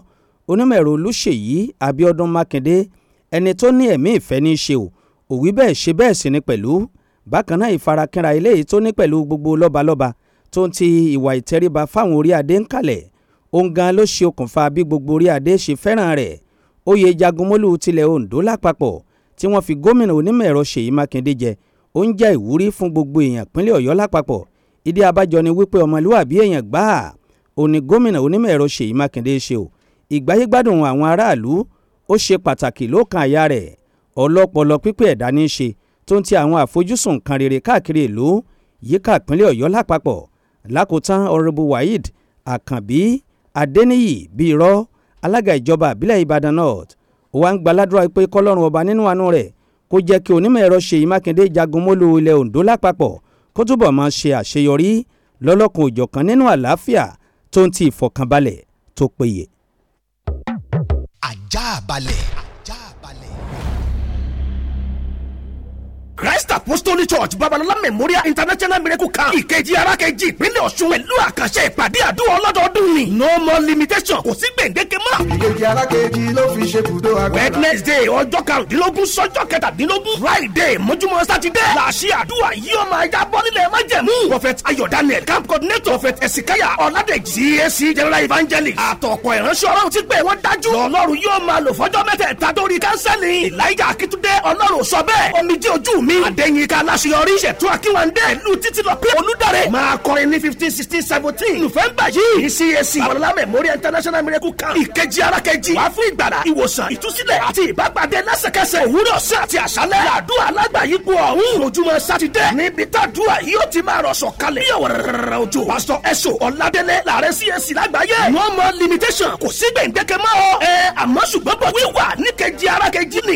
onímọ̀ẹ̀rọ olúṣèyí abíọ́dún mákindé ẹni tó ní ẹ̀mí ìfẹ́ ní í ṣe ò òwí bẹ́ẹ̀ ṣe bẹ́ẹ̀ sì ni pẹ̀lú bákan náà ìfarakínra eléyìí tó ní pẹ̀lú gbogbo lọ́balọ́ba tó ń ti ìwà ìtẹríba fáwọn orí adé ń kalẹ̀ òun gan ló ṣe okùnfà bí gbogbo orí adé ṣe fẹ́ràn rẹ̀ oyè jagunmólú tilẹ̀ ondo lápapọ̀ tí wọ́n fi gómìnà onímọ̀ ẹ̀rọ ṣèyí mákindé jẹ ó jẹ́ ìwúrí fún gbogbo èèyàn ìpínlẹ̀ ọ̀yọ́ lápapọ̀ ìdí abájọ ni wípé ọmọlúwàbí èèyàn gbáà òní gómìnà onímọ̀ ẹ̀rọ Ṣèyí Mákindé ṣe o ìgbáyégbádùn àwọn aráàlú ó ṣe pàtàkì lọ́kàn àyà rẹ̀ ọlọ́pọlọ pípé ẹ̀dá ní í ṣe tó ń ti àwọn àfojúsùn nǹkan rere káàkiri ìlú yíká ìpínlẹ̀ Ọ̀yọ́ lápapọ̀ lákòótán ọ̀rẹ́bù Waheed Àkànbí Adéníyì bíi irọ́ alága ìjọba ìbílẹ̀ Ìbàdàn North ó wá ń gbaládùra pé kọ́lọ́run ọba nínú àánú rẹ̀ kó jẹ́ kí onímọ̀ ẹ̀rọ Ṣèyí Mákindé jagun ilẹ̀ Ondo lápapọ̀ kó túbọ̀ máa ṣe àṣeyọrí lọ́lọ́kan òjọ̀kan nínú àlàáfíà tó ń ti ìfọ̀kànbalẹ̀ tó péye. àjàbalẹ̀. christ apostolic church babalọlá memorial international miracle camp ìkejì arákejì ìpínlẹ̀ ọ̀ṣun pẹ̀lú àkànṣe ìpàdé àdúrà ọlọ́dọọdún ni no more limitation kò sí gbèǹdéke mọ́. ìkejì arákejì ló fi ṣe bùdó agbára. wednesday ọjọ́ karùndínlógún sọ́jọ́ kẹtàdínlógún friday mọ́júmọ́ sátidé làṣẹ àdúrà yìí ọmọ ajá bọ́ nílẹ̀ májẹ̀mú. prophet ayọ̀ daniel camp coordinator prophet esikaya ọ̀làdẹ̀jì cac general evangelist àtọ̀kọ̀ ìránṣẹ́ ọlọ́run ti pé wọ́n dájú. ọlọ́run yóò máa lò elijah akitunde ọlọ́run sọ bẹ́ẹ̀ omijé ojú mi adéyínká aláṣeyọrí ìṣẹ̀tú akínwándé ìlú títí lọ pé olùdarẹ̀ máa kọrin ní fifteen sixteen seventeen nùfẹ̀ǹbà yìí ní CAC àwọlọ́lá memorial international miracle camp ìkejì arákejì wá fún ìgbàlá ìwòsàn ìtúsílẹ̀ àti ìbágbàdé lẹ́sẹ̀kẹsẹ̀ òwúrọ̀ ọ̀sẹ̀ àti àṣálẹ̀ làdúrà alágbàyípo ọ̀hún lójúmọ́ sátidé níbi tàdúrà yóò ti máa rọ̀ṣọ̀ kalẹ̀ bí ọ̀rẹ̀rẹ̀rẹ̀ òjò pásítọ̀ ẹ̀sọ̀ ọ̀ládélé làárẹ̀ CAC lágbàáyé no more limitation kò sí gbẹ̀ǹdẹ̀kẹ̀ mọ́ ọ ẹ àmọ́ ṣùgbọ́n bọ̀ wíwà níkejì arákejì ní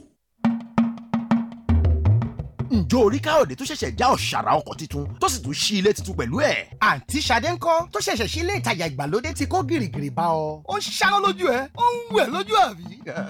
òjó orí káyọ̀dé tó ṣẹ̀ṣẹ̀ já ọ̀ṣàrà ọkọ̀ tuntun tó sì tún ṣí ilé tuntun pẹ̀lú ẹ̀. àǹtí ṣadé ńkọ́ tó ṣẹ̀ṣẹ̀ ṣí ilé ìtajà ìgbàlódé ti kó gìrìgìrì bá ọ. ó ṣáná lójú ẹ ó ń wẹ̀ lójú àbí.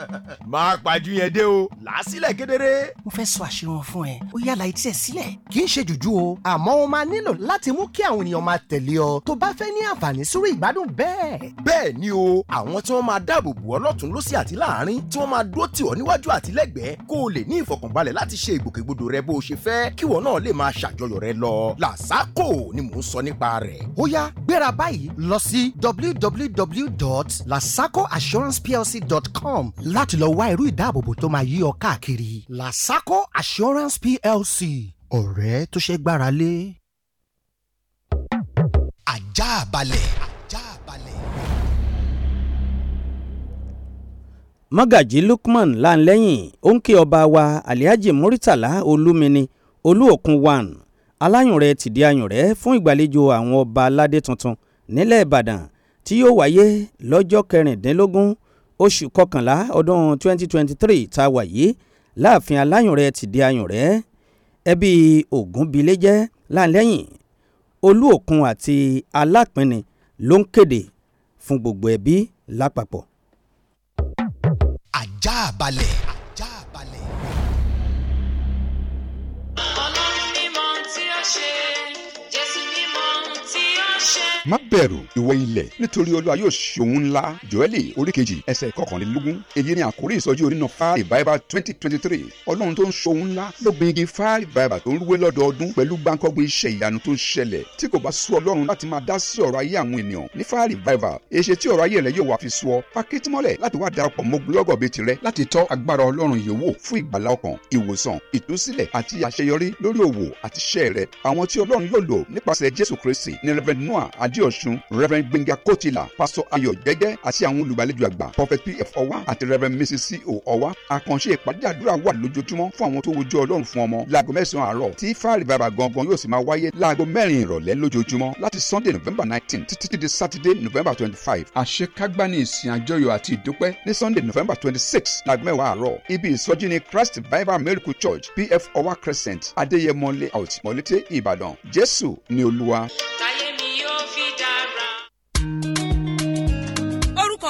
máa pàjù yẹn dé o làásílẹ̀ kedere. mo fẹ́ sọ àṣírí wọn fún ẹ ó yàrá etí ẹ sílẹ̀. kì í ṣe jùjú o àmọ́ o máa nílò láti mú kí àwọn ènìyàn máa tẹ̀lé ọ tó bá fẹ́ ní àǹfààní sórí ìgbádùn bẹ́ẹ̀. bẹ́ẹ̀ ni o àwọn tí wọ́n máa dáàbò bò ọ́ lọ́tún lọ́sí àti láàárín tí wọ́n máa dúró tì ọ́ níwájú àti lẹ́gbẹ̀ẹ́ kó o lè ní ìfọkànbalẹ̀ láti ṣe ìgbòkègbodò rẹ bó o ṣ ṣe fẹ́ kí wọn náà lè máa ṣàjọyọ̀ rẹ lọ làsákò ni mò ń sọ nípa rẹ̀. ó yá gbéra báyìí lọ sí www.lasacoassuranceplc.com láti lọ wá irú ìdáàbòbò tó máa yí ọ káàkiri lasaco assurance plc ọ̀rẹ́ tó ṣe gbára lé. ajá balẹ̀. mọ́gàjí lukman lanlẹ́yìn òǹkè ọba wa alihaji muritala olúmini olúòkun wan aláyùnrẹ́ tìdí ayùnrẹ́ fún ìgbàlejò àwọn ọba aládé tuntun nílẹ̀ ìbàdàn tí yóò wáyé lọ́jọ́ kẹrìndínlógún oṣù kọkànlá ọdún 2023 tá a wà yìí láàfin aláyùnrẹ́ tìdí ayùnrẹ́ ẹbí ògúnbilé jẹ́ lanlẹ́yìn olúòkun àti alápínni ló ń kéde fún gbogbo ẹbí lápapọ̀ ajá balẹ̀. má bẹ̀rù ìwọ ilẹ̀ nítorí olúwa yóò ṣe òun ńlá jọ́ẹ́lì oríkejì ẹsẹ̀ kọkànlélógún èyí ni àkórí ìsọjí onínà five bible twenty twenty three ọlọ́run tó ń ṣe òun ńlá ló gbin igi five bible tó ń rúwé lọ́dọọdún pẹ̀lú gbáǹkọ́gbìn iṣẹ́ ìyanu tó ń ṣẹlẹ̀ tí kò bá sú ọlọ́run láti máa dá sí ọ̀rọ̀ ayé àwọn ènìyàn ní five bible èṣe tí ọ̀rọ̀ ayé rẹ yóò wá fi sú ọ pakétímọ́lẹ̀ láti wá darapọ̀ mọ́ gbọ́lọ́gọ̀ bíi tirẹ̀ láti tọ́ agbára ọlọ́run yòówò fún ìgbàlá ọkàn ìwòsàn ìtúsílẹ̀ àti àṣeyọrí lórí òwò àti iṣẹ́ rẹ àwọn tí ọlọ́run yóò lò nípasẹ̀ jésù kristi ni rev noah adéọ̀sùn reverend gbẹ̀ngà Kotila pásọ ayọ̀ jẹ́jẹ́ àti àwọn olùgbàlejò àgbà prophet pf ọwá àti reverend mrs co ọwá àkànṣe ìpàdé àdúrà wà lójoojúmọ́ fún àwọn tó wojú ọlọ́run fún ọmọ láago mẹ́sàn-án àárọ̀ tí fáàrí bàbà gangan yóò sì máa wáyé láago mẹ́rin ìrọ̀lẹ́ lójoojúmọ́ láti sunday november nineteen títí di saturday november twenty-five àṣekágbá ní ìsìn àjọyọ̀ àti ìdúpẹ́ ní sunday november twenty-six láago mẹ́wàá àárọ̀ ibi ìsọjí ní christ bible miracle church pf ọwá crescent adéyẹmọlé out mọ̀lété ìbàdàn jésù ni olúwa. táyé mi. Thank you.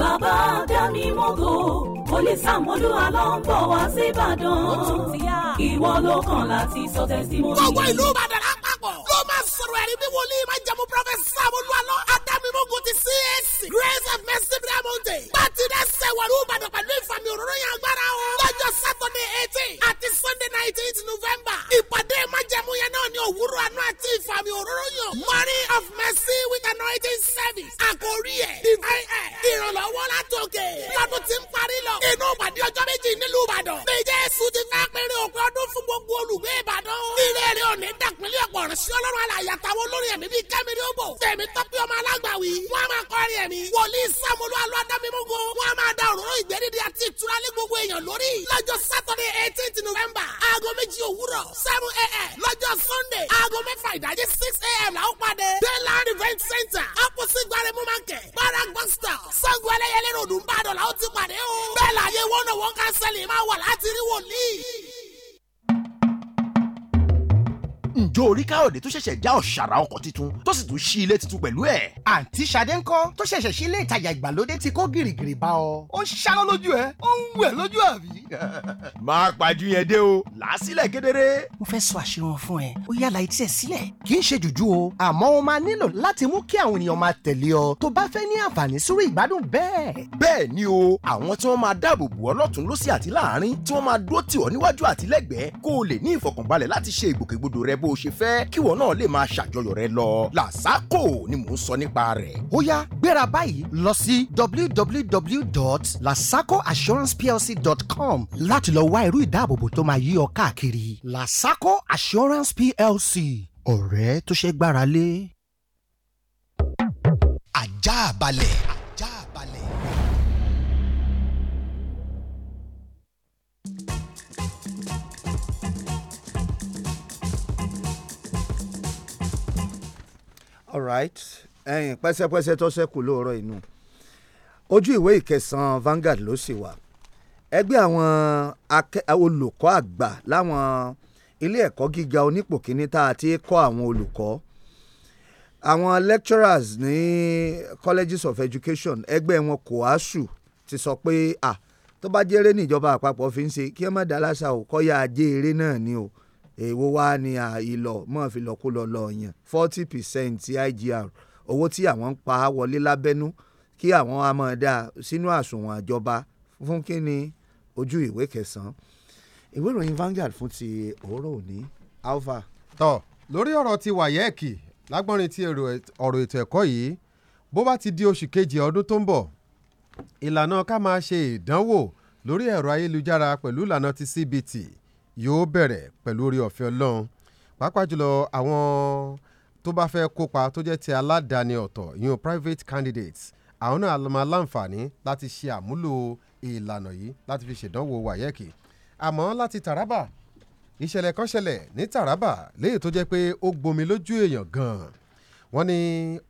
bàbá dami mogo olè sàmúlò alọ́ńbọ̀ wá síbàdàn ìwọ ló kàn láti sọ tẹsítímọ́nì. gbogbo ìlú ìbàdàn lápapọ̀ ló máa sọ̀rọ̀ ẹ̀rí bí wòlíì máa jẹ́mu prọfẹ̀sì sàmúlò alọ́ adami mogo ti CAC grace of mercy diamond pati dẹ́sẹ̀ wọ̀lú ìbàdàn pẹ̀lú ìfàmì òróró yẹn agbára o lọ́jọ́ sátọ̀dẹ̀ eighteen àti sunday nineteen november ìpàdé máa òwúrọ̀ àná àti ìfàmì òróró yàn. morning of mercy with anointing service. àkórí ẹ̀ divine ẹ̀ ìrànlọ́wọ́ látòkè. lọ́dún tí ń parí lọ. inú ìpàdé ọjọ́ méjì nílùú Ìbàdàn. bèjẹ́ èsù ti fẹ́ péré òpin ọdún fún gbogbo olùgbé Ìbàdàn. ilé rẹ̀ ò ní dàpínlẹ̀ ọ̀pọ̀ ránṣẹ́ ọlọ́run alàyè àtàwọn olórin ẹ̀mí bíi kẹ́mìrì ó bò. tèmi tọ́pẹ́ ọmọ alágbàwí. wọ́n á máa kọrin ẹ̀mí. wòlíì sàmúlò alọ́ adámímúgo. wọ́n á máa da òróró ìgbẹ́dídé àti ìtura lé gbogbo èèyàn lórí. lọ́jọ́ Saturday eighteenth November. aago méjì òwúrọ̀ seven a.m. lọ́jọ́ Sunday Sunday aago mẹ́fà ìdájí six a.m. la ó pàdé Dayland event center opposite gbaremu market barak bus stop Sango Ẹlẹ́yẹlé ròdùn Ìbàdàn la ó ti pàdé o bẹ́ẹ̀ la ayé wọ́n náà wọ́n ká sẹ́lẹ̀ máa wà láti rí wòlíì ǹjọ́ mm. orí káyọ̀dé tó ṣẹ̀ṣẹ̀ já ọ̀ṣàrà ọkọ̀ tuntun tó sì tún ṣí ilé tuntun pẹ̀lú ẹ̀. àǹtí ṣadé ńkọ́ tó ṣẹ̀ṣẹ̀ ṣí ilé ìtajà ìgbàlódé ti kó gìrìgìrì bá ọ. ó ṣáná lójú ẹ ó ń wẹ̀ lójú àbí. máa pàjù yẹn dé o làásílẹ̀ kedere. mo fẹ́ sọ àṣírí wọn fún ẹ ó yàrá etí ẹ sílẹ̀. kì í ṣe jùjú o àmọ́ o máa nílò láti mú kí àwọn ènìyàn máa tẹ̀lé ọ tó bá fẹ́ ní àǹfààní sírú ìgbádùn bẹ́ẹ̀. bẹ́ẹ̀ ni o àwọn tí wọ́n máa dáàbò bò ọ́ lọ́tún lọ́sí àti láàárín tí wọ́n máa dúró tì ọ́ níwájú àti kó o lè ní ìfọ̀kànbalẹ̀ láti ṣe ìgbòkègbodò rẹ b bó ṣe fẹ́ kíwọ náà lè máa ṣàjọyọ̀ rẹ lọ làsákò ni mò ń sọ nípa rẹ̀. ó yá gbéra báyìí lọ sí www.lasacoassuranceplc.com láti lọ wá irú ìdáàbòbò tó máa yí ọ káàkiri lasaco assurance plc ọ̀rẹ́ tó ṣe gbára lé. àjàbalẹ̀. alright ẹ̀yin pẹ́sẹ́pẹ́sẹ́ tó ṣẹ́kù lóòrọ̀ inú ojú ìwé ìkẹsàn-án Vanguard ló sì wà ẹgbẹ́ àwọn olùkọ́ àgbà láwọn ilé ẹ̀kọ́ gíga onípò kíní tá a ti kọ́ àwọn olùkọ́ àwọn lecturers ní colleges of education ẹgbẹ́ wọn kòásù ti sọ pé à tó bá jẹ́ eré níjọba àpapọ̀ fi ń ṣe kí ẹ má dá láṣà ò kọ́ ya ajé eré náà ni o. Ah, èwo wá ní ìlọ̀ mọ́ fi lọ lọ forty percent IGR owó tí àwọn ń pa wọlé lábẹ́nú kí àwọn á máa dá sínú àsùnwọ̀n àjọba fún kíni ojú ìwé kẹsàn-án ìwé ìròyìn Vanguard fún ti òórọ̀ òní alpha. tọ lórí ọ̀rọ̀ ti wáyẹ́ẹ̀kì lágbọ́nrin ti ọ̀rọ̀ ètò ẹ̀kọ́ yìí bó bá ti di oṣù kejì ọdún tó ń bọ̀ ìlànà ká máa ṣe ìdánwò lórí ẹ̀rọ ayélujára pẹ̀lú ìlànà ti CBT yóò bẹ̀rẹ̀ pẹ̀lú orí ọ̀fẹ́ ọlọ́run pàápàá jùlọ àwọn tó bá fẹ́ kópa tó jẹ́ ti aládàáni ọ̀tọ̀ ìyún private candidates àwọn náà máa láǹfààní láti ṣe àmúlò ìlànà yìí láti fi ṣèdánwò wáyẹ́ẹ̀kì àmọ́ láti Taraba ìṣẹ̀lẹ̀ kan ṣẹlẹ̀ ní Taraba léyìí tó jẹ́ pé ó gbomi lójú èèyàn gan-an wọ́n ní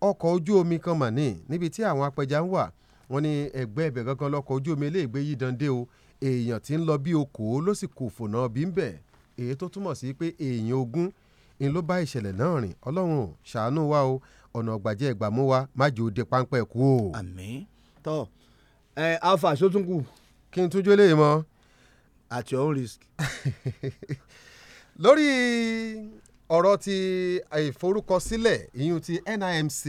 ọkọ̀ ojú omi kan mà ní níbi tí àwọn apẹja ń wà wọ́n ní ẹgbẹ́ ibẹ̀ gangan lọkọ̀ ojú omi eléègbé yìí dande o èèyàn tí ń lọ bí okòó ló sì kò fònà bí ń bẹ̀ èyí tó túmọ̀ sí pé èèyàn ogún ni ló bá ìṣẹ̀lẹ̀ náà rìn ọlọ́run ṣàánú wa o ọ̀nà ọ̀gbàjẹ́ ìgbàmú wa má jò de páńpẹ́ kú o. àmín tọ ẹ alpha sotunku. kí n túnjú eléyìí mọ. at your own risk. lórí ọ̀rọ̀ ti ìforúkọsílẹ̀ ìyún ti NIMC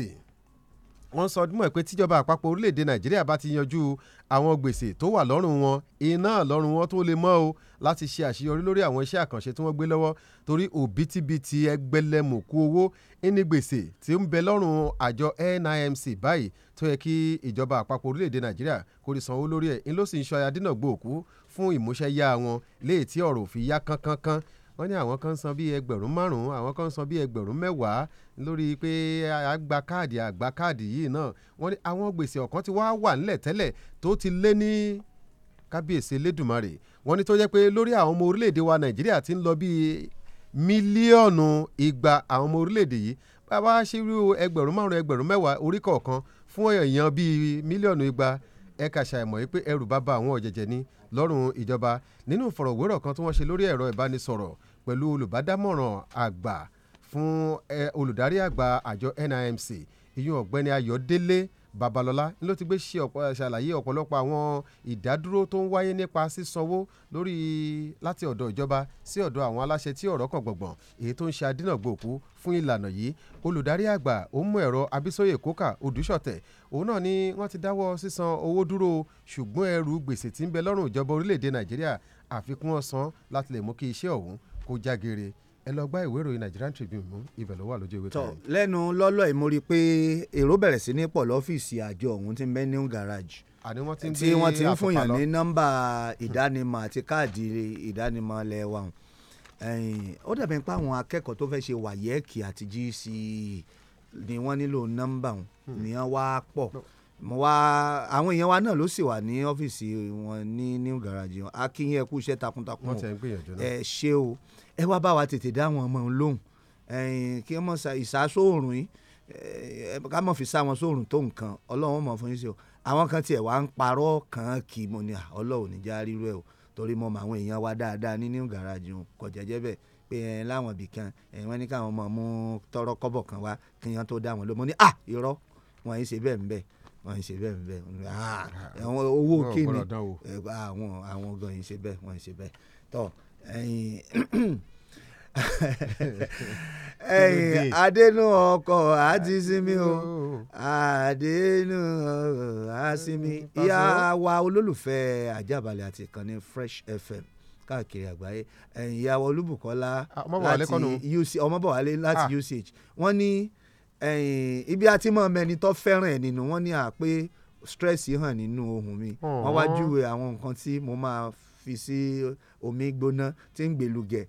wọ́n sọ ọdún mọ̀ pé tíjọba àpapọ̀ orílẹ̀‐èdè nàìjíríà bá ti yanjú àwọn gbèsè tó wà lọ́rùn wọn iná lọ́rùn wọn tó lè mọ́ o láti ṣe àṣeyọrí lórí àwọn iṣẹ́ àkànṣe tí wọ́n gbé lọ́wọ́ torí òbítíbitì ẹgbẹ̀lẹ́mùkú owó ẹni gbèsè tí ń bẹ lọ́rùn àjọ NIMC báyìí tó yẹ kí ìjọba àpapọ̀ orílẹ̀‐èdè nàìjíríà kó rí sanwó lórí ẹ̀ ń ló sì ń ṣọ ayadínàgbò wọ́n ní àwọn kan san bíi ẹgbẹ̀rún márùn-ún àwọn kan san bíi ẹgbẹ̀rún mẹ́wàá lórí pé àgbà káàdì àgbà káàdì yìí náà wọ́n ní àwọn gbèsè ọ̀kan ti wá wà ńlẹ̀ tẹ́lẹ̀ tó ti lé ní kábíyèsí elédùnmarè wọ́n ní tó jẹ́ pé lórí àwọn ọmọ orílẹ̀-èdè wa nàìjíríà ti ń lọ bíi mílíọ̀nù igba àwọn ọmọ orílẹ̀-èdè yìí bàbá ṣírú ẹgbẹ̀rún márùn-ún ẹgbẹ̀rún mẹ́wàá orí kọ̀ọ̀kan fún èèyàn bíi mílíọ̀nù igba ẹ̀ka ṣàìmọ̀ yìí pé ẹrù bá àwọn ọ̀jẹ̀jẹ̀ ní lọ́rùn ìjọba nínú ìfọ̀rọ̀wérọ̀ kan tí wọ́n ṣe lórí ẹ̀rọ ìbánisọ̀rọ̀ pẹ̀lú olùbádámọ̀ràn àgbà fún olùdarí àgbà àjọ NIMC ìyún ọ̀gbẹ́ni Ayọ̀délé Babalọ́lá ló ti gbé ṣe ṣàlàyé ọ̀pọ̀lọpọ̀ àwọn ìdádúró tó ń wáyé nípa sísanwó lórí láti ọ̀dọ̀ ìjọba sí ọ̀dọ̀ àwọn aláṣẹ tí ọ̀rọ̀ kàn gbọ̀ngbọ̀n èyí tó ń ṣe adínàgbòkú fún ìlànà yìí olùdarí àgbà òmùẹ̀rọ Abísóyè Kókà Odúṣọ̀tẹ̀ òun náà ni wọ́n ti dáwọ́ sísan owó dúró ṣùgbọ́n ẹrù gbèsè tí ń bẹ lọ́rùn ìjọba orílẹ̀-èdè Nàìjíríà àfikún ọ̀sán láti lè mú kí iṣẹ́ ọ̀hún kó já geere ẹ lọ gbá ìwé ìròyìn Nigerian Tribune mú ibẹ̀ ló wà lójú ìwé kẹrin. tọ lẹ́nu lọ́lọ́ yìí mo rí i pé èrò bẹ̀rẹ̀ sí ní pọ̀ lọ́fíìsì àjọ ọ̀hún tí ń bẹ ní garage tí wọ́n ti ń fún yàn ní nọ́mbà ìdánimọ̀ àti káàdì ìdánimọ̀ lẹ́wà ọ̀hún ó dàbí pé àwọn akẹ́kọ̀ọ́ tó fẹ́ ṣe wàyẹ́ẹ̀kì àti GCE ni wọ́n nílò nọ́mbà ọ̀hún hmm. ni wọ́n wá pọ̀ mo wá àwọn èèyàn wa náà ló sì wà ní ọ́fíìsì wọn ní new garage wọn akínyẹ kú iṣẹ́ takuntakun ẹ ṣe o ẹ wá bá wa tètè dá àwọn ọmọ lóhùn kí wọ́n mọ̀ ìsásóòrùn yìí ká mọ̀ fi sá wọn sóòrùn tó nǹkan ọlọ́run mọ̀ fún yín sí o àwọn kan tiẹ̀ wá ń parọ́ kan kì mo ní ọlọ́run níjà ríru ẹ̀ o torí mo mọ àwọn èèyàn wa dáadáa ní new garage wọn kò jẹ́jẹ́ bẹ́ẹ̀ pé ẹ láwọn ibì kan ẹ wọ́n ní káwọn mọ̀ mú tọrọ kọ́bọ̀ kan wá kí wọ́n tó dá wọn ló ní à irọ́ wọn yìí ṣe bẹ́ẹ̀ ń bẹ́ẹ̀ wọ́n ń ṣe bẹ́ẹ̀ bẹ́ẹ̀ ah, ah, àwọn owó kíni àwọn àwọn gan yìí ṣe bẹ́ẹ̀ wọ́n ń ṣe bẹ́ẹ̀ tọ́ ẹyin adenu ọkọ àti o adenu àsinmi ìyá wa olólùfẹ́ ajábalẹ̀ àti ìkànnì Fresh FM káàkiri àgbáyé ìyá wa Olúbùkọ́lá ah, láti UCH wọ́n ní ibi àti mọ̀ mẹ́ni tó fẹ́ràn ẹ̀ nínú wọn ní à pé stress hàn nínú ohùn mi wọ́n wá júwe àwọn nǹkan tí mo máa fi sí omi gbóná tí ń gbèlú gẹ̀